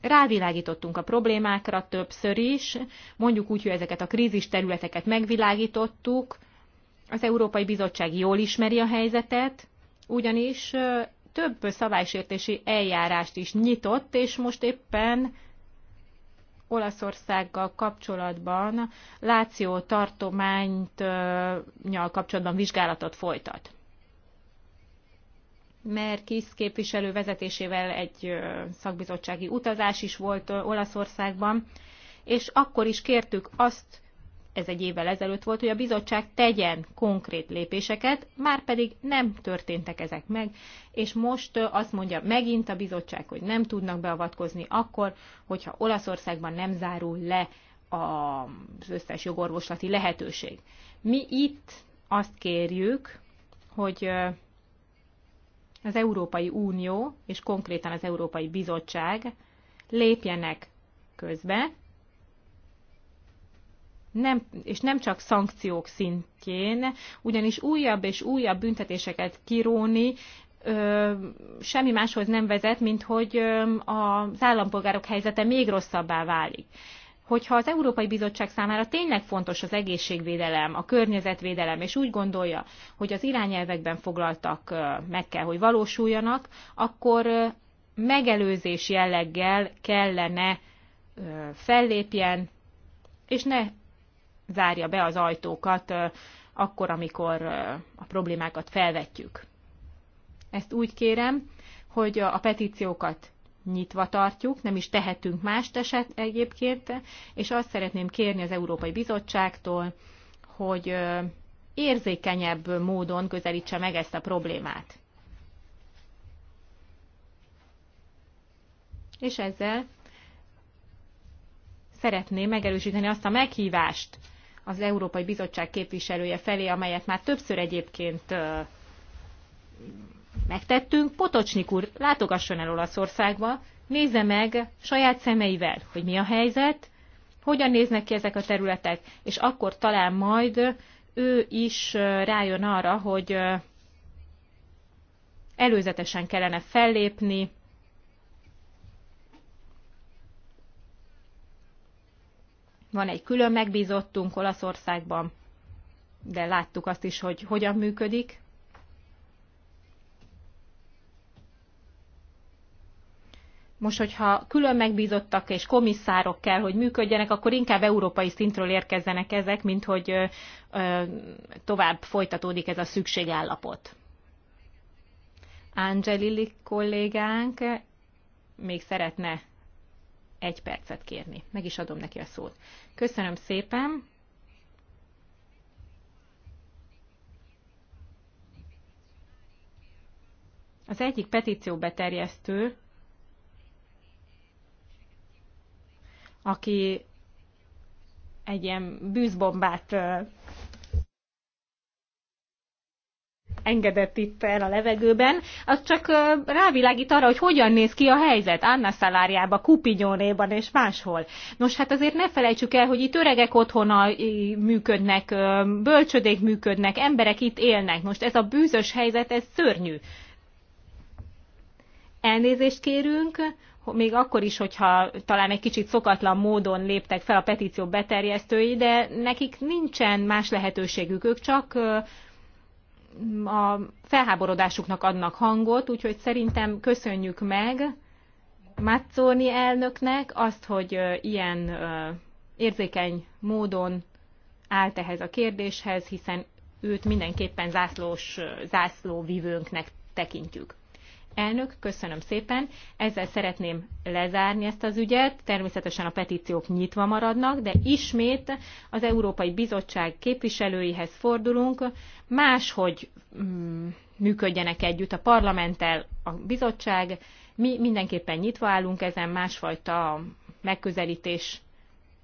rávilágítottunk a problémákra többször is, mondjuk úgy, hogy ezeket a krízis területeket megvilágítottuk, az Európai Bizottság jól ismeri a helyzetet, ugyanis több szabálysértési eljárást is nyitott, és most éppen Olaszországgal kapcsolatban, Láció nyal kapcsolatban vizsgálatot folytat mert kis képviselő vezetésével egy szakbizottsági utazás is volt Olaszországban, és akkor is kértük azt, ez egy évvel ezelőtt volt, hogy a bizottság tegyen konkrét lépéseket, már pedig nem történtek ezek meg, és most azt mondja megint a bizottság, hogy nem tudnak beavatkozni akkor, hogyha Olaszországban nem zárul le az összes jogorvoslati lehetőség. Mi itt azt kérjük, hogy az Európai Unió és konkrétan az Európai Bizottság lépjenek közbe, nem, és nem csak szankciók szintjén, ugyanis újabb és újabb büntetéseket kiróni ö, semmi máshoz nem vezet, mint hogy ö, az állampolgárok helyzete még rosszabbá válik hogyha az Európai Bizottság számára tényleg fontos az egészségvédelem, a környezetvédelem, és úgy gondolja, hogy az irányelvekben foglaltak meg kell, hogy valósuljanak, akkor megelőzés jelleggel kellene fellépjen, és ne zárja be az ajtókat akkor, amikor a problémákat felvetjük. Ezt úgy kérem, hogy a petíciókat nyitva tartjuk, nem is tehetünk mást eset egyébként, és azt szeretném kérni az Európai Bizottságtól, hogy érzékenyebb módon közelítse meg ezt a problémát. És ezzel szeretném megerősíteni azt a meghívást az Európai Bizottság képviselője felé, amelyet már többször egyébként megtettünk. Potocsnik úr látogasson el Olaszországba, nézze meg saját szemeivel, hogy mi a helyzet, hogyan néznek ki ezek a területek, és akkor talán majd ő is rájön arra, hogy előzetesen kellene fellépni, Van egy külön megbízottunk Olaszországban, de láttuk azt is, hogy hogyan működik. Most, hogyha külön megbízottak és komisszárok kell, hogy működjenek, akkor inkább európai szintről érkezzenek ezek, mint hogy tovább folytatódik ez a szükségállapot. Angelili kollégánk még szeretne egy percet kérni. Meg is adom neki a szót. Köszönöm szépen. Az egyik petíció beterjesztő aki egy ilyen bűzbombát engedett itt el a levegőben, az csak rávilágít arra, hogy hogyan néz ki a helyzet Anna Szalárjába, Kupinyónéban és máshol. Nos, hát azért ne felejtsük el, hogy itt öregek otthona működnek, bölcsödék működnek, emberek itt élnek. Most ez a bűzös helyzet, ez szörnyű. Elnézést kérünk, még akkor is, hogyha talán egy kicsit szokatlan módon léptek fel a petíció beterjesztői, de nekik nincsen más lehetőségük, ők csak a felháborodásuknak adnak hangot, úgyhogy szerintem köszönjük meg Mazzoni elnöknek azt, hogy ilyen érzékeny módon állt ehhez a kérdéshez, hiszen őt mindenképpen zászlós, zászlóvivőnknek tekintjük. Elnök, köszönöm szépen. Ezzel szeretném lezárni ezt az ügyet. Természetesen a petíciók nyitva maradnak, de ismét az Európai Bizottság képviselőihez fordulunk, máshogy mm, működjenek együtt a parlamenttel a bizottság. Mi mindenképpen nyitva állunk ezen másfajta megközelítés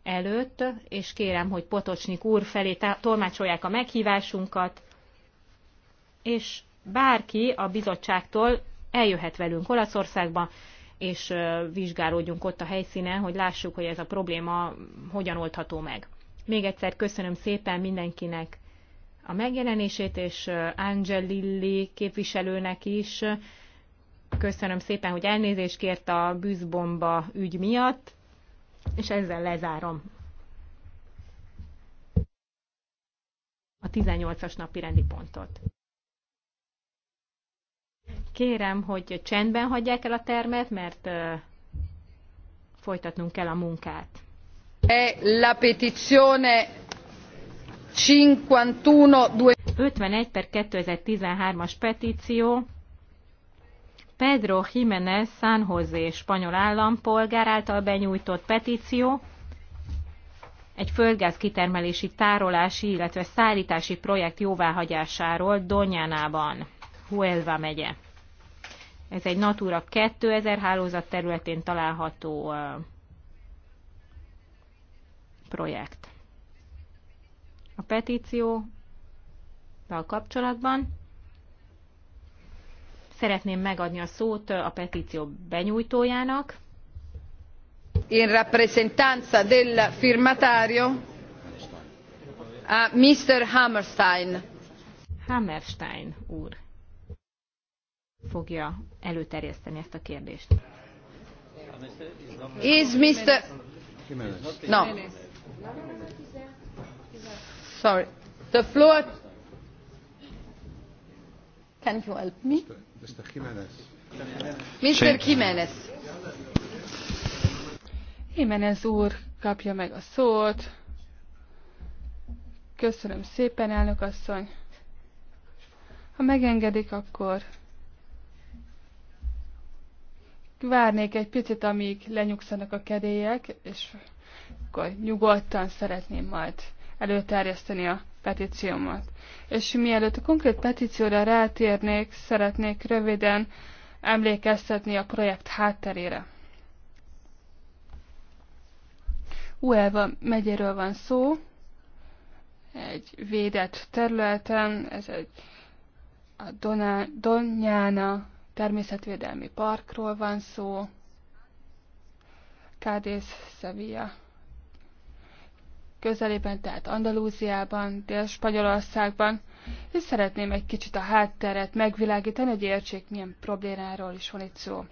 előtt, és kérem, hogy Potocsnik úr felé tolmácsolják a meghívásunkat, és bárki a bizottságtól eljöhet velünk Olaszországba, és vizsgálódjunk ott a helyszínen, hogy lássuk, hogy ez a probléma hogyan oldható meg. Még egyszer köszönöm szépen mindenkinek a megjelenését, és Angelilli képviselőnek is. Köszönöm szépen, hogy elnézést kért a bűzbomba ügy miatt, és ezzel lezárom. A 18-as napi rendi pontot. Kérem, hogy csendben hagyják el a termet, mert folytatnunk kell a munkát. E la petizione 51 51 per 2013-as petíció Pedro Jiménez San José spanyol állampolgár által benyújtott petíció egy földgáz kitermelési, tárolási, illetve szállítási projekt jóváhagyásáról Donyánában, Huelva megye. Ez egy Natura 2000 hálózat területén található projekt. A petícióval kapcsolatban szeretném megadni a szót a petíció benyújtójának. In rappresentanza del firmatario a Mr. Hammerstein. Hammerstein úr fogja előterjeszteni ezt a kérdést. Is Mr. No. Sorry. The floor. Can you help me? Mr. Jimenez. Mr. Jimenez. Jimenez úr kapja meg a szót. Köszönöm szépen, elnök asszony. Ha megengedik, akkor várnék egy picit, amíg lenyugszanak a kedélyek, és akkor nyugodtan szeretném majd előterjeszteni a petíciómat. És mielőtt a konkrét petícióra rátérnék, szeretnék röviden emlékeztetni a projekt hátterére. Uelva megyéről van szó, egy védett területen, ez egy a Donjána természetvédelmi parkról van szó, Kádész, Sevilla közelében, tehát Andalúziában, Dél-Spanyolországban, és szeretném egy kicsit a hátteret megvilágítani, hogy értsék, milyen problémáról is van itt szó.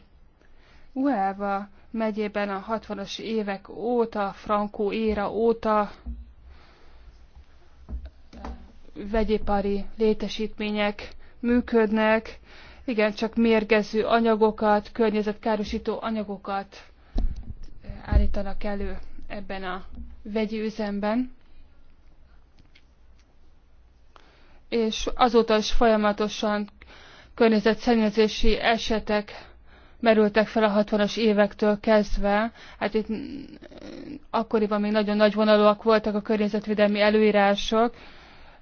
Uelva megyében a 60-as évek óta, frankó éra óta vegyipari létesítmények működnek, igen, csak mérgező anyagokat, környezetkárosító anyagokat eh, állítanak elő ebben a vegyi üzemben. És azóta is folyamatosan környezetszennyezési esetek merültek fel a 60-as évektől kezdve. Hát itt mm, akkoriban még nagyon nagy vonalúak voltak a környezetvédelmi előírások,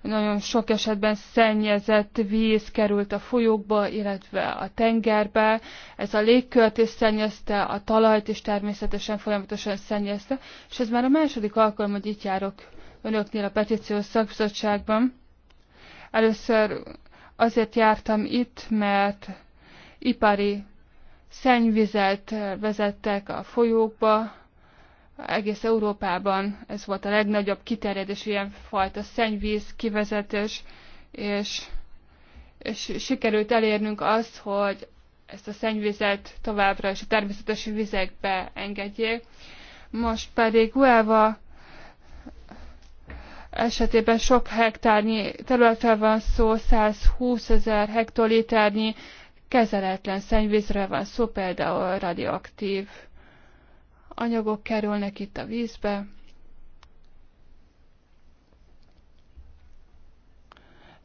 nagyon sok esetben szennyezett víz került a folyókba, illetve a tengerbe. Ez a légkört is szennyezte, a talajt is természetesen folyamatosan szennyezte. És ez már a második alkalom, hogy itt járok önöknél a petíciós szakbizottságban. Először azért jártam itt, mert ipari szennyvizet vezettek a folyókba, egész Európában ez volt a legnagyobb kiterjedés, fajta szennyvíz kivezetés, és, és sikerült elérnünk azt, hogy ezt a szennyvizet továbbra is a természetes vizekbe engedjék. Most pedig Guelva esetében sok hektárnyi területen van szó, 120 ezer hektoliternyi kezeletlen szennyvízre van szó, például radioaktív anyagok kerülnek itt a vízbe.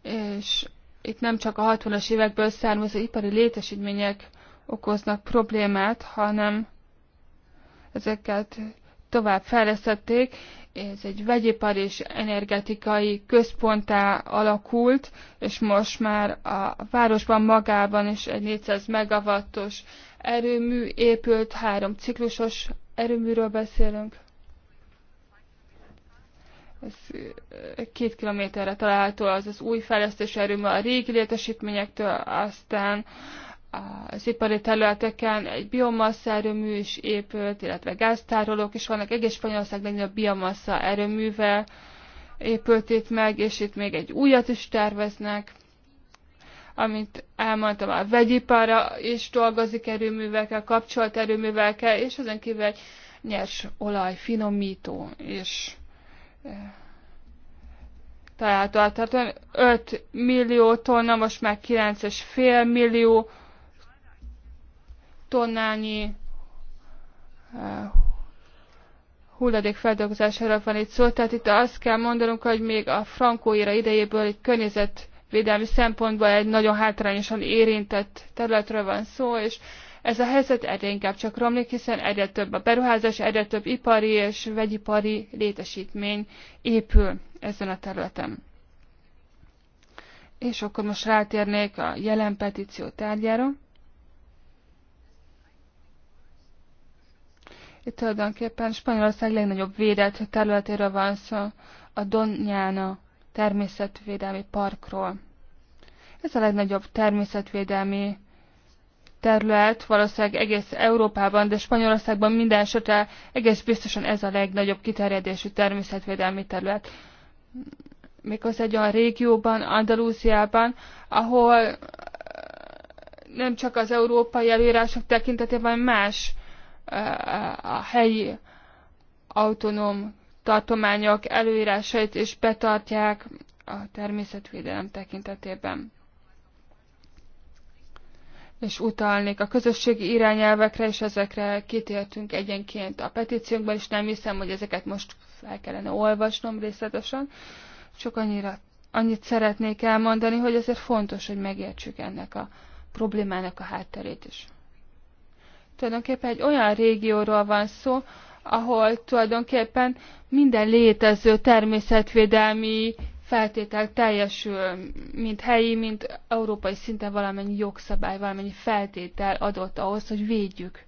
És itt nem csak a 60-as évekből származó ipari létesítmények okoznak problémát, hanem ezeket tovább fejlesztették. Ez egy vegyipar és energetikai központá alakult, és most már a városban magában is egy 400 megawattos erőmű épült, három ciklusos erőműről beszélünk. Ez eh, két kilométerre található az az új fejlesztési erőmű a régi létesítményektől, aztán az ipari területeken egy biomassa erőmű is épült, illetve gáztárolók is vannak. Egész Spanyolország legnagyobb biomassa erőművel épült itt meg, és itt még egy újat is terveznek amit elmondtam, a vegyipara is dolgozik erőművekkel, kapcsolt erőművekkel, és ezen kívül egy nyers olaj, finomító, és eh, található áttartóan 5 millió tonna, most már 9,5 millió tonnányi eh, hulladékfeldolgozására van itt szó. Tehát itt azt kell mondanunk, hogy még a frankóira idejéből egy környezet védelmi szempontból egy nagyon hátrányosan érintett területről van szó, és ez a helyzet egyre inkább csak romlik, hiszen egyre több a beruházás, egyre több ipari és vegyipari létesítmény épül ezen a területen. És akkor most rátérnék a jelen petíció tárgyára. Itt tulajdonképpen Spanyolország legnagyobb védett területéről van szó, a Donjána természetvédelmi parkról. Ez a legnagyobb természetvédelmi terület valószínűleg egész Európában, de Spanyolországban minden esetre egész biztosan ez a legnagyobb kiterjedésű természetvédelmi terület. Méghozzá egy olyan régióban, Andalúziában, ahol nem csak az európai előírások tekintetében más eh, a helyi autonóm tartományok előírásait is betartják a természetvédelem tekintetében. És utalnék a közösségi irányelvekre, és ezekre kitértünk egyenként a petíciónkban, és nem hiszem, hogy ezeket most fel kellene olvasnom részletesen, csak annyira, annyit szeretnék elmondani, hogy azért fontos, hogy megértsük ennek a problémának a hátterét is. Tulajdonképpen egy olyan régióról van szó, ahol tulajdonképpen minden létező természetvédelmi feltétel teljesül, mint helyi, mint európai szinten valamennyi jogszabály, valamennyi feltétel adott ahhoz, hogy védjük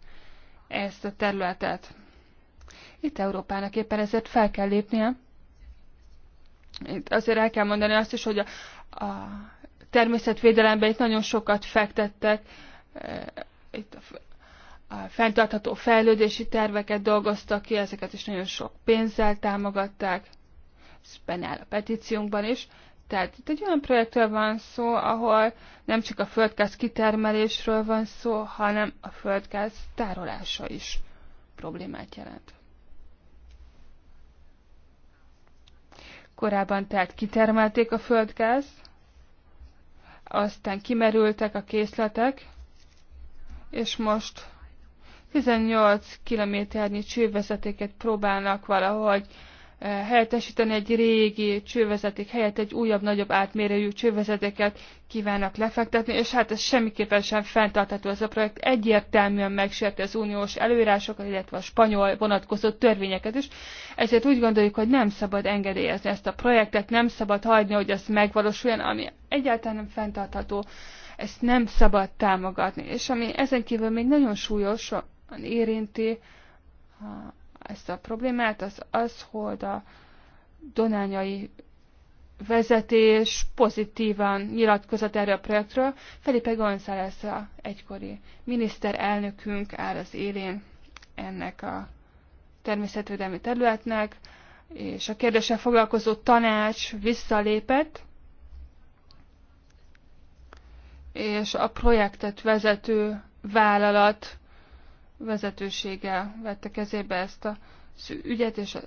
ezt a területet. Itt Európának éppen ezért fel kell lépnie. Itt azért el kell mondani azt is, hogy a, a természetvédelemben itt nagyon sokat fektettek, eh, itt a fenntartható fejlődési terveket dolgoztak ki, ezeket is nagyon sok pénzzel támogatták, ez benne áll a petíciónkban is. Tehát itt egy olyan projektről van szó, ahol nem csak a földgáz kitermelésről van szó, hanem a földgáz tárolása is problémát jelent. Korábban tehát kitermelték a földgáz, aztán kimerültek a készletek, és most 18 kilométernyi csővezetéket próbálnak valahogy eh, helyettesíteni egy régi csővezeték helyett egy újabb, nagyobb átmérőjű csővezetéket kívánnak lefektetni, és hát ez semmiképpen sem fenntartható ez a projekt. Egyértelműen megsérti az uniós előírásokat, illetve a spanyol vonatkozó törvényeket is. Ezért úgy gondoljuk, hogy nem szabad engedélyezni ezt a projektet, nem szabad hagyni, hogy ez megvalósuljon, ami egyáltalán nem fenntartható. Ezt nem szabad támogatni. És ami ezen kívül még nagyon súlyos, érinti ezt a problémát, az az, hogy a donányai vezetés pozitívan nyilatkozott erre a projektről. Felipe González, a egykori miniszterelnökünk áll az élén ennek a természetvédelmi területnek, és a kérdéssel foglalkozó tanács visszalépett, és a projektet vezető vállalat vezetősége vette kezébe ezt a ügyet, és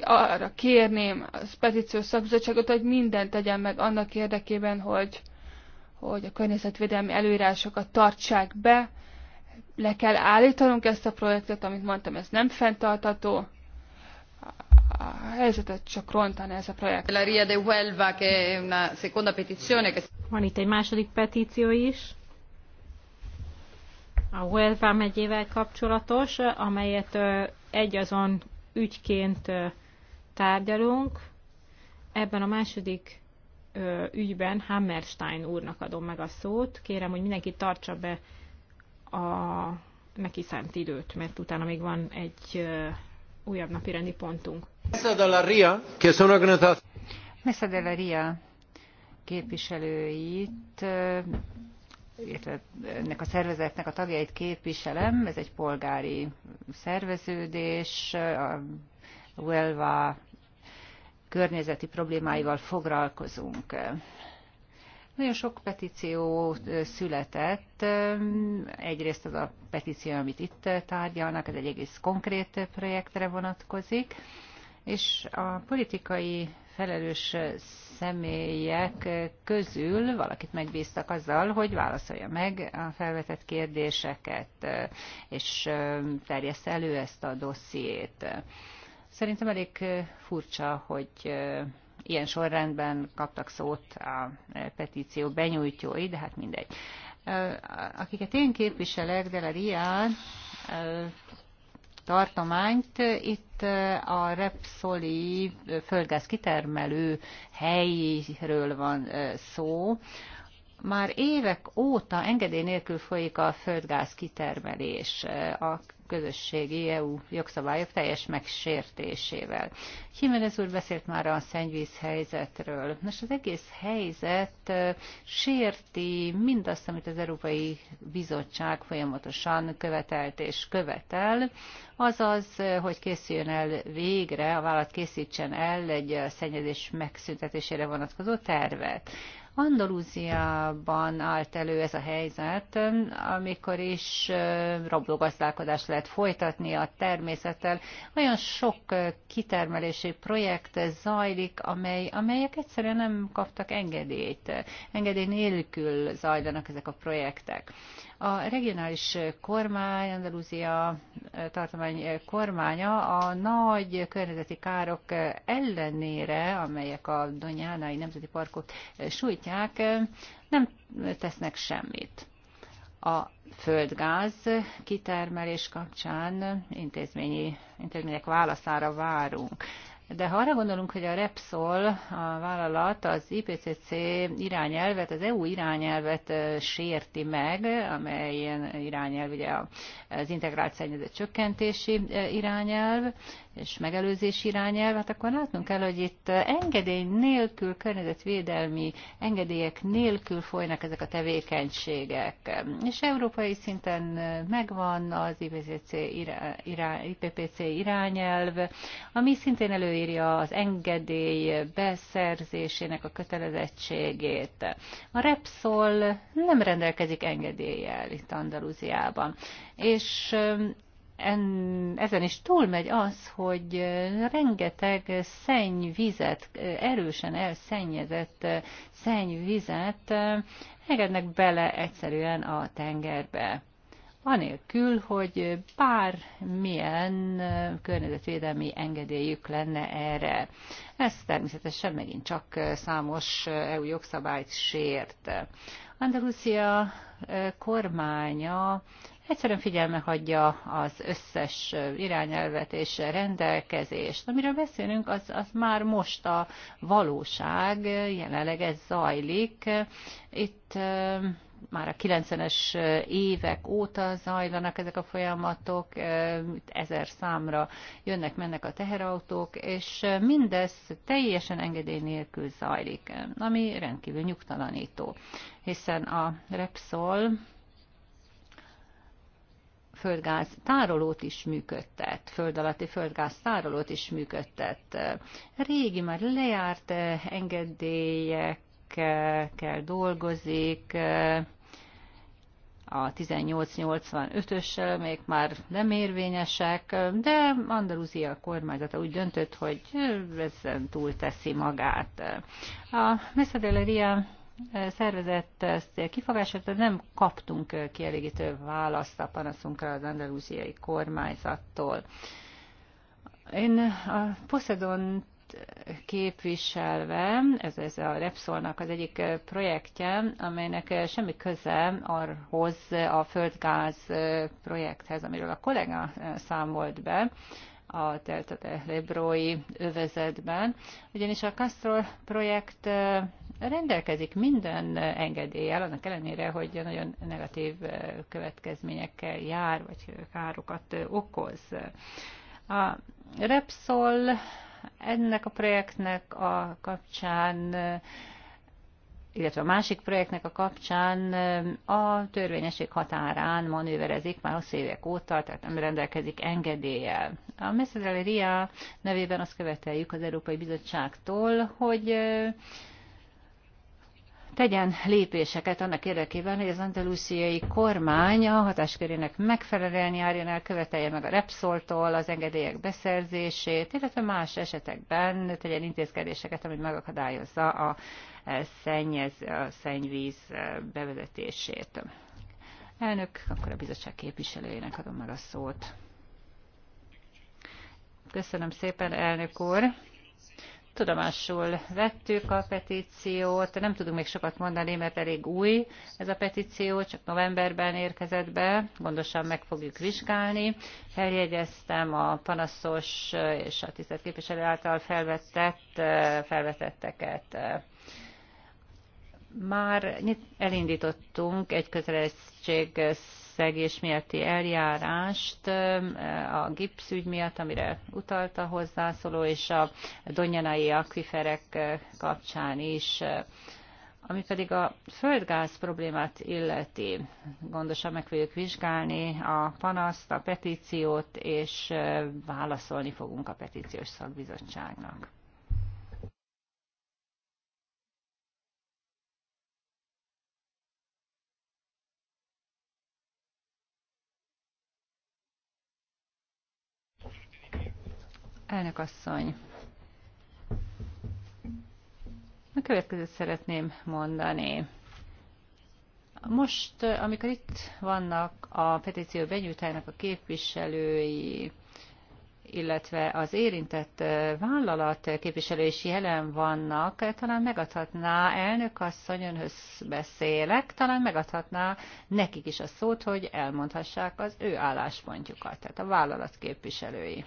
arra kérném a petíciós szakbizottságot, hogy mindent tegyen meg annak érdekében, hogy, hogy a környezetvédelmi előírásokat tartsák be. Le kell állítanunk ezt a projektet, amit mondtam, ez nem fenntartató. A helyzetet csak rontani ez a projekt. Van itt egy második petíció is a Huelva megyével kapcsolatos, amelyet egyazon ügyként tárgyalunk. Ebben a második ügyben Hammerstein úrnak adom meg a szót. Kérem, hogy mindenki tartsa be a neki szánt időt, mert utána még van egy újabb napi rendi pontunk. Mesa de la Ria képviselőit illetve ennek a szervezetnek a tagjait képviselem, ez egy polgári szerveződés, a Huelva környezeti problémáival foglalkozunk. Nagyon sok petíció született. Egyrészt az a petíció, amit itt tárgyalnak, ez egy egész konkrét projektre vonatkozik, és a politikai felelős személyek közül valakit megbíztak azzal, hogy válaszolja meg a felvetett kérdéseket, és terjesz elő ezt a dossziét. Szerintem elég furcsa, hogy ilyen sorrendben kaptak szót a petíció benyújtói, de hát mindegy. Akiket én képviselek, de Ria tartományt. Itt a Repsoli földgáz kitermelő helyéről van szó. Már évek óta engedély nélkül folyik a földgáz kitermelés. A közösségi EU jogszabályok teljes megsértésével. Jiménez úr beszélt már a szennyvíz helyzetről. Nos, az egész helyzet sérti mindazt, amit az Európai Bizottság folyamatosan követelt és követel, azaz, hogy készüljön el végre, a vállalat készítsen el egy szennyezés megszüntetésére vonatkozó tervet. Andalúziában állt elő ez a helyzet, amikor is rablogazdálkodást lehet folytatni a természettel. Olyan sok kitermelési projekt zajlik, amely, amelyek egyszerűen nem kaptak engedélyt. Engedély nélkül zajlanak ezek a projektek. A regionális kormány, Andalúzia eh, tartomány eh, kormánya a nagy környezeti károk ellenére, amelyek a Donyánai Nemzeti Parkot eh, sújtják, nem tesznek semmit. A földgáz kitermelés kapcsán intézményi, intézmények válaszára várunk. De ha arra gondolunk, hogy a Repsol, a vállalat az IPCC irányelvet, az EU irányelvet sérti meg, amely ilyen irányelv ugye az integrált szennyezet csökkentési irányelv, és megelőzés irányelv, hát akkor látnunk kell, hogy itt engedély nélkül, környezetvédelmi engedélyek nélkül folynak ezek a tevékenységek. És európai szinten megvan az IPCC IPPC irányelv, ami szintén előírja az engedély beszerzésének a kötelezettségét. A Repsol nem rendelkezik engedéllyel itt Andalúziában. És en, ezen is túlmegy az, hogy rengeteg szennyvizet, erősen elszennyezett szennyvizet engednek bele egyszerűen a tengerbe. Anélkül, hogy bármilyen környezetvédelmi engedélyük lenne erre. Ez természetesen megint csak számos EU jogszabályt sért. Andalusia kormánya egyszerűen figyelme hagyja az összes irányelvet és rendelkezést. Amiről beszélünk, az, az már most a valóság, jelenleg ez zajlik. Itt már a 90-es évek óta zajlanak ezek a folyamatok, ezer számra jönnek, mennek a teherautók, és mindez teljesen engedély nélkül zajlik, ami rendkívül nyugtalanító, hiszen a Repsol földgáz tárolót is működtet, föld alatti földgáz tárolót is működtet. Régi már lejárt eh, engedélyekkel dolgozik, eh, a 1885-ös, még már nem érvényesek, de Andalúzia kormányzata úgy döntött, hogy eh, ezen túl teszi magát. A Mesa de szervezett eh, kifogását, nem kaptunk eh, kielégítő választ a panaszunkra az andalúziai kormányzattól. Én a Poseidon képviselve, ez, ez a Repsolnak az egyik eh, projektje, amelynek semmi köze arhoz a földgáz projekthez, amiről a kollega számolt be, a Delta de Lebrói övezetben, ugyanis a Castrol projekt rendelkezik minden engedéllyel, annak ellenére, hogy nagyon negatív következményekkel jár, vagy károkat okoz. A Repsol ennek a projektnek a kapcsán illetve a másik projektnek a kapcsán a törvényesség határán manőverezik már a évek óta, tehát nem rendelkezik engedéllyel. A Messerel Ria nevében azt követeljük az Európai Bizottságtól, hogy tegyen lépéseket annak érdekében, hogy az andalusziai kormány a hatáskörének megfelelően járjon el, követelje meg a Repsoltól az engedélyek beszerzését, illetve más esetekben tegyen intézkedéseket, ami megakadályozza a, e, szennyez, a szennyvíz e, bevezetését. Elnök, akkor a bizottság képviselőjének adom meg a szót. Köszönöm szépen, elnök úr! tudomásul vettük a petíciót, nem tudunk még sokat mondani, mert elég új ez a petíció, csak novemberben érkezett be, gondosan meg fogjuk vizsgálni. Feljegyeztem a panaszos és a tisztelt képviselő által felvetett, felvetetteket. Már elindítottunk egy kötelezettség összegés miatti eljárást a gipsz ügy miatt, amire utalt a hozzászóló, és a donyanai akviferek kapcsán is. Ami pedig a földgáz problémát illeti, gondosan meg fogjuk vizsgálni a panaszt, a petíciót, és válaszolni fogunk a petíciós szakbizottságnak. Elnök asszony, a következőt szeretném mondani. Most, amikor itt vannak a petíció benyújtájának a képviselői, illetve az érintett eh, vállalat képviselői is jelen vannak, eh, talán megadhatná elnök asszony, önhöz beszélek, talán megadhatná nekik is a szót, hogy elmondhassák az ő álláspontjukat, tehát a vállalat képviselői.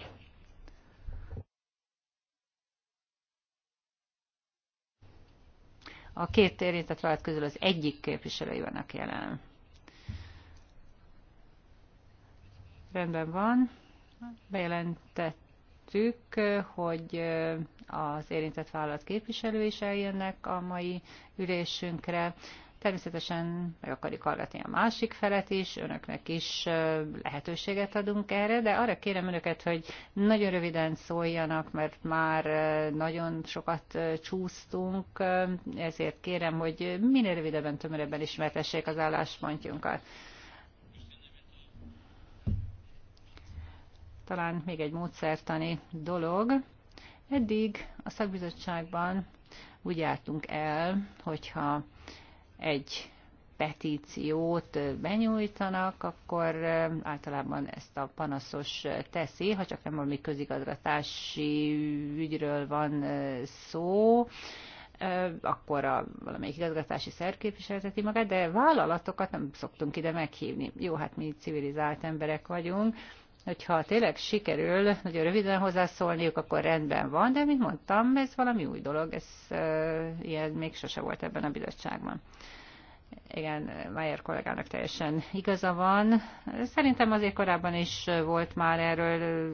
A két érintett vállalat közül az egyik képviselői vannak jelen. Rendben van. Bejelentettük, hogy az érintett vállalat képviselői is eljönnek a mai ülésünkre. Természetesen meg akarjuk hallgatni a másik felet is, önöknek is lehetőséget adunk erre, de arra kérem önöket, hogy nagyon röviden szóljanak, mert már nagyon sokat csúsztunk, ezért kérem, hogy minél rövidebben, tömörebben ismertessék az álláspontjunkat. Talán még egy módszertani dolog. Eddig a szakbizottságban úgy jártunk el, hogyha egy petíciót benyújtanak, akkor általában ezt a panaszos teszi, ha csak nem valami közigazgatási ügyről van szó, akkor a valamelyik igazgatási szerv képviselteti magát, de vállalatokat nem szoktunk ide meghívni. Jó, hát mi civilizált emberek vagyunk, hogyha tényleg sikerül nagyon röviden hozzászólniuk, akkor rendben van, de mint mondtam, ez valami új dolog, ez ilyen még sose volt ebben a bizottságban. Igen, Mayer kollégának teljesen igaza van. Szerintem azért korábban is volt már erről,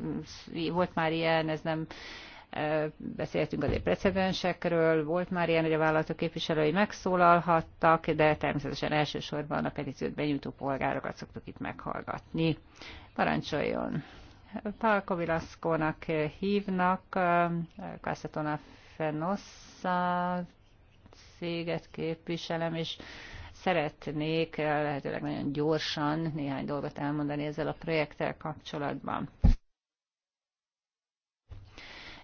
volt már ilyen, ez nem Beszéltünk azért precedensekről, volt már ilyen, hogy a vállalatok képviselői megszólalhattak, de természetesen elsősorban a petíciót benyújtó polgárokat szoktuk itt meghallgatni. Parancsoljon! Palkovilaszkónak hívnak, Kászatona Fenossa céget képviselem, és szeretnék lehetőleg nagyon gyorsan néhány dolgot elmondani ezzel a projekttel kapcsolatban.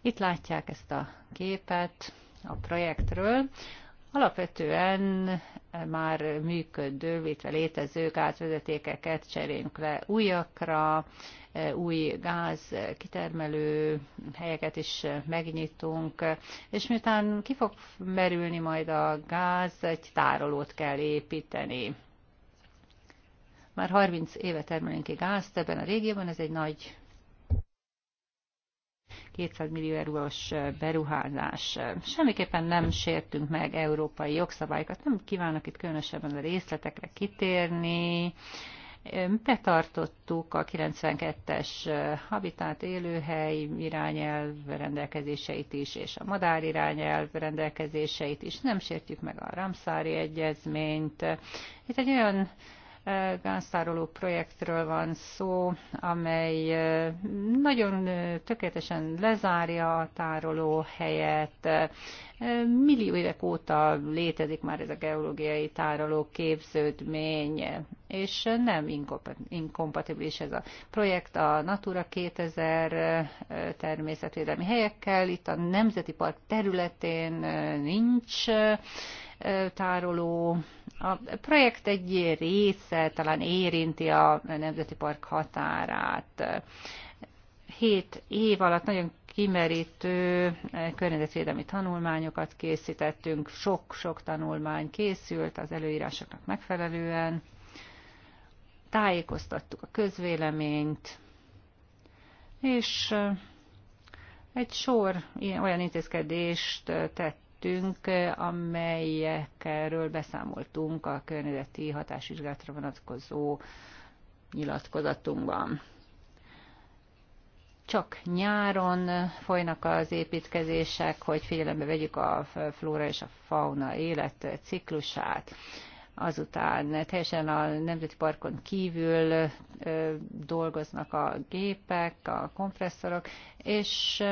Itt látják ezt a képet a projektről. Alapvetően már működő, illetve létező gázvezetékeket cserélünk le újakra, új gáz kitermelő helyeket is megnyitunk, és miután ki fog merülni majd a gáz, egy tárolót kell építeni. Már 30 éve termelünk ki gázt ebben a régióban, ez egy nagy 200 millió eurós beruházás. Semmiképpen nem sértünk meg európai jogszabályokat, nem kívánok itt különösebben a részletekre kitérni. Betartottuk a 92-es habitát élőhely irányelv rendelkezéseit is, és a madár irányelv rendelkezéseit is. Nem sértjük meg a Ramszári egyezményt. Itt egy olyan gáztároló projektről van szó, amely nagyon tökéletesen lezárja a tároló helyet. Millió évek óta létezik már ez a geológiai tároló képződmény, és nem inkompatibilis ez a projekt a Natura 2000 természetvédelmi helyekkel. Itt a Nemzeti Park területén nincs tároló. A projekt egy része talán érinti a Nemzeti Park határát. Hét év alatt nagyon kimerítő környezetvédelmi tanulmányokat készítettünk, sok-sok tanulmány készült az előírásoknak megfelelően, tájékoztattuk a közvéleményt, és egy sor olyan intézkedést tett készítettünk, amelyekről beszámoltunk a környezeti hatásvizsgálatra vonatkozó nyilatkozatunkban. Csak nyáron folynak az építkezések, hogy figyelembe vegyük a flóra és a fauna élet ciklusát azután teljesen a nemzeti parkon kívül dolgoznak a gépek, a kompresszorok, és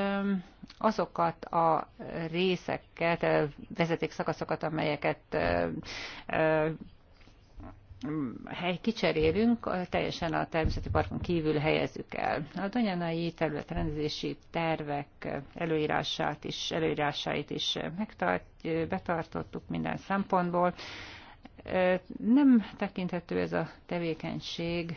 azokat a részeket, szakaszokat, amelyeket mm, hely kicserélünk, teljesen a természeti parkon kívül helyezzük el. A donyanai területrendezési tervek előírását is, előírásait is megtart, betartottuk minden szempontból. Nem tekinthető ez a tevékenység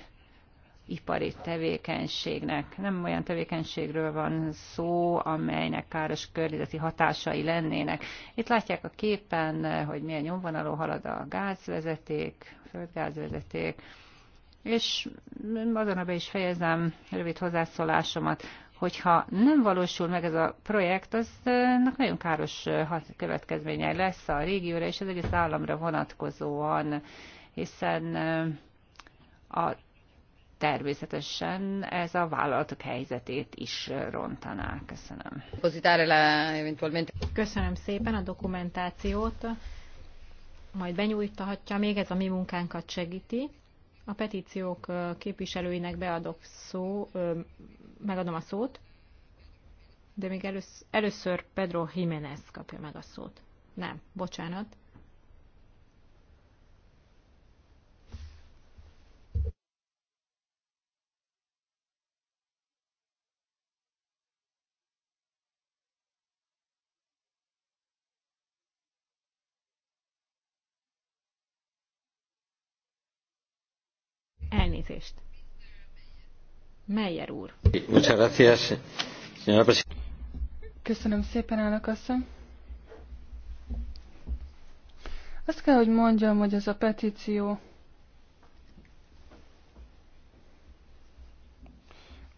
ipari tevékenységnek. Nem olyan tevékenységről van szó, amelynek káros környezeti hatásai lennének. Itt látják a képen, hogy milyen nyomvonalon halad a gázvezeték, a földgázvezeték, és azon be is fejezem rövid hozzászólásomat, hogyha nem valósul meg ez a projekt, az eh, nagyon káros eh, következményei lesz a régióra és az egész államra vonatkozóan, hiszen eh, a természetesen ez a vállalatok helyzetét is rontaná. Köszönöm. Köszönöm szépen a dokumentációt. Majd benyújtathatja, még ez a mi munkánkat segíti. A petíciók képviselőinek beadok szó, megadom a szót, de még először Pedro Jiménez kapja meg a szót. Nem, bocsánat. Elnézést. Meyer úr. Köszönöm szépen, elnök asszony. Azt kell, hogy mondjam, hogy ez a petíció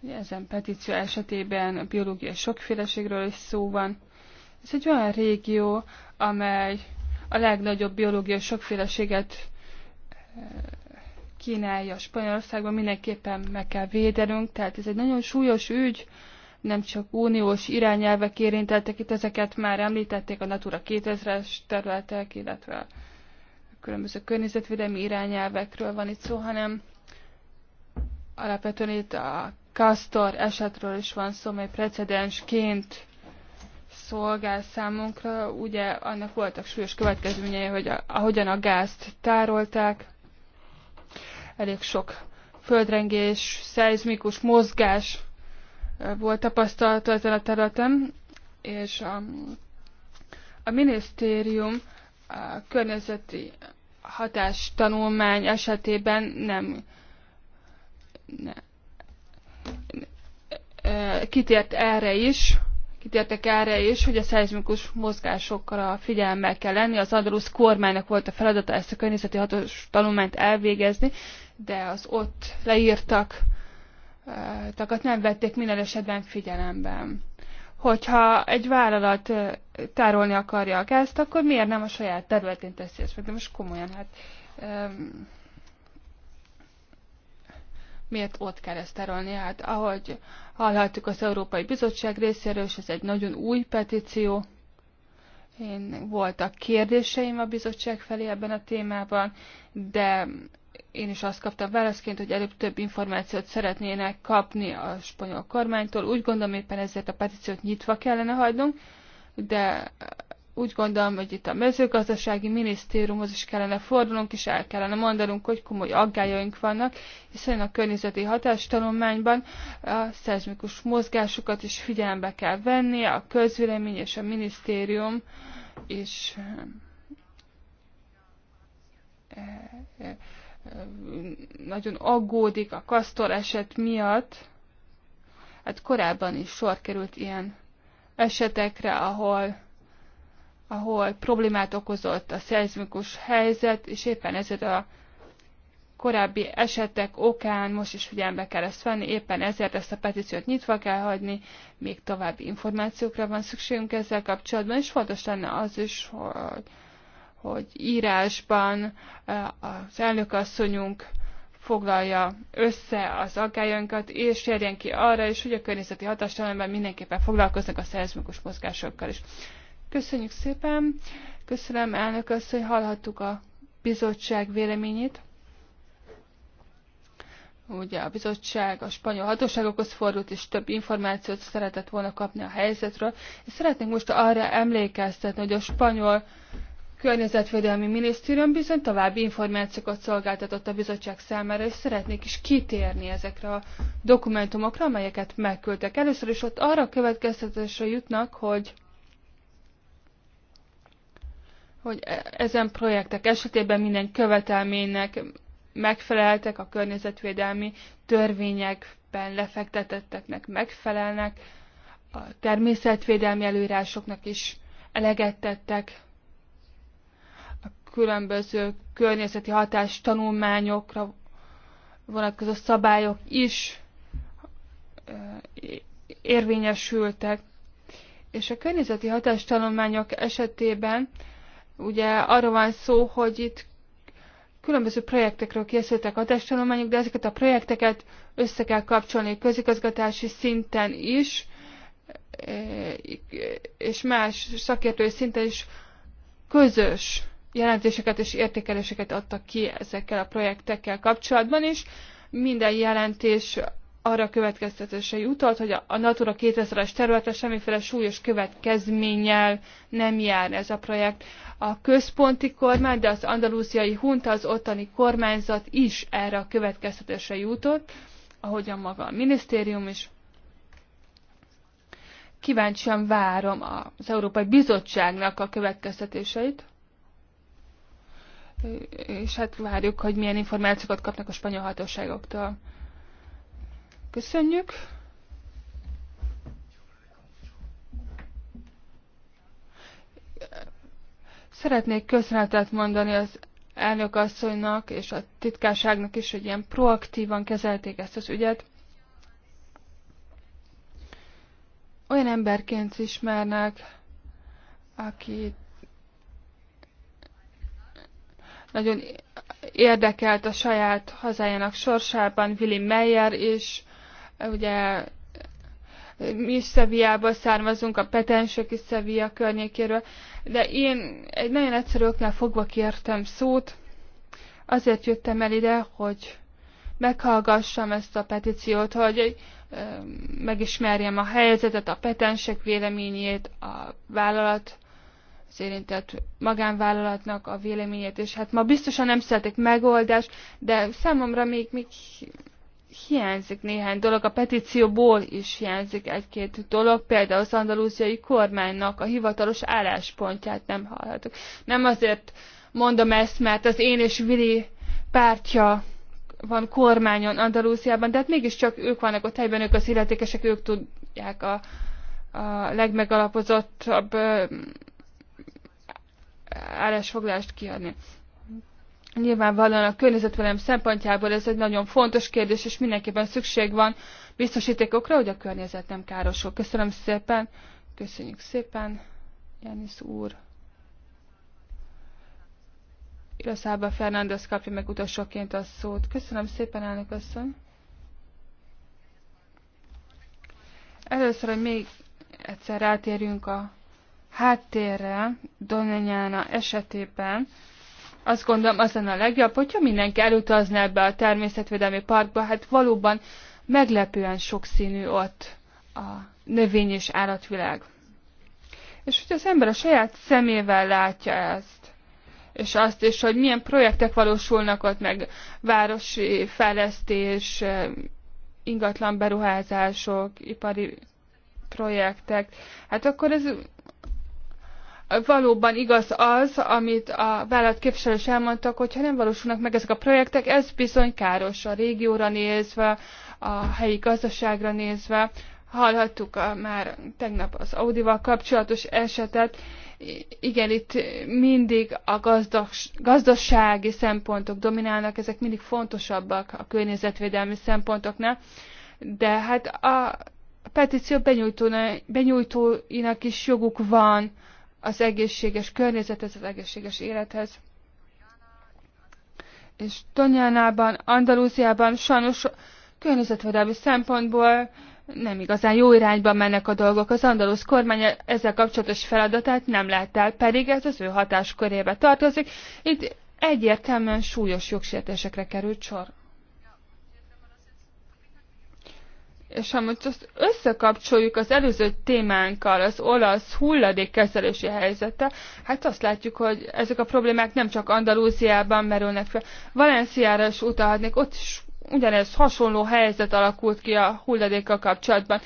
Ugye ezen petíció esetében a biológiai sokféleségről is szó van. Ez egy olyan régió, amely a legnagyobb biológiai sokféleséget kínálja Spanyolországban, mindenképpen meg kell védenünk, tehát ez egy nagyon súlyos ügy, nem csak uniós irányelvek érintettek itt, ezeket már említették a Natura 2000-es területek, illetve a különböző környezetvédelmi irányelvekről van itt szó, hanem alapvetően itt a Castor esetről is van szó, mely precedensként szolgál számunkra. Ugye annak voltak súlyos következményei, hogy a, ahogyan a gázt tárolták, elég sok földrengés, szeizmikus mozgás volt tapasztalható ezen a területen, és a, a minisztérium a környezeti hatástanulmány esetében nem, ne, kitért erre is, kitértek erre is, hogy a szeizmikus mozgásokra figyelemmel kell lenni. Az Andalus kormánynak volt a feladata ezt a környezeti hatós tanulmányt elvégezni, de az ott leírtak takat nem vették minden esetben figyelemben. Hogyha egy vállalat tárolni akarja a gázt, akkor miért nem a saját területén teszi ezt meg? De most komolyan, hát miért ott kell ezt tárolni? Hát ahogy hallhattuk az Európai Bizottság részéről, és ez egy nagyon új petíció, én voltak kérdéseim a bizottság felé ebben a témában, de én is azt kaptam válaszként, hogy előbb több információt szeretnének kapni a spanyol kormánytól. Úgy gondolom éppen ezért a petíciót nyitva kellene hagynunk, de úgy gondolom, hogy itt a mezőgazdasági minisztériumhoz is kellene fordulnunk, és el kellene mondanunk, hogy komoly aggájaink vannak, hiszen a környezeti hatástanulmányban a szezmikus mozgásokat is figyelembe kell venni, a közvélemény és a minisztérium is eh, eh, nagyon aggódik a kasztor eset miatt. Hát korábban is sor került ilyen esetekre, ahol ahol problémát okozott a szerzmikus helyzet, és éppen ezért a korábbi esetek okán most is figyelembe kell ezt venni, éppen ezért ezt a petíciót nyitva kell hagyni, még további információkra van szükségünk ezzel kapcsolatban, és fontos lenne az is, hogy, hogy írásban eh, az elnökasszonyunk foglalja össze az aggályainkat, és érjen ki arra is, hogy a környezeti hatástalanban mindenképpen foglalkoznak a szerzmikus mozgásokkal is. Köszönjük szépen. Köszönöm elnök azt, hogy hallhattuk a bizottság véleményét. Ugye a bizottság a spanyol hatóságokhoz fordult, és több információt szeretett volna kapni a helyzetről. És szeretnénk most arra emlékeztetni, hogy a spanyol környezetvédelmi minisztérium bizony további információkat szolgáltatott a bizottság számára, és szeretnék is kitérni ezekre a dokumentumokra, amelyeket megküldtek. Először is ott arra következtetésre jutnak, hogy hogy e, ezen projektek esetében minden követelménynek megfeleltek, a környezetvédelmi törvényekben lefektetetteknek megfelelnek, a természetvédelmi előírásoknak is eleget tettek, a különböző környezeti hatás tanulmányokra vonatkozó szabályok is e, érvényesültek, és a környezeti hatástanulmányok esetében Ugye arról van szó, hogy itt különböző projektekről készültek a testtanulmányok, de ezeket a projekteket össze kell kapcsolni közigazgatási szinten is, e, és más szakértői szinten is közös jelentéseket és értékeléseket adtak ki ezekkel a projektekkel kapcsolatban is. Minden jelentés arra következtetése jutott, hogy a Natura 2000-es területre semmiféle súlyos következménnyel nem jár ez a projekt. A központi kormány, de az andalúziai hunta, az ottani kormányzat is erre a következtetése jutott, ahogyan maga a minisztérium is. Kíváncsian várom az Európai Bizottságnak a következtetéseit és hát várjuk, hogy milyen információkat kapnak a spanyol hatóságoktól. Köszönjük. Szeretnék köszönetet mondani az elnök asszonynak és a titkárságnak is, hogy ilyen proaktívan kezelték ezt az ügyet. Olyan emberként ismernek, aki nagyon érdekelt a saját hazájának sorsában, Willy Meyer is, ugye mi is Szeviából származunk, a petensök is Szevia környékéről, de én egy nagyon egyszerű oknál fogva kértem szót, azért jöttem el ide, hogy meghallgassam ezt a petíciót, hogy megismerjem a helyzetet, a petensek véleményét, a vállalat, az érintett magánvállalatnak a véleményét, és hát ma biztosan nem szeretek megoldást, de számomra még, még hiányzik néhány dolog, a petícióból is hiányzik egy-két dolog, például az andalúziai kormánynak a hivatalos álláspontját nem hallhatok. Nem azért mondom ezt, mert az én és Vili pártja van kormányon Andalúziában, de hát mégiscsak ők vannak ott helyben, ők az illetékesek, ők tudják a, a legmegalapozottabb állásfoglalást kiadni. Nyilvánvalóan a környezetvelem szempontjából ez egy nagyon fontos kérdés, és mindenképpen szükség van biztosítékokra, hogy a környezet nem károsul. Köszönöm szépen, köszönjük szépen, Janis úr. Iraszába Fernández kapja meg utolsóként a szót. Köszönöm szépen, elnök asszony. Először, hogy még egyszer rátérjünk a háttérre Donanyána esetében, azt gondolom az lenne a legjobb, hogyha mindenki elutazna ebbe a természetvédelmi parkba, hát valóban meglepően sokszínű ott a növény és állatvilág. És hogy az ember a saját szemével látja ezt, és azt is, hogy milyen projektek valósulnak ott, meg városi fejlesztés, eh, ingatlan beruházások, ipari projektek, hát akkor ez valóban igaz az, amit a vállalat képviselős elmondtak, hogy ha nem valósulnak meg ezek a projektek, ez bizony káros a régióra nézve, a helyi gazdaságra nézve. Hallhattuk a, már tegnap az Audival kapcsolatos esetet. Igen, itt mindig a gazdas, gazdasági szempontok dominálnak, ezek mindig fontosabbak a környezetvédelmi szempontoknál, de hát a petíció benyújtóinak is joguk van az egészséges környezethez, az egészséges élethez. És Tonyánában, Andalúziában sajnos környezetvédelmi szempontból nem igazán jó irányba mennek a dolgok. Az andalusz kormány ezzel kapcsolatos feladatát nem látta el, pedig ez az ő hatáskörébe tartozik. Itt egyértelműen súlyos jogsértésekre került sor. és ha most azt összekapcsoljuk az előző témánkkal, az olasz hulladékkezelési helyzete, hát azt látjuk, hogy ezek a problémák nem csak Andalúziában merülnek fel. Valenciára is utalhatnék, ott is ugyanez hasonló helyzet alakult ki a hulladékkal kapcsolatban.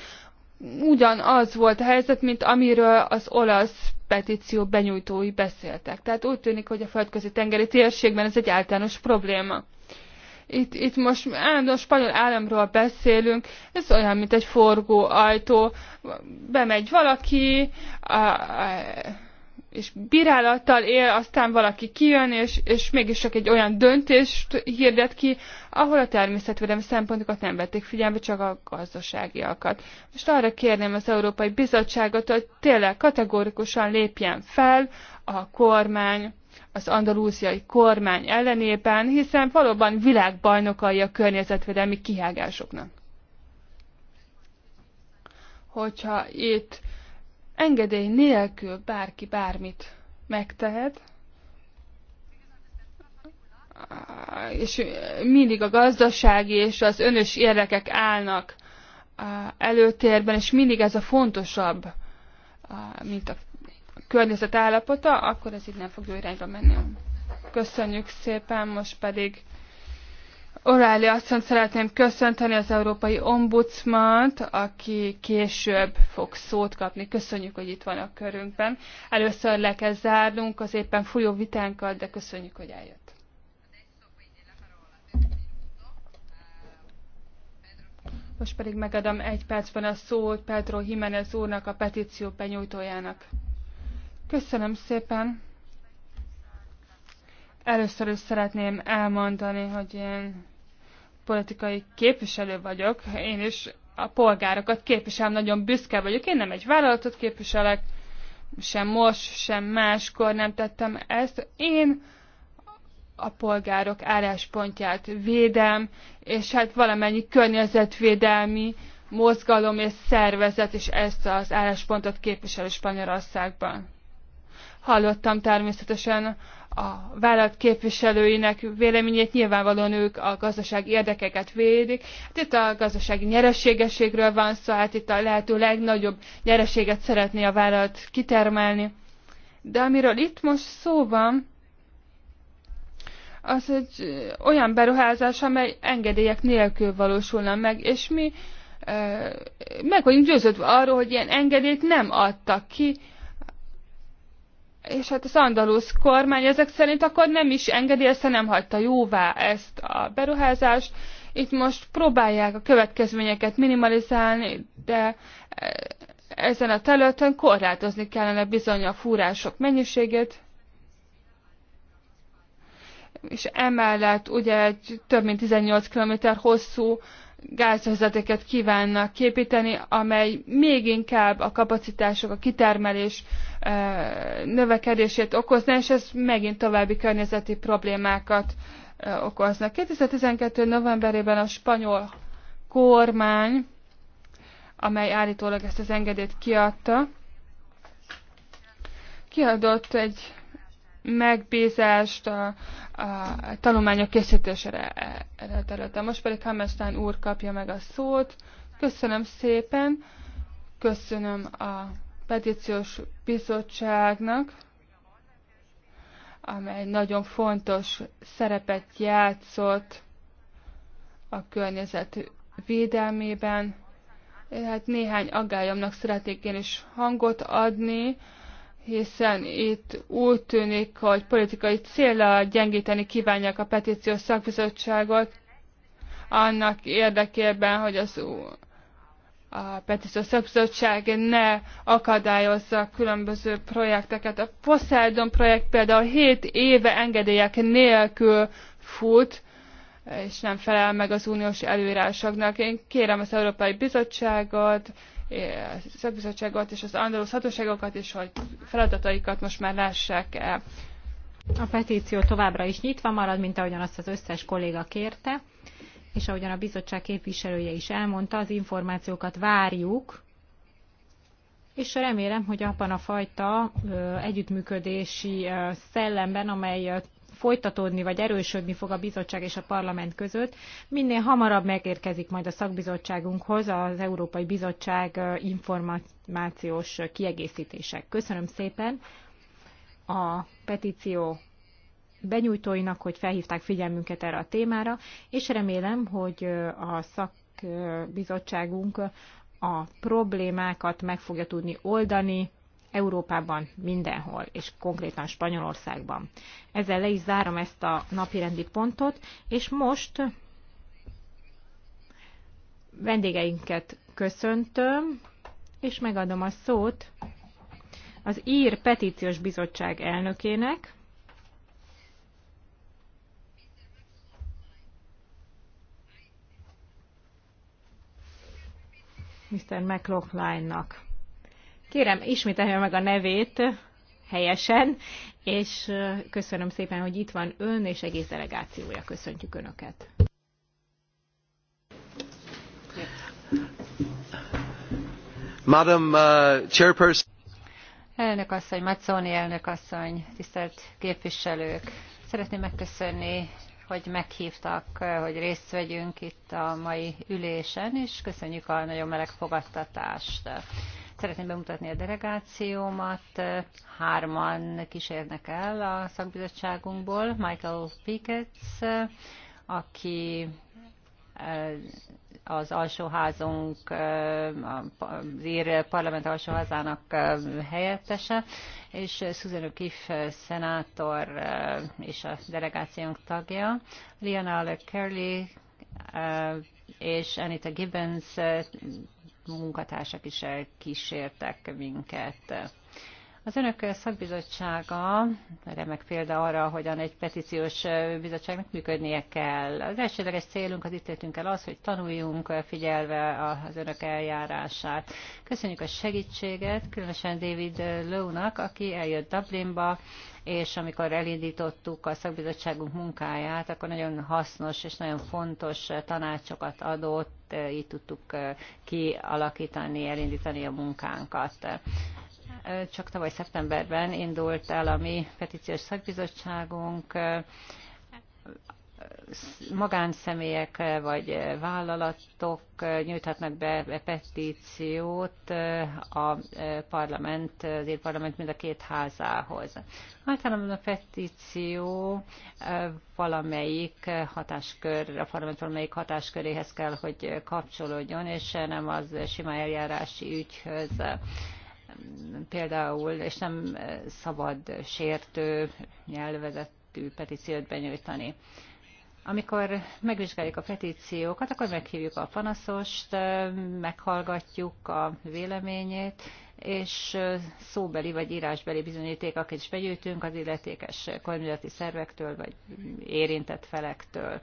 Ugyanaz volt a helyzet, mint amiről az olasz petíció benyújtói beszéltek. Tehát úgy tűnik, hogy a földközi tengeri térségben ez egy általános probléma itt, itt most állandóan spanyol államról beszélünk, ez olyan, mint egy forgó ajtó. Bemegy valaki, a, a, és bírálattal él, aztán valaki kijön, és, és mégis csak egy olyan döntést hirdet ki, ahol a természetvédelmi szempontokat nem vették figyelme, csak a gazdaságiakat. Most arra kérném az Európai Bizottságot, hogy tényleg kategórikusan lépjen fel a kormány az andalúziai kormány ellenében, hiszen valóban világbajnokai a környezetvédelmi kihágásoknak. Hogyha itt engedély nélkül bárki bármit megtehet, és mindig a gazdasági és az önös érdekek állnak előtérben, és mindig ez a fontosabb, mint a környezet állapota, akkor ez így nem fog jó irányba menni. Köszönjük szépen, most pedig O'Reilly asszony szeretném köszönteni az Európai Ombudsmant, aki később fog szót kapni. Köszönjük, hogy itt van a körünkben. Először le kell zárnunk az éppen folyó vitánkat, de köszönjük, hogy eljött. Most pedig megadom egy percben a szót Pedro Jimenez úrnak, a petíció benyújtójának. Köszönöm szépen. Először is szeretném elmondani, hogy én politikai képviselő vagyok. Én is a polgárokat képviselem, nagyon büszke vagyok. Én nem egy vállalatot képviselek, sem most, sem máskor nem tettem ezt. Én a polgárok álláspontját védem, és hát valamennyi környezetvédelmi mozgalom és szervezet is ezt az álláspontot képvisel Spanyolországban. Hallottam természetesen a vállalat képviselőinek véleményét, nyilvánvalóan ők a gazdasági érdekeket védik. Hát itt a gazdasági nyerességességről van szó, hát itt a lehető legnagyobb nyerességet szeretné a vállalat kitermelni. De amiről itt most szó van, az egy olyan beruházás, amely engedélyek nélkül valósulna meg, és mi eh, meg vagyunk győződve arról, hogy ilyen engedélyt nem adtak ki, és hát az andalusz kormány ezek szerint akkor nem is engedélyezte, nem hagyta jóvá ezt a beruházást. Itt most próbálják a következményeket minimalizálni, de eh, ezen a területen korlátozni kellene bizony a fúrások mennyiségét. És emellett ugye egy több mint 18 km hosszú gázvezetéket kívánnak képíteni, amely még inkább a kapacitások, a kitermelés növekedését okozna, és ez megint további környezeti problémákat okozna. 2012. novemberében a spanyol kormány, amely állítólag ezt az engedélyt kiadta, kiadott egy megbízást a, a tanulmányok készítésére erre a Most pedig Hammerstein úr kapja meg a szót. Köszönöm szépen, köszönöm a petíciós bizottságnak, amely nagyon fontos szerepet játszott a környezet védelmében. Hát néhány aggályomnak szeretnék én is hangot adni, hiszen itt úgy tűnik, hogy politikai célra gyengíteni kívánják a petíciós szakbizottságot, annak érdekében, hogy az a petíciós szakbizottság ne akadályozza különböző projekteket. A Poseidon projekt például 7 éve engedélyek nélkül fut, és nem felel meg az uniós előírásoknak. Én kérem az Európai Bizottságot, Eh, szakbizottságot és az andalusz hatóságokat is, hogy feladataikat most már lássák el. A petíció továbbra is nyitva marad, mint ahogyan azt az összes kolléga kérte, és ahogyan a bizottság képviselője is elmondta, az információkat várjuk, és remélem, hogy abban a fajta együttműködési szellemben, amely folytatódni vagy erősödni fog a bizottság és a parlament között. Minél hamarabb megérkezik majd a szakbizottságunkhoz az Európai Bizottság információs kiegészítések. Köszönöm szépen a petíció benyújtóinak, hogy felhívták figyelmünket erre a témára, és remélem, hogy a szakbizottságunk a problémákat meg fogja tudni oldani, Európában mindenhol, és konkrétan Spanyolországban. Ezzel le is zárom ezt a napirendi pontot, és most vendégeinket köszöntöm, és megadom a szót az Ír Petíciós Bizottság elnökének, Mr. McLaughlin-nak. Kérem, ismételje meg a nevét helyesen, és köszönöm szépen, hogy itt van ön és egész delegációja. Köszöntjük Önöket. Madam uh, Chairperson. Elnök asszony, Mazzoni elnök asszony, tisztelt képviselők! Szeretném megköszönni, hogy meghívtak, hogy részt vegyünk itt a mai ülésen, és köszönjük a nagyon meleg fogadtatást. Szeretném bemutatni a delegációmat. Hárman kísérnek el a szakbizottságunkból. Michael Pickets, aki eh, az alsóházunk, eh, az ír parlament alsóházának eh, helyettese, és Susan Kif szenátor és a delegációnk tagja. Liana Curley és Anita Gibbons munkatársak is elkísértek minket. Az önök szakbizottsága remek példa arra, hogyan egy petíciós bizottságnak működnie kell. Az elsődleges célunk, az itt értünk el az, hogy tanuljunk figyelve az önök eljárását. Köszönjük a segítséget, különösen David Lónak, aki eljött Dublinba, és amikor elindítottuk a szakbizottságunk munkáját, akkor nagyon hasznos és nagyon fontos tanácsokat adott, így tudtuk kialakítani, elindítani a munkánkat csak tavaly szeptemberben indult el a mi petíciós szakbizottságunk, magánszemélyek vagy vállalatok nyújthatnak be petíciót a parlament, az parlament mind a két házához. Általában a petíció valamelyik hatáskör, a parlament valamelyik hatásköréhez kell, hogy kapcsolódjon, és nem az sima eljárási ügyhöz például, és nem eh, szabad sértő nyelvezetű petíciót benyújtani. Amikor megvizsgáljuk a petíciókat, akkor meghívjuk a panaszost, eh, meghallgatjuk a véleményét, és eh, szóbeli vagy írásbeli bizonyítékokat is begyűjtünk az illetékes kormányzati szervektől vagy érintett felektől.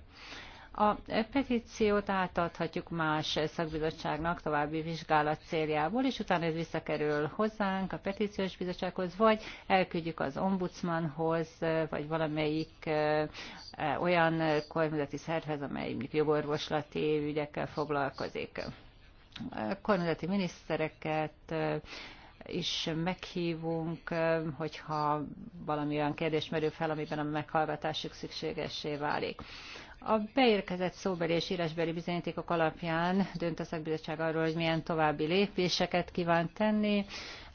A petíciót átadhatjuk más szakbizottságnak további vizsgálat céljából, és utána ez visszakerül hozzánk, a petíciós bizottsághoz, vagy elküldjük az ombudsmanhoz, vagy valamelyik olyan kormányzati szervez, amely jogorvoslati ügyekkel foglalkozik. Kormányzati minisztereket, is meghívunk, hogyha valami olyan kérdés merül fel, amiben a meghallgatásuk szükségessé válik. A beérkezett szóbeli és írásbeli bizonyítékok alapján dönt a szakbizottság arról, hogy milyen további lépéseket kíván tenni.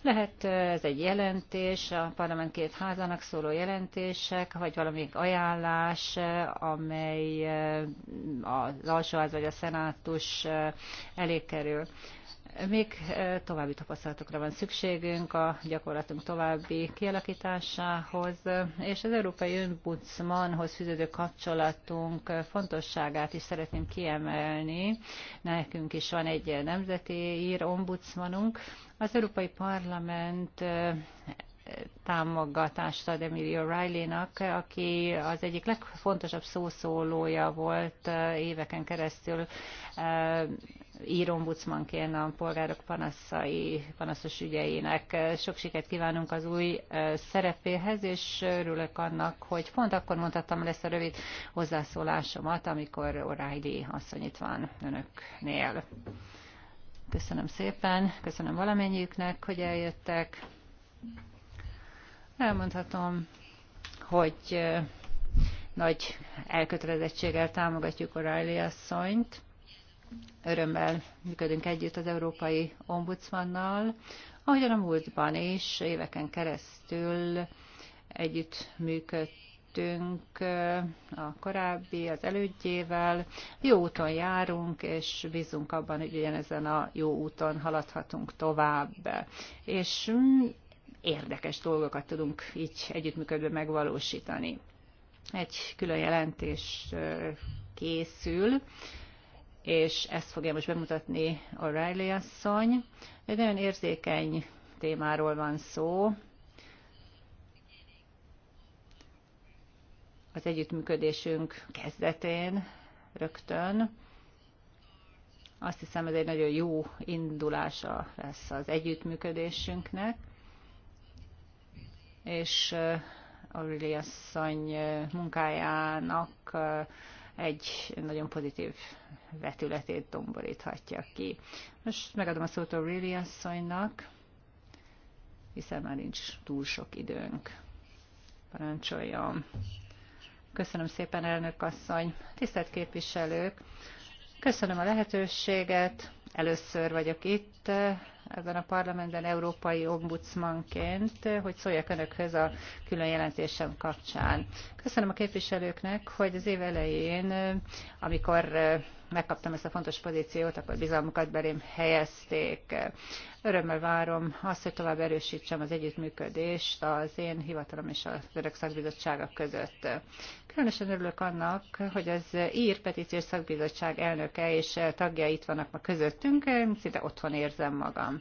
Lehet ez egy jelentés, a parlament két házának szóló jelentések, vagy valamelyik ajánlás, amely az alsóház vagy a szenátus elé kerül. Még további tapasztalatokra van szükségünk a gyakorlatunk további kialakításához, és az Európai Önbudsmanhoz fűződő kapcsolatunk fontosságát is szeretném kiemelni. Nekünk is van egy nemzeti ír ombudsmanunk. Az Európai Parlament támogatást ad Emilio Riley-nak, aki az egyik legfontosabb szószólója volt éveken keresztül írombudsmanként a polgárok panaszai, panaszos ügyeinek. Sok sikert kívánunk az új szerepéhez, és örülök annak, hogy pont akkor mondhattam lesz a rövid hozzászólásomat, amikor O'Reilly asszony itt van önöknél. Köszönöm szépen, köszönöm valamennyiüknek, hogy eljöttek. Elmondhatom, hogy nagy elkötelezettséggel támogatjuk O'Reilly asszonyt Örömmel működünk együtt az Európai Ombudsmannal, ahogyan a múltban is éveken keresztül együtt működtünk a korábbi, az elődjével. Jó úton járunk, és bízunk abban, hogy ugyanezen a jó úton haladhatunk tovább. És mm, érdekes dolgokat tudunk így együttműködve megvalósítani. Egy külön jelentés készül és ezt fogja most bemutatni a Riley asszony. Egy nagyon érzékeny témáról van szó. Az együttműködésünk kezdetén rögtön. Azt hiszem, ez egy nagyon jó indulása lesz az együttműködésünknek. És uh, Riley asszony uh, munkájának uh, egy nagyon pozitív vetületét domboríthatja ki. Most megadom a szót a Riri asszonynak, hiszen már nincs túl sok időnk. Parancsoljon! Köszönöm szépen, elnök asszony! Tisztelt képviselők! Köszönöm a lehetőséget. Először vagyok itt eh, ebben a parlamentben európai ombudsmanként, eh, hogy szóljak Önökhöz a külön jelentésem kapcsán. Köszönöm a képviselőknek, hogy az év elején, eh, amikor megkaptam ezt a fontos pozíciót, akkor bizalmukat belém helyezték. Örömmel várom azt, hogy tovább erősítsem az együttműködést az én hivatalom és az örök Szakbizottsága között. Különösen örülök annak, hogy az ír petíciós szakbizottság elnöke és tagja itt vannak ma közöttünk, én szinte otthon érzem magam.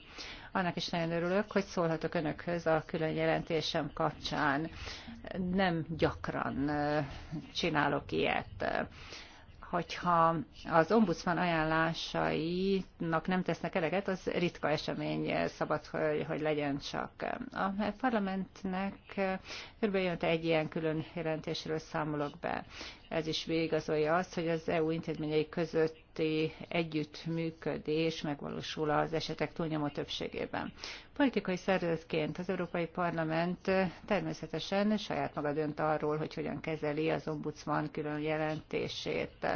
Annak is nagyon örülök, hogy szólhatok Önökhöz a külön jelentésem kapcsán. Nem gyakran eh, csinálok ilyet hogyha az ombudsman ajánlásainak nem tesznek eleget, az ritka esemény szabad, hogy, hogy legyen csak. A parlamentnek körülbelül egy ilyen külön jelentésről számolok be. Ez is végigazolja azt, hogy az EU intézményei közötti együttműködés megvalósul az esetek túlnyomó többségében. Politikai szervezetként az Európai Parlament eh, természetesen saját maga dönt arról, hogy hogyan kezeli az ombudsman külön jelentését.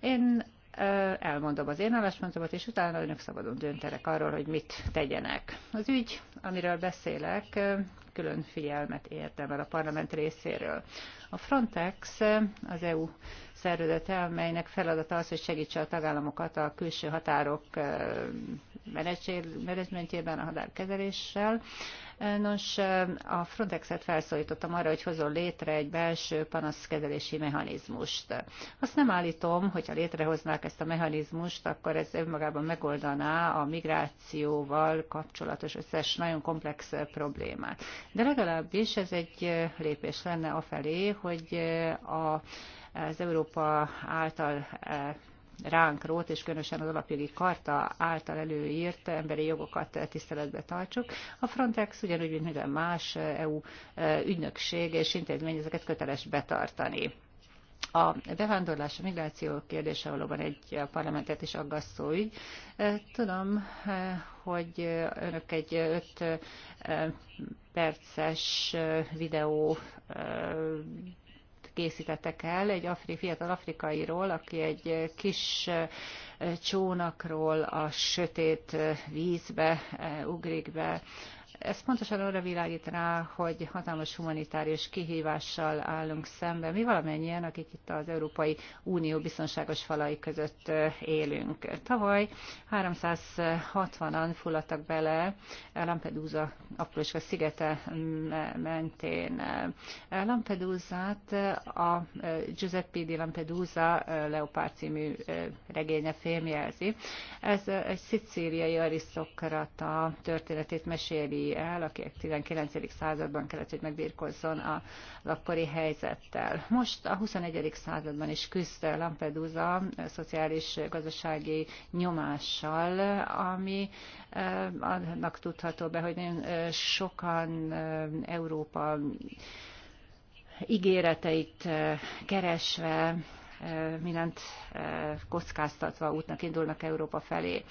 Én eh, elmondom az én álláspontomat, és utána önök szabadon döntenek arról, hogy mit tegyenek. Az ügy, amiről beszélek, eh, külön figyelmet érdemel a parlament részéről. A Frontex az EU szervezete, amelynek feladata az, hogy segítse a tagállamokat a külső határok menedzsmentjében, a határkezeléssel. Nos, a Frontexet felszólítottam arra, hogy hozzon létre egy belső panaszkezelési mechanizmust. Azt nem állítom, hogyha létrehoznák ezt a mechanizmust, akkor ez önmagában megoldaná a migrációval kapcsolatos összes nagyon komplex problémát. De legalábbis ez egy lépés lenne afelé, hogy a az Európa által eh, ránk rót, és különösen az alapjogi karta által előírt emberi jogokat eh, tiszteletbe tartsuk. A Frontex ugyanúgy, mint minden más eh, EU ügynökség és intézmény ezeket köteles betartani. A bevándorlás, a migráció kérdése valóban egy parlamentet is aggasztó ügy. Tudom, hogy önök egy öt perces videó készítettek el egy afri, fiatal afrikairól, aki egy kis csónakról a sötét vízbe ugrik be. Ez pontosan arra világít rá, hogy hatalmas humanitárius kihívással állunk szemben. Mi valamennyien, akik itt az Európai Unió biztonságos falai között élünk. Tavaly 360-an fulladtak bele Lampedusa Aprócska szigete mentén. Lampedusát a Giuseppe di Lampedusa Leopard című regénye fémjelzi. Ez egy szicíliai arisztokrata történetét meséli el, aki a 19. században kellett, hogy megbírkozzon a akkori helyzettel. Most a 21. században is küzd Lampedusa szociális gazdasági nyomással, ami eh, annak tudható be, hogy nagyon eh, sokan eh, Európa ígéreteit keresve mindent kockáztatva útnak indulnak Európa felé.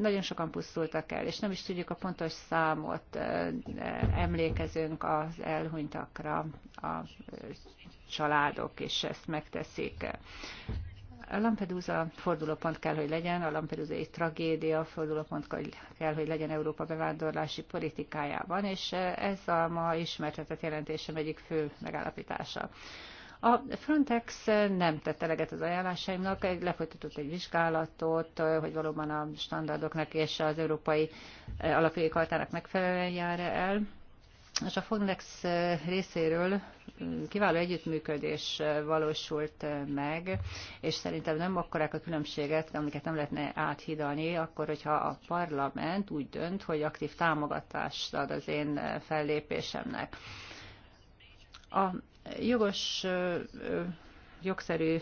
Nagyon sokan pusztultak el, és nem is tudjuk a pontos számot, emlékezünk az elhunytakra, a családok, és ezt megteszik. A Lampedusa fordulópont kell, hogy legyen, a egy tragédia fordulópont kell, hogy legyen Európa bevándorlási politikájában, és ez a ma ismertetett jelentésem egyik fő megállapítása. A Frontex nem tette eleget az ajánlásaimnak, lefolytatott egy vizsgálatot, hogy valóban a standardoknak és az Európai eh, alapjai Kartának megfelelően jár -e el. És a Frontex eh, részéről mm, kiváló együttműködés eh, valósult meg, és szerintem nem akkorák a különbséget, amiket nem lehetne áthidalni, akkor, hogyha a parlament úgy dönt, hogy aktív támogatást ad az én fellépésemnek. A jogos, jogszerű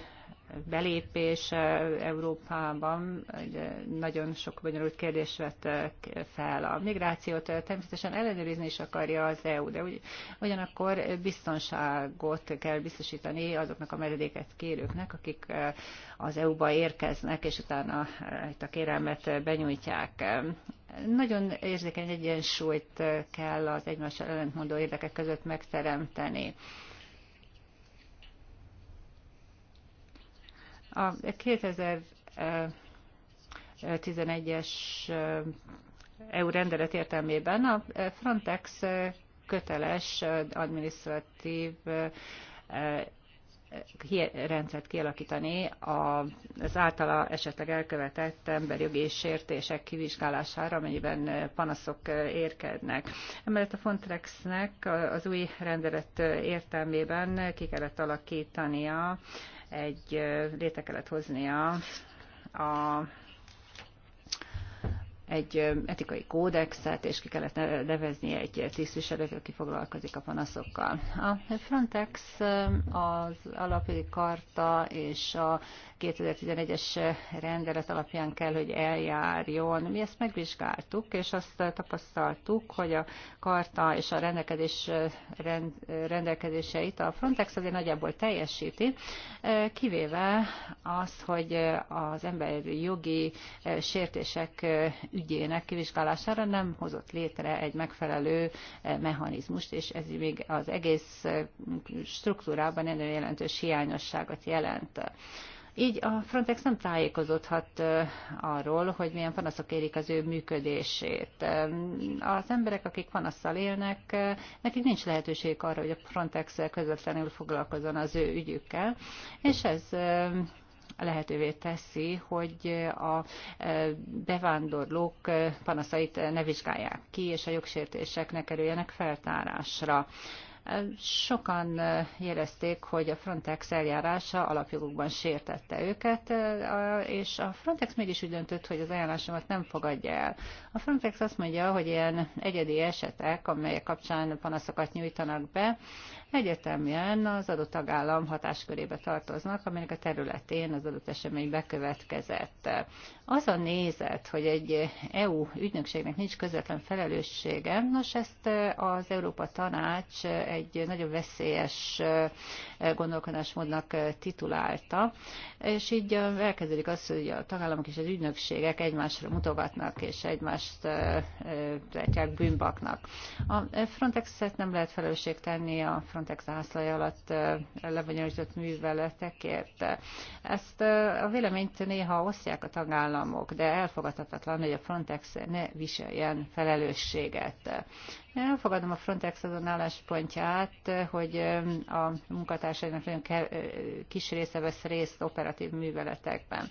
belépés Európában ugye nagyon sok bonyolult kérdést vett fel. A migrációt természetesen ellenőrizni is akarja az EU, de ugy, ugyanakkor biztonságot kell biztosítani azoknak a meredéket kérőknek, akik az EU-ba érkeznek, és utána itt a kérelmet benyújtják. Nagyon érzékeny egyensúlyt kell az egymással ellentmondó érdekek között megteremteni. A 2011-es EU rendelet értelmében a Frontex köteles administratív rendszert kialakítani az általa esetleg elkövetett emberjogi sértések kivizsgálására, amennyiben panaszok érkednek. Emellett a Frontexnek az új rendelet értelmében ki kellett alakítania egy létre kellett hoznia a egy etikai kódexet, és ki kellett nevezni egy tisztviselőt, aki foglalkozik a panaszokkal. A Frontex az alapjogi karta és a 2011-es rendelet alapján kell, hogy eljárjon. Mi ezt megvizsgáltuk, és azt tapasztaltuk, hogy a karta és a rendelkezés, rend, rendelkezéseit a Frontex azért nagyjából teljesíti, kivéve az, hogy az emberi jogi sértések ügyének kivizsgálására nem hozott létre egy megfelelő eh, mechanizmust, és ez még az egész eh, struktúrában egy nagyon jelentős hiányosságot jelent. Így a Frontex nem tájékozódhat eh, arról, hogy milyen panaszok érik az ő működését. Az emberek, akik panasszal élnek, nekik nincs lehetőség arra, hogy a Frontex közvetlenül foglalkozzon az ő ügyükkel, és ez lehetővé teszi, hogy a e, bevándorlók e, panaszait ne vizsgálják ki, és a jogsértések ne kerüljenek feltárásra. Sokan eh, jelezték, hogy a Frontex eljárása alapjogukban sértette őket, eh, és a Frontex mégis úgy döntött, hogy az ajánlásomat nem fogadja el. A Frontex azt mondja, hogy ilyen egyedi esetek, amelyek kapcsán panaszokat nyújtanak be, egyetemjen az adott tagállam hatáskörébe tartoznak, aminek a területén az adott esemény bekövetkezett. Az a nézet, hogy egy EU ügynökségnek nincs közvetlen felelőssége, nos ezt eh, az Európa Tanács egy egy nagyon veszélyes gondolkodásmódnak titulálta, és így elkezdődik az, hogy a tagállamok és az ügynökségek egymásra mutogatnak, és egymást tartják bűnbaknak. A Frontexet nem lehet felelősség tenni a Frontex ászlaja alatt lebonyolított műveletekért. Ezt a véleményt néha osztják a tagállamok, de elfogadhatatlan, hogy a Frontex ne viseljen felelősséget elfogadom a Frontex azon álláspontját, hogy a munkatársainak nagyon kis része vesz részt operatív műveletekben.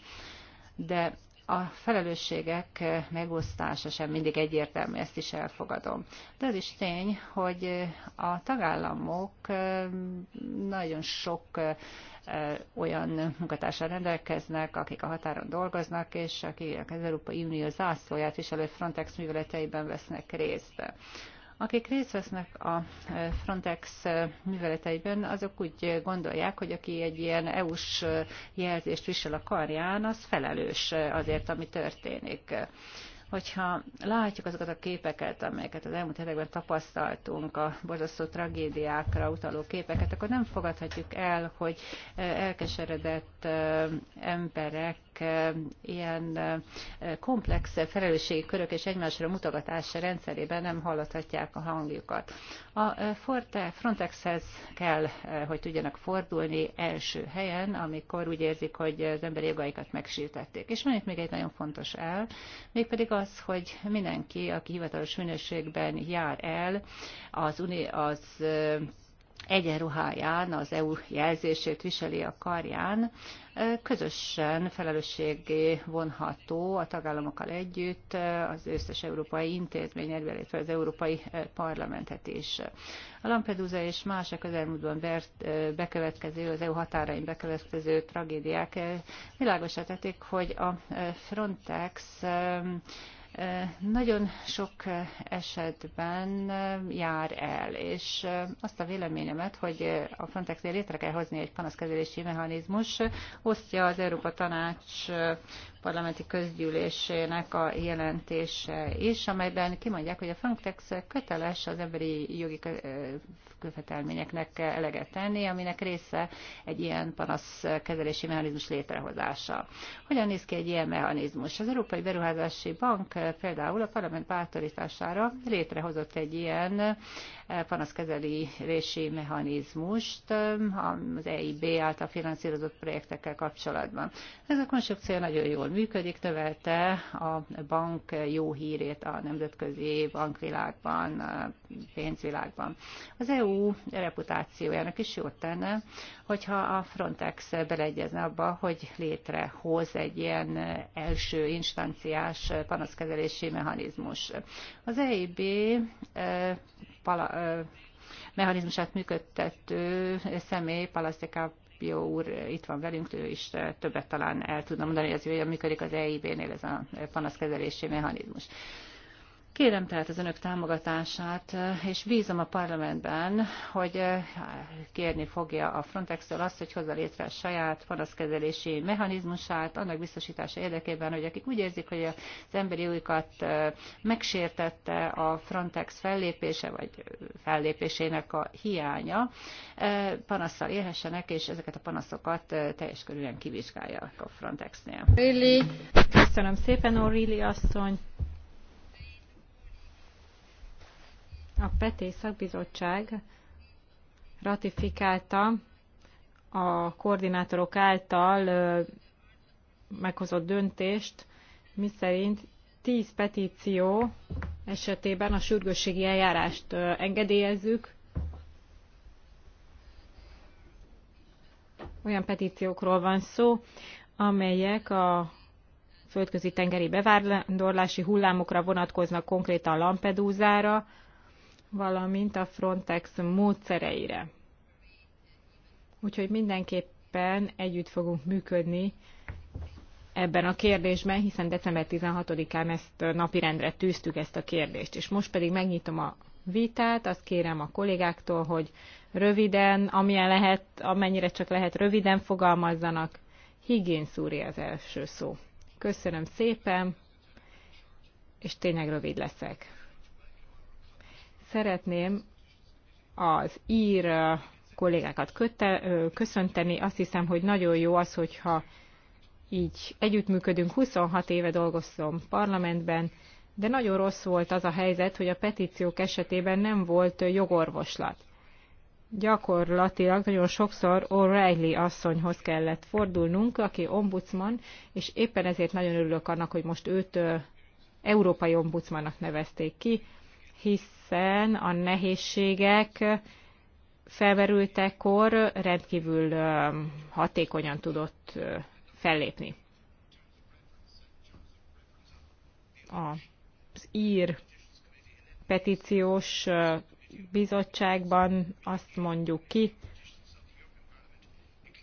De a felelősségek megosztása sem mindig egyértelmű, ezt is elfogadom. De az is tény, hogy a tagállamok nagyon sok olyan munkatársal rendelkeznek, akik a határon dolgoznak, és akik az Európai Unió zászlóját viselő Frontex műveleteiben vesznek részt. Akik részt vesznek a Frontex műveleteiben, azok úgy gondolják, hogy aki egy ilyen EU-s jelzést visel a karján, az felelős azért, ami történik hogyha látjuk azokat a képeket, amelyeket az elmúlt hetekben tapasztaltunk, a borzasztó tragédiákra utaló képeket, akkor nem fogadhatjuk el, hogy elkeseredett emberek ilyen komplex felelősségi körök és egymásra mutogatása rendszerében nem hallathatják a hangjukat. A Frontexhez kell, hogy tudjanak fordulni első helyen, amikor úgy érzik, hogy az emberi jogaikat megsértették. És van itt még egy nagyon fontos el, mégpedig az, hogy mindenki, aki hivatalos minőségben jár el, az, uni, az egyenruháján, az EU jelzését viseli a karján, közösen felelősségé vonható a tagállamokkal együtt az összes európai intézmény, illetve az Európai Parlamentet is. A Lampedusa és más a közelmúltban bekövetkező, az EU határain bekövetkező tragédiák világosá tették, hogy a Frontex nagyon sok esetben jár el, és azt a véleményemet, hogy a Frontexnél létre kell hozni egy panaszkezelési mechanizmus, osztja az Európa Tanács parlamenti közgyűlésének a jelentése is, amelyben kimondják, hogy a Frontex köteles az emberi jogi követelményeknek eleget tenni, aminek része egy ilyen panaszkezelési mechanizmus létrehozása. Hogyan néz ki egy ilyen mechanizmus? Az Európai Beruházási Bank például a parlament bátorítására létrehozott egy ilyen panaszkezelési mechanizmust um, az EIB által finanszírozott projektekkel kapcsolatban. Ez a konstrukció nagyon jól működik, növelte a bank jó hírét a nemzetközi bankvilágban, a pénzvilágban. Az EU reputációjának is jót tenne, hogyha a Frontex beleegyezne abba, hogy létrehoz egy ilyen első instanciás panaszkezelési mechanizmus. Az EIB pala, mechanizmusát működtető személy, Palasztika jó úr itt van velünk, ő is többet talán el tudna mondani, hogy működik az EIB-nél ez a panaszkezelési mechanizmus. Kérem tehát az önök támogatását, és bízom a parlamentben, hogy eh, kérni fogja a Frontex-től azt, hogy hozza létre a saját panaszkezelési mechanizmusát, annak biztosítása érdekében, hogy akik úgy érzik, hogy az emberi újkat eh, megsértette a Frontex fellépése, vagy fellépésének a hiánya, eh, panaszsal élhessenek, és ezeket a panaszokat teljes körülön kivizsgálják a Frontexnél. Really? Köszönöm szépen, Aurélia asszony! A PETI szakbizottság ratifikálta a koordinátorok által meghozott döntést, miszerint 10 petíció esetében a sürgősségi eljárást engedélyezzük. Olyan petíciókról van szó, amelyek a földközi tengeri bevándorlási hullámokra vonatkoznak konkrétan Lampedúzára, valamint a Frontex módszereire. Úgyhogy mindenképpen együtt fogunk működni ebben a kérdésben, hiszen december 16-án ezt napirendre tűztük ezt a kérdést. És most pedig megnyitom a vitát, azt kérem a kollégáktól, hogy röviden, amilyen lehet, amennyire csak lehet, röviden fogalmazzanak. Higién szúri az első szó. Köszönöm szépen, és tényleg rövid leszek. Szeretném az ír kollégákat köszönteni. Azt hiszem, hogy nagyon jó az, hogyha így együttműködünk. 26 éve dolgozom parlamentben, de nagyon rossz volt az a helyzet, hogy a petíciók esetében nem volt jogorvoslat. Gyakorlatilag nagyon sokszor O'Reilly asszonyhoz kellett fordulnunk, aki ombudsman, és éppen ezért nagyon örülök annak, hogy most őt európai ombudsmannak nevezték ki, hiszen a nehézségek felmerültekor rendkívül hatékonyan tudott fellépni. Az ír petíciós bizottságban azt mondjuk ki,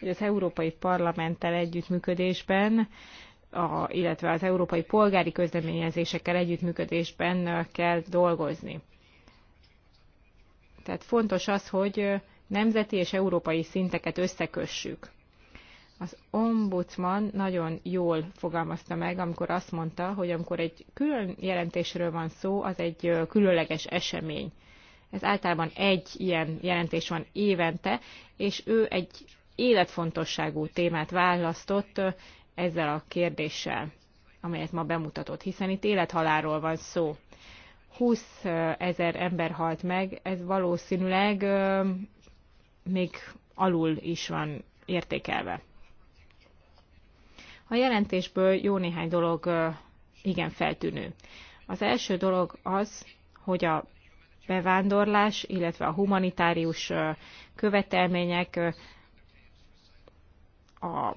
hogy az Európai Parlamenttel együttműködésben a, illetve az európai polgári közleményezésekkel együttműködésben kell dolgozni. Tehát fontos az, hogy nemzeti és európai szinteket összekössük. Az ombudsman nagyon jól fogalmazta meg, amikor azt mondta, hogy amikor egy külön jelentésről van szó, az egy különleges esemény. Ez általában egy ilyen jelentés van évente, és ő egy életfontosságú témát választott ezzel a kérdéssel, amelyet ma bemutatott, hiszen itt élethaláról van szó. 20 ezer ember halt meg, ez valószínűleg még alul is van értékelve. A jelentésből jó néhány dolog igen feltűnő. Az első dolog az, hogy a bevándorlás, illetve a humanitárius követelmények a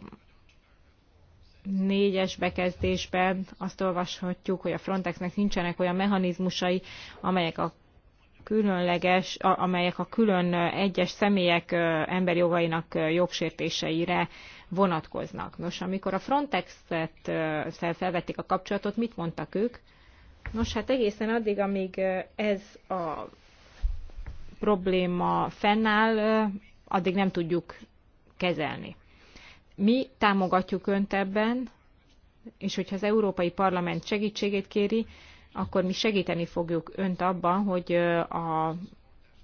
négyes bekezdésben azt olvashatjuk, hogy a Frontexnek nincsenek olyan mechanizmusai, amelyek a különleges, amelyek a külön egyes személyek emberi jogainak jogsértéseire vonatkoznak. Nos, amikor a frontex et felvették a kapcsolatot, mit mondtak ők? Nos, hát egészen addig, amíg ez a probléma fennáll, addig nem tudjuk kezelni. Mi támogatjuk Önt ebben, és hogyha az Európai Parlament segítségét kéri, akkor mi segíteni fogjuk Önt abban, hogy a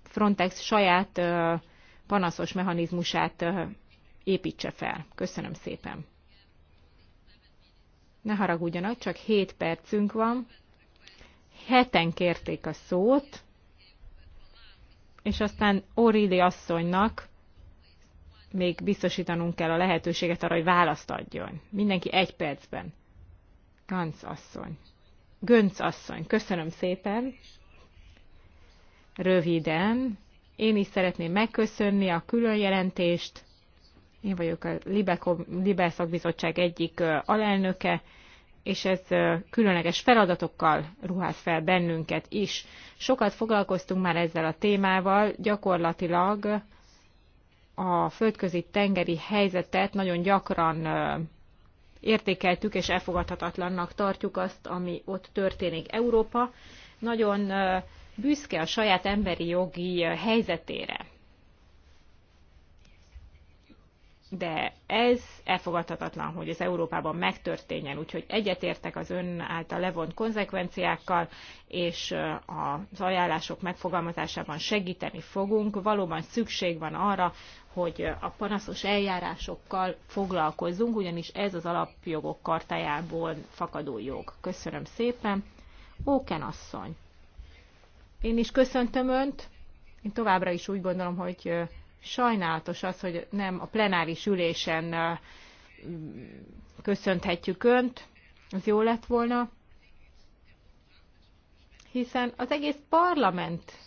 Frontex saját panaszos mechanizmusát építse fel. Köszönöm szépen. Ne haragudjanak, csak 7 percünk van. Heten kérték a szót, és aztán Orili asszonynak még biztosítanunk kell a lehetőséget arra, hogy választ adjon. Mindenki egy percben. Gönc asszony. Gönc asszony, köszönöm szépen. Röviden, én is szeretném megköszönni a külön jelentést. Én vagyok a Libe Szakbizottság egyik alelnöke, és ez különleges feladatokkal ruház fel bennünket is. Sokat foglalkoztunk már ezzel a témával, gyakorlatilag a földközi tengeri helyzetet nagyon gyakran értékeltük és elfogadhatatlannak tartjuk azt, ami ott történik. Európa nagyon büszke a saját emberi jogi helyzetére. De ez elfogadhatatlan, hogy ez Európában megtörténjen, úgyhogy egyetértek az ön által levont konzekvenciákkal, és az ajánlások megfogalmazásában segíteni fogunk. Valóban szükség van arra, hogy a panaszos eljárásokkal foglalkozzunk, ugyanis ez az alapjogok kartájából fakadó jog. Köszönöm szépen. Óken asszony. Én is köszöntöm Önt. Én továbbra is úgy gondolom, hogy sajnálatos az, hogy nem a plenáris ülésen köszönthetjük Önt. Ez jó lett volna. Hiszen az egész parlament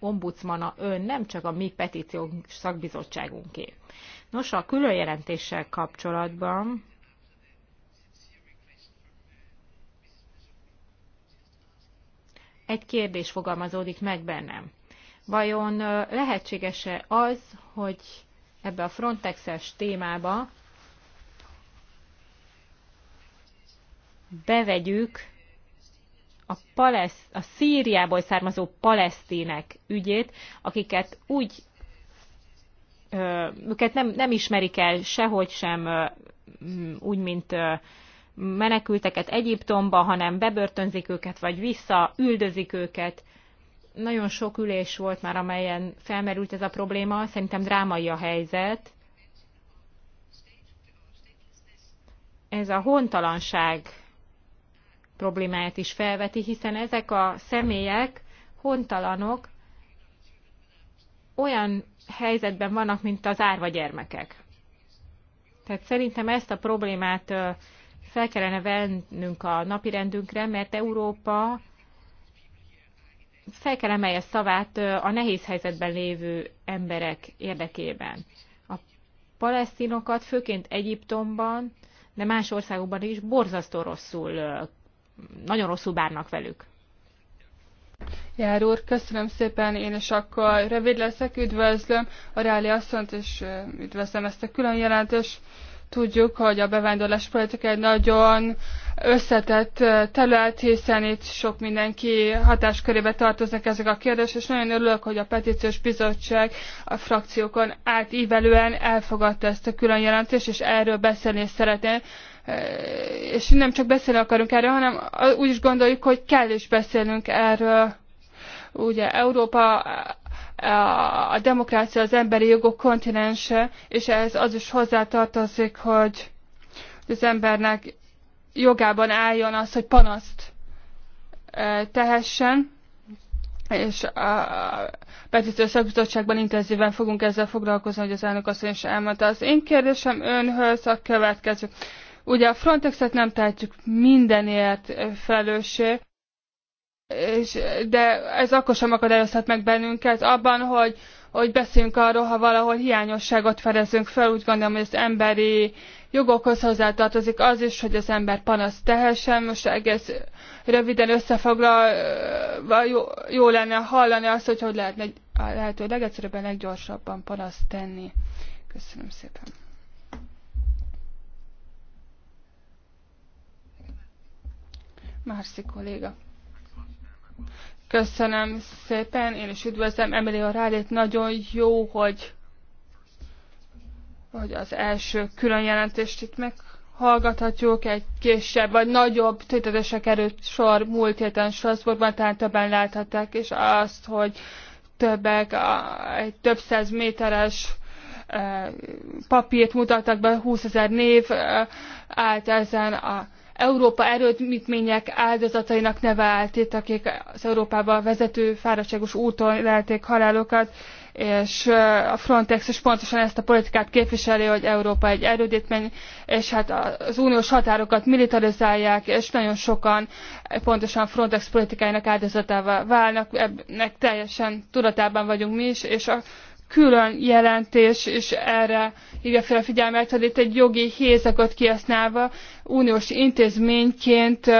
ombudsmana ön, nem csak a mi petíciónk szakbizottságunké. Nos, a különjelentéssel kapcsolatban egy kérdés fogalmazódik meg bennem. Vajon lehetséges-e az, hogy ebbe a Frontexes témába bevegyük a, palesz, a Szíriából származó palesztinek ügyét, akiket úgy őket nem, nem ismerik el sehogy sem úgy, mint menekülteket Egyiptomba, hanem bebörtönzik őket, vagy vissza, üldözik őket. Nagyon sok ülés volt már, amelyen felmerült ez a probléma. Szerintem drámai a helyzet. Ez a hontalanság problémáját is felveti, hiszen ezek a személyek hontalanok, olyan helyzetben vannak, mint az árva gyermekek. Tehát szerintem ezt a problémát fel kellene vennünk a napirendünkre, mert Európa fel kell emelje szavát a nehéz helyzetben lévő emberek érdekében. A palesztinokat, főként Egyiptomban, de más országokban is borzasztó rosszul nagyon rosszul bárnak velük. Jár úr, köszönöm szépen, én is akkor rövid leszek, üdvözlöm a Ráli asszonyt, és üdvözlöm ezt a külön jelentést. Tudjuk, hogy a bevándorlás politika egy nagyon összetett terület, hiszen itt sok mindenki hatáskörébe tartoznak ezek a kérdések, és nagyon örülök, hogy a petíciós bizottság a frakciókon átívelően elfogadta ezt a külön jelentést, és erről beszélni szeretném, Eh, és nem csak beszélni akarunk erről, hanem úgy is gondoljuk, hogy kell is beszélnünk erről. Ugye Európa a demokrácia az emberi jogok kontinense, és ez az is hozzátartozik, hogy az embernek jogában álljon az, hogy panaszt eh, tehessen, és a petíciós szakbizottságban intenzíven fogunk ezzel foglalkozni, hogy az elnök azt is elmondta. Az én kérdésem önhöz a következő. Ugye a Frontexet nem tehetjük mindenért felelőssé, és, de ez akkor sem akadályozhat meg bennünket abban, hogy, hogy beszéljünk arról, ha valahol hiányosságot fedezünk fel, úgy gondolom, hogy az emberi jogokhoz hozzátartozik az is, hogy az ember panaszt tehessen. Most egész röviden összefoglalva jó, jó lenne hallani azt, hogy hogy lehetne a lehető legegyszerűbben, leggyorsabban panaszt tenni. Köszönöm szépen. Márci kolléga. Köszönöm szépen, én is üdvözlöm Emilio Rálét. Nagyon jó, hogy, hogy az első külön jelentést itt meghallgathatjuk. Egy kisebb vagy nagyobb tétedese került sor múlt héten Strasbourgban, tehát többen láthatták, és azt, hogy többek, a egy több száz méteres eh, papírt mutattak be, 20 ezer név eh, állt ezen a Európa erődmítmények áldozatainak neve állt itt, akik az Európába vezető fáradtságos úton lelték halálokat, és a Frontex is pontosan ezt a politikát képviseli, hogy Európa egy erődítmény, és hát az uniós határokat militarizálják, és nagyon sokan pontosan Frontex politikájának áldozatává válnak, ennek teljesen tudatában vagyunk mi is, és a külön jelentés és erre hívja fel a figyelmet, hogy itt egy jogi hézakot kiasználva uniós intézményként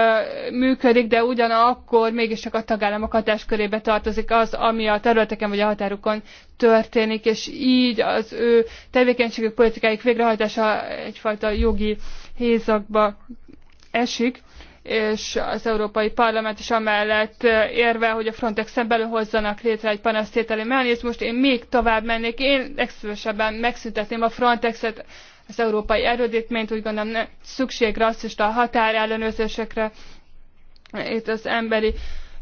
működik, de ugyanakkor mégiscsak a tagállamok hatáskörébe tartozik az, ami a területeken vagy a határokon történik, és így az ő tevékenységük, politikáik végrehajtása egyfajta jogi hézakba esik és az Európai Parlament is amellett eh, érve, hogy a Frontexen belül hozzanak létre egy panasztételi mechanizmust. Én még tovább mennék, én legszívesebben megszüntetném a Frontexet, az európai erődítményt, úgy gondolom nem szükség rasszista határellenőrzésekre. Itt az emberi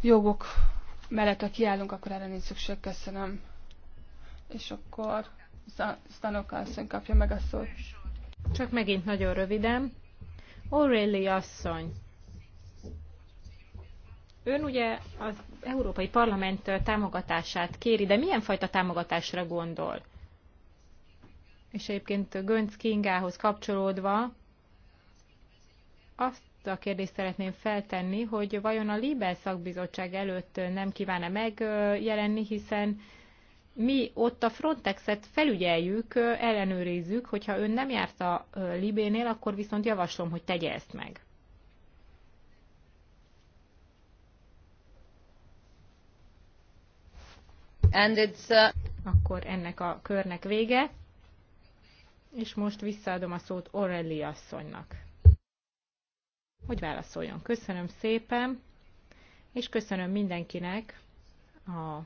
jogok mellett, ha kiállunk, akkor erre nincs szükség. Köszönöm. És akkor Stanok asszony kapja meg a szót. Csak megint nagyon röviden. Aurélie asszony, Ön ugye az Európai Parlament támogatását kéri, de milyen fajta támogatásra gondol? És egyébként Gönc Kingához kapcsolódva azt a kérdést szeretném feltenni, hogy vajon a Libel szakbizottság előtt nem kívánna megjelenni, hiszen mi ott a Frontexet felügyeljük, ellenőrizzük, hogyha ön nem járt a Libénél, akkor viszont javaslom, hogy tegye ezt meg. And it's, uh... Akkor ennek a körnek vége, és most visszaadom a szót Orelli asszonynak. Hogy válaszoljon. Köszönöm szépen, és köszönöm mindenkinek a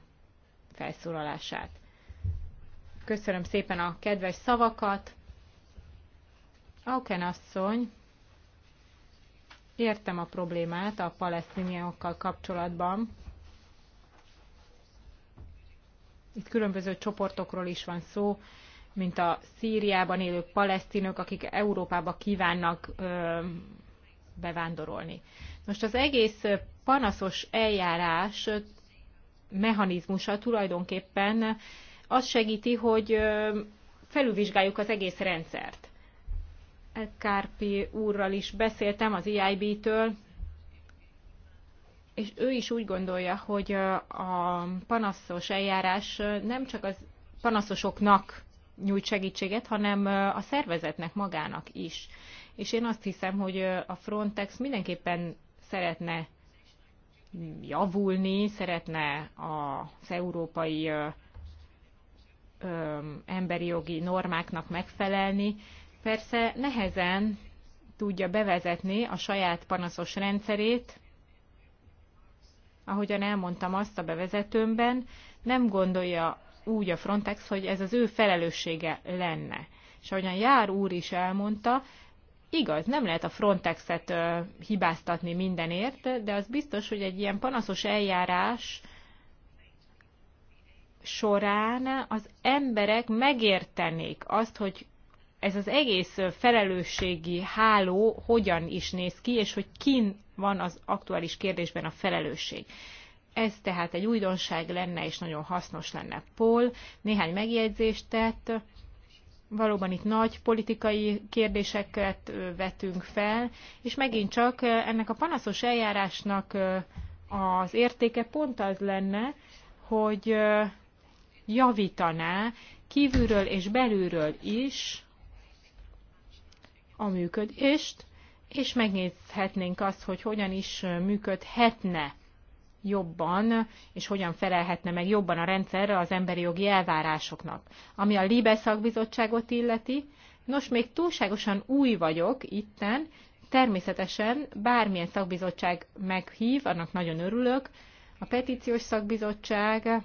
felszólalását. Köszönöm szépen a kedves szavakat. Auken asszony, értem a problémát a palesztiniakkal kapcsolatban, Itt különböző csoportokról is van szó, mint a Szíriában élő palesztinok, akik Európába kívánnak ö, bevándorolni. Most az egész panaszos eljárás mechanizmusa tulajdonképpen azt segíti, hogy felülvizsgáljuk az egész rendszert. Kárpi úrral is beszéltem az EIB-től, és ő is úgy gondolja, hogy a panaszos eljárás nem csak az panaszosoknak nyújt segítséget, hanem a szervezetnek magának is. És én azt hiszem, hogy a Frontex mindenképpen szeretne javulni, szeretne az európai emberi jogi normáknak megfelelni. Persze nehezen tudja bevezetni a saját panaszos rendszerét, ahogyan elmondtam azt a bevezetőmben, nem gondolja úgy a Frontex, hogy ez az ő felelőssége lenne. És ahogyan Jár úr is elmondta, igaz, nem lehet a Frontexet hibáztatni mindenért, de az biztos, hogy egy ilyen panaszos eljárás során az emberek megértenék azt, hogy ez az egész felelősségi háló hogyan is néz ki, és hogy kin van az aktuális kérdésben a felelősség. Ez tehát egy újdonság lenne, és nagyon hasznos lenne. Paul néhány megjegyzést tett, valóban itt nagy politikai kérdéseket vetünk fel, és megint csak ennek a panaszos eljárásnak az értéke pont az lenne, hogy javítaná kívülről és belülről is a működést, és megnézhetnénk azt, hogy hogyan is működhetne jobban, és hogyan felelhetne meg jobban a rendszerre az emberi jogi elvárásoknak. Ami a Libe szakbizottságot illeti, nos, még túlságosan új vagyok itten, természetesen bármilyen szakbizottság meghív, annak nagyon örülök, a petíciós szakbizottság,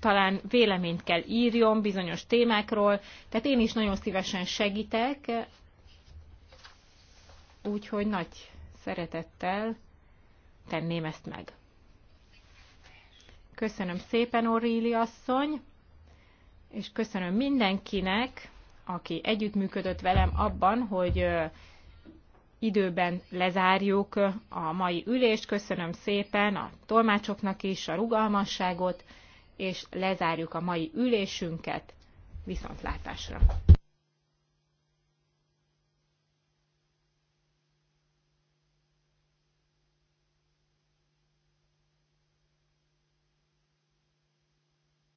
talán véleményt kell írjon bizonyos témákról, tehát én is nagyon szívesen segítek, úgyhogy nagy szeretettel tenném ezt meg. Köszönöm szépen, Orrili asszony, és köszönöm mindenkinek, aki együttműködött velem abban, hogy időben lezárjuk a mai ülést. Köszönöm szépen a tolmácsoknak is a rugalmasságot és lezárjuk a mai ülésünket. Viszontlátásra!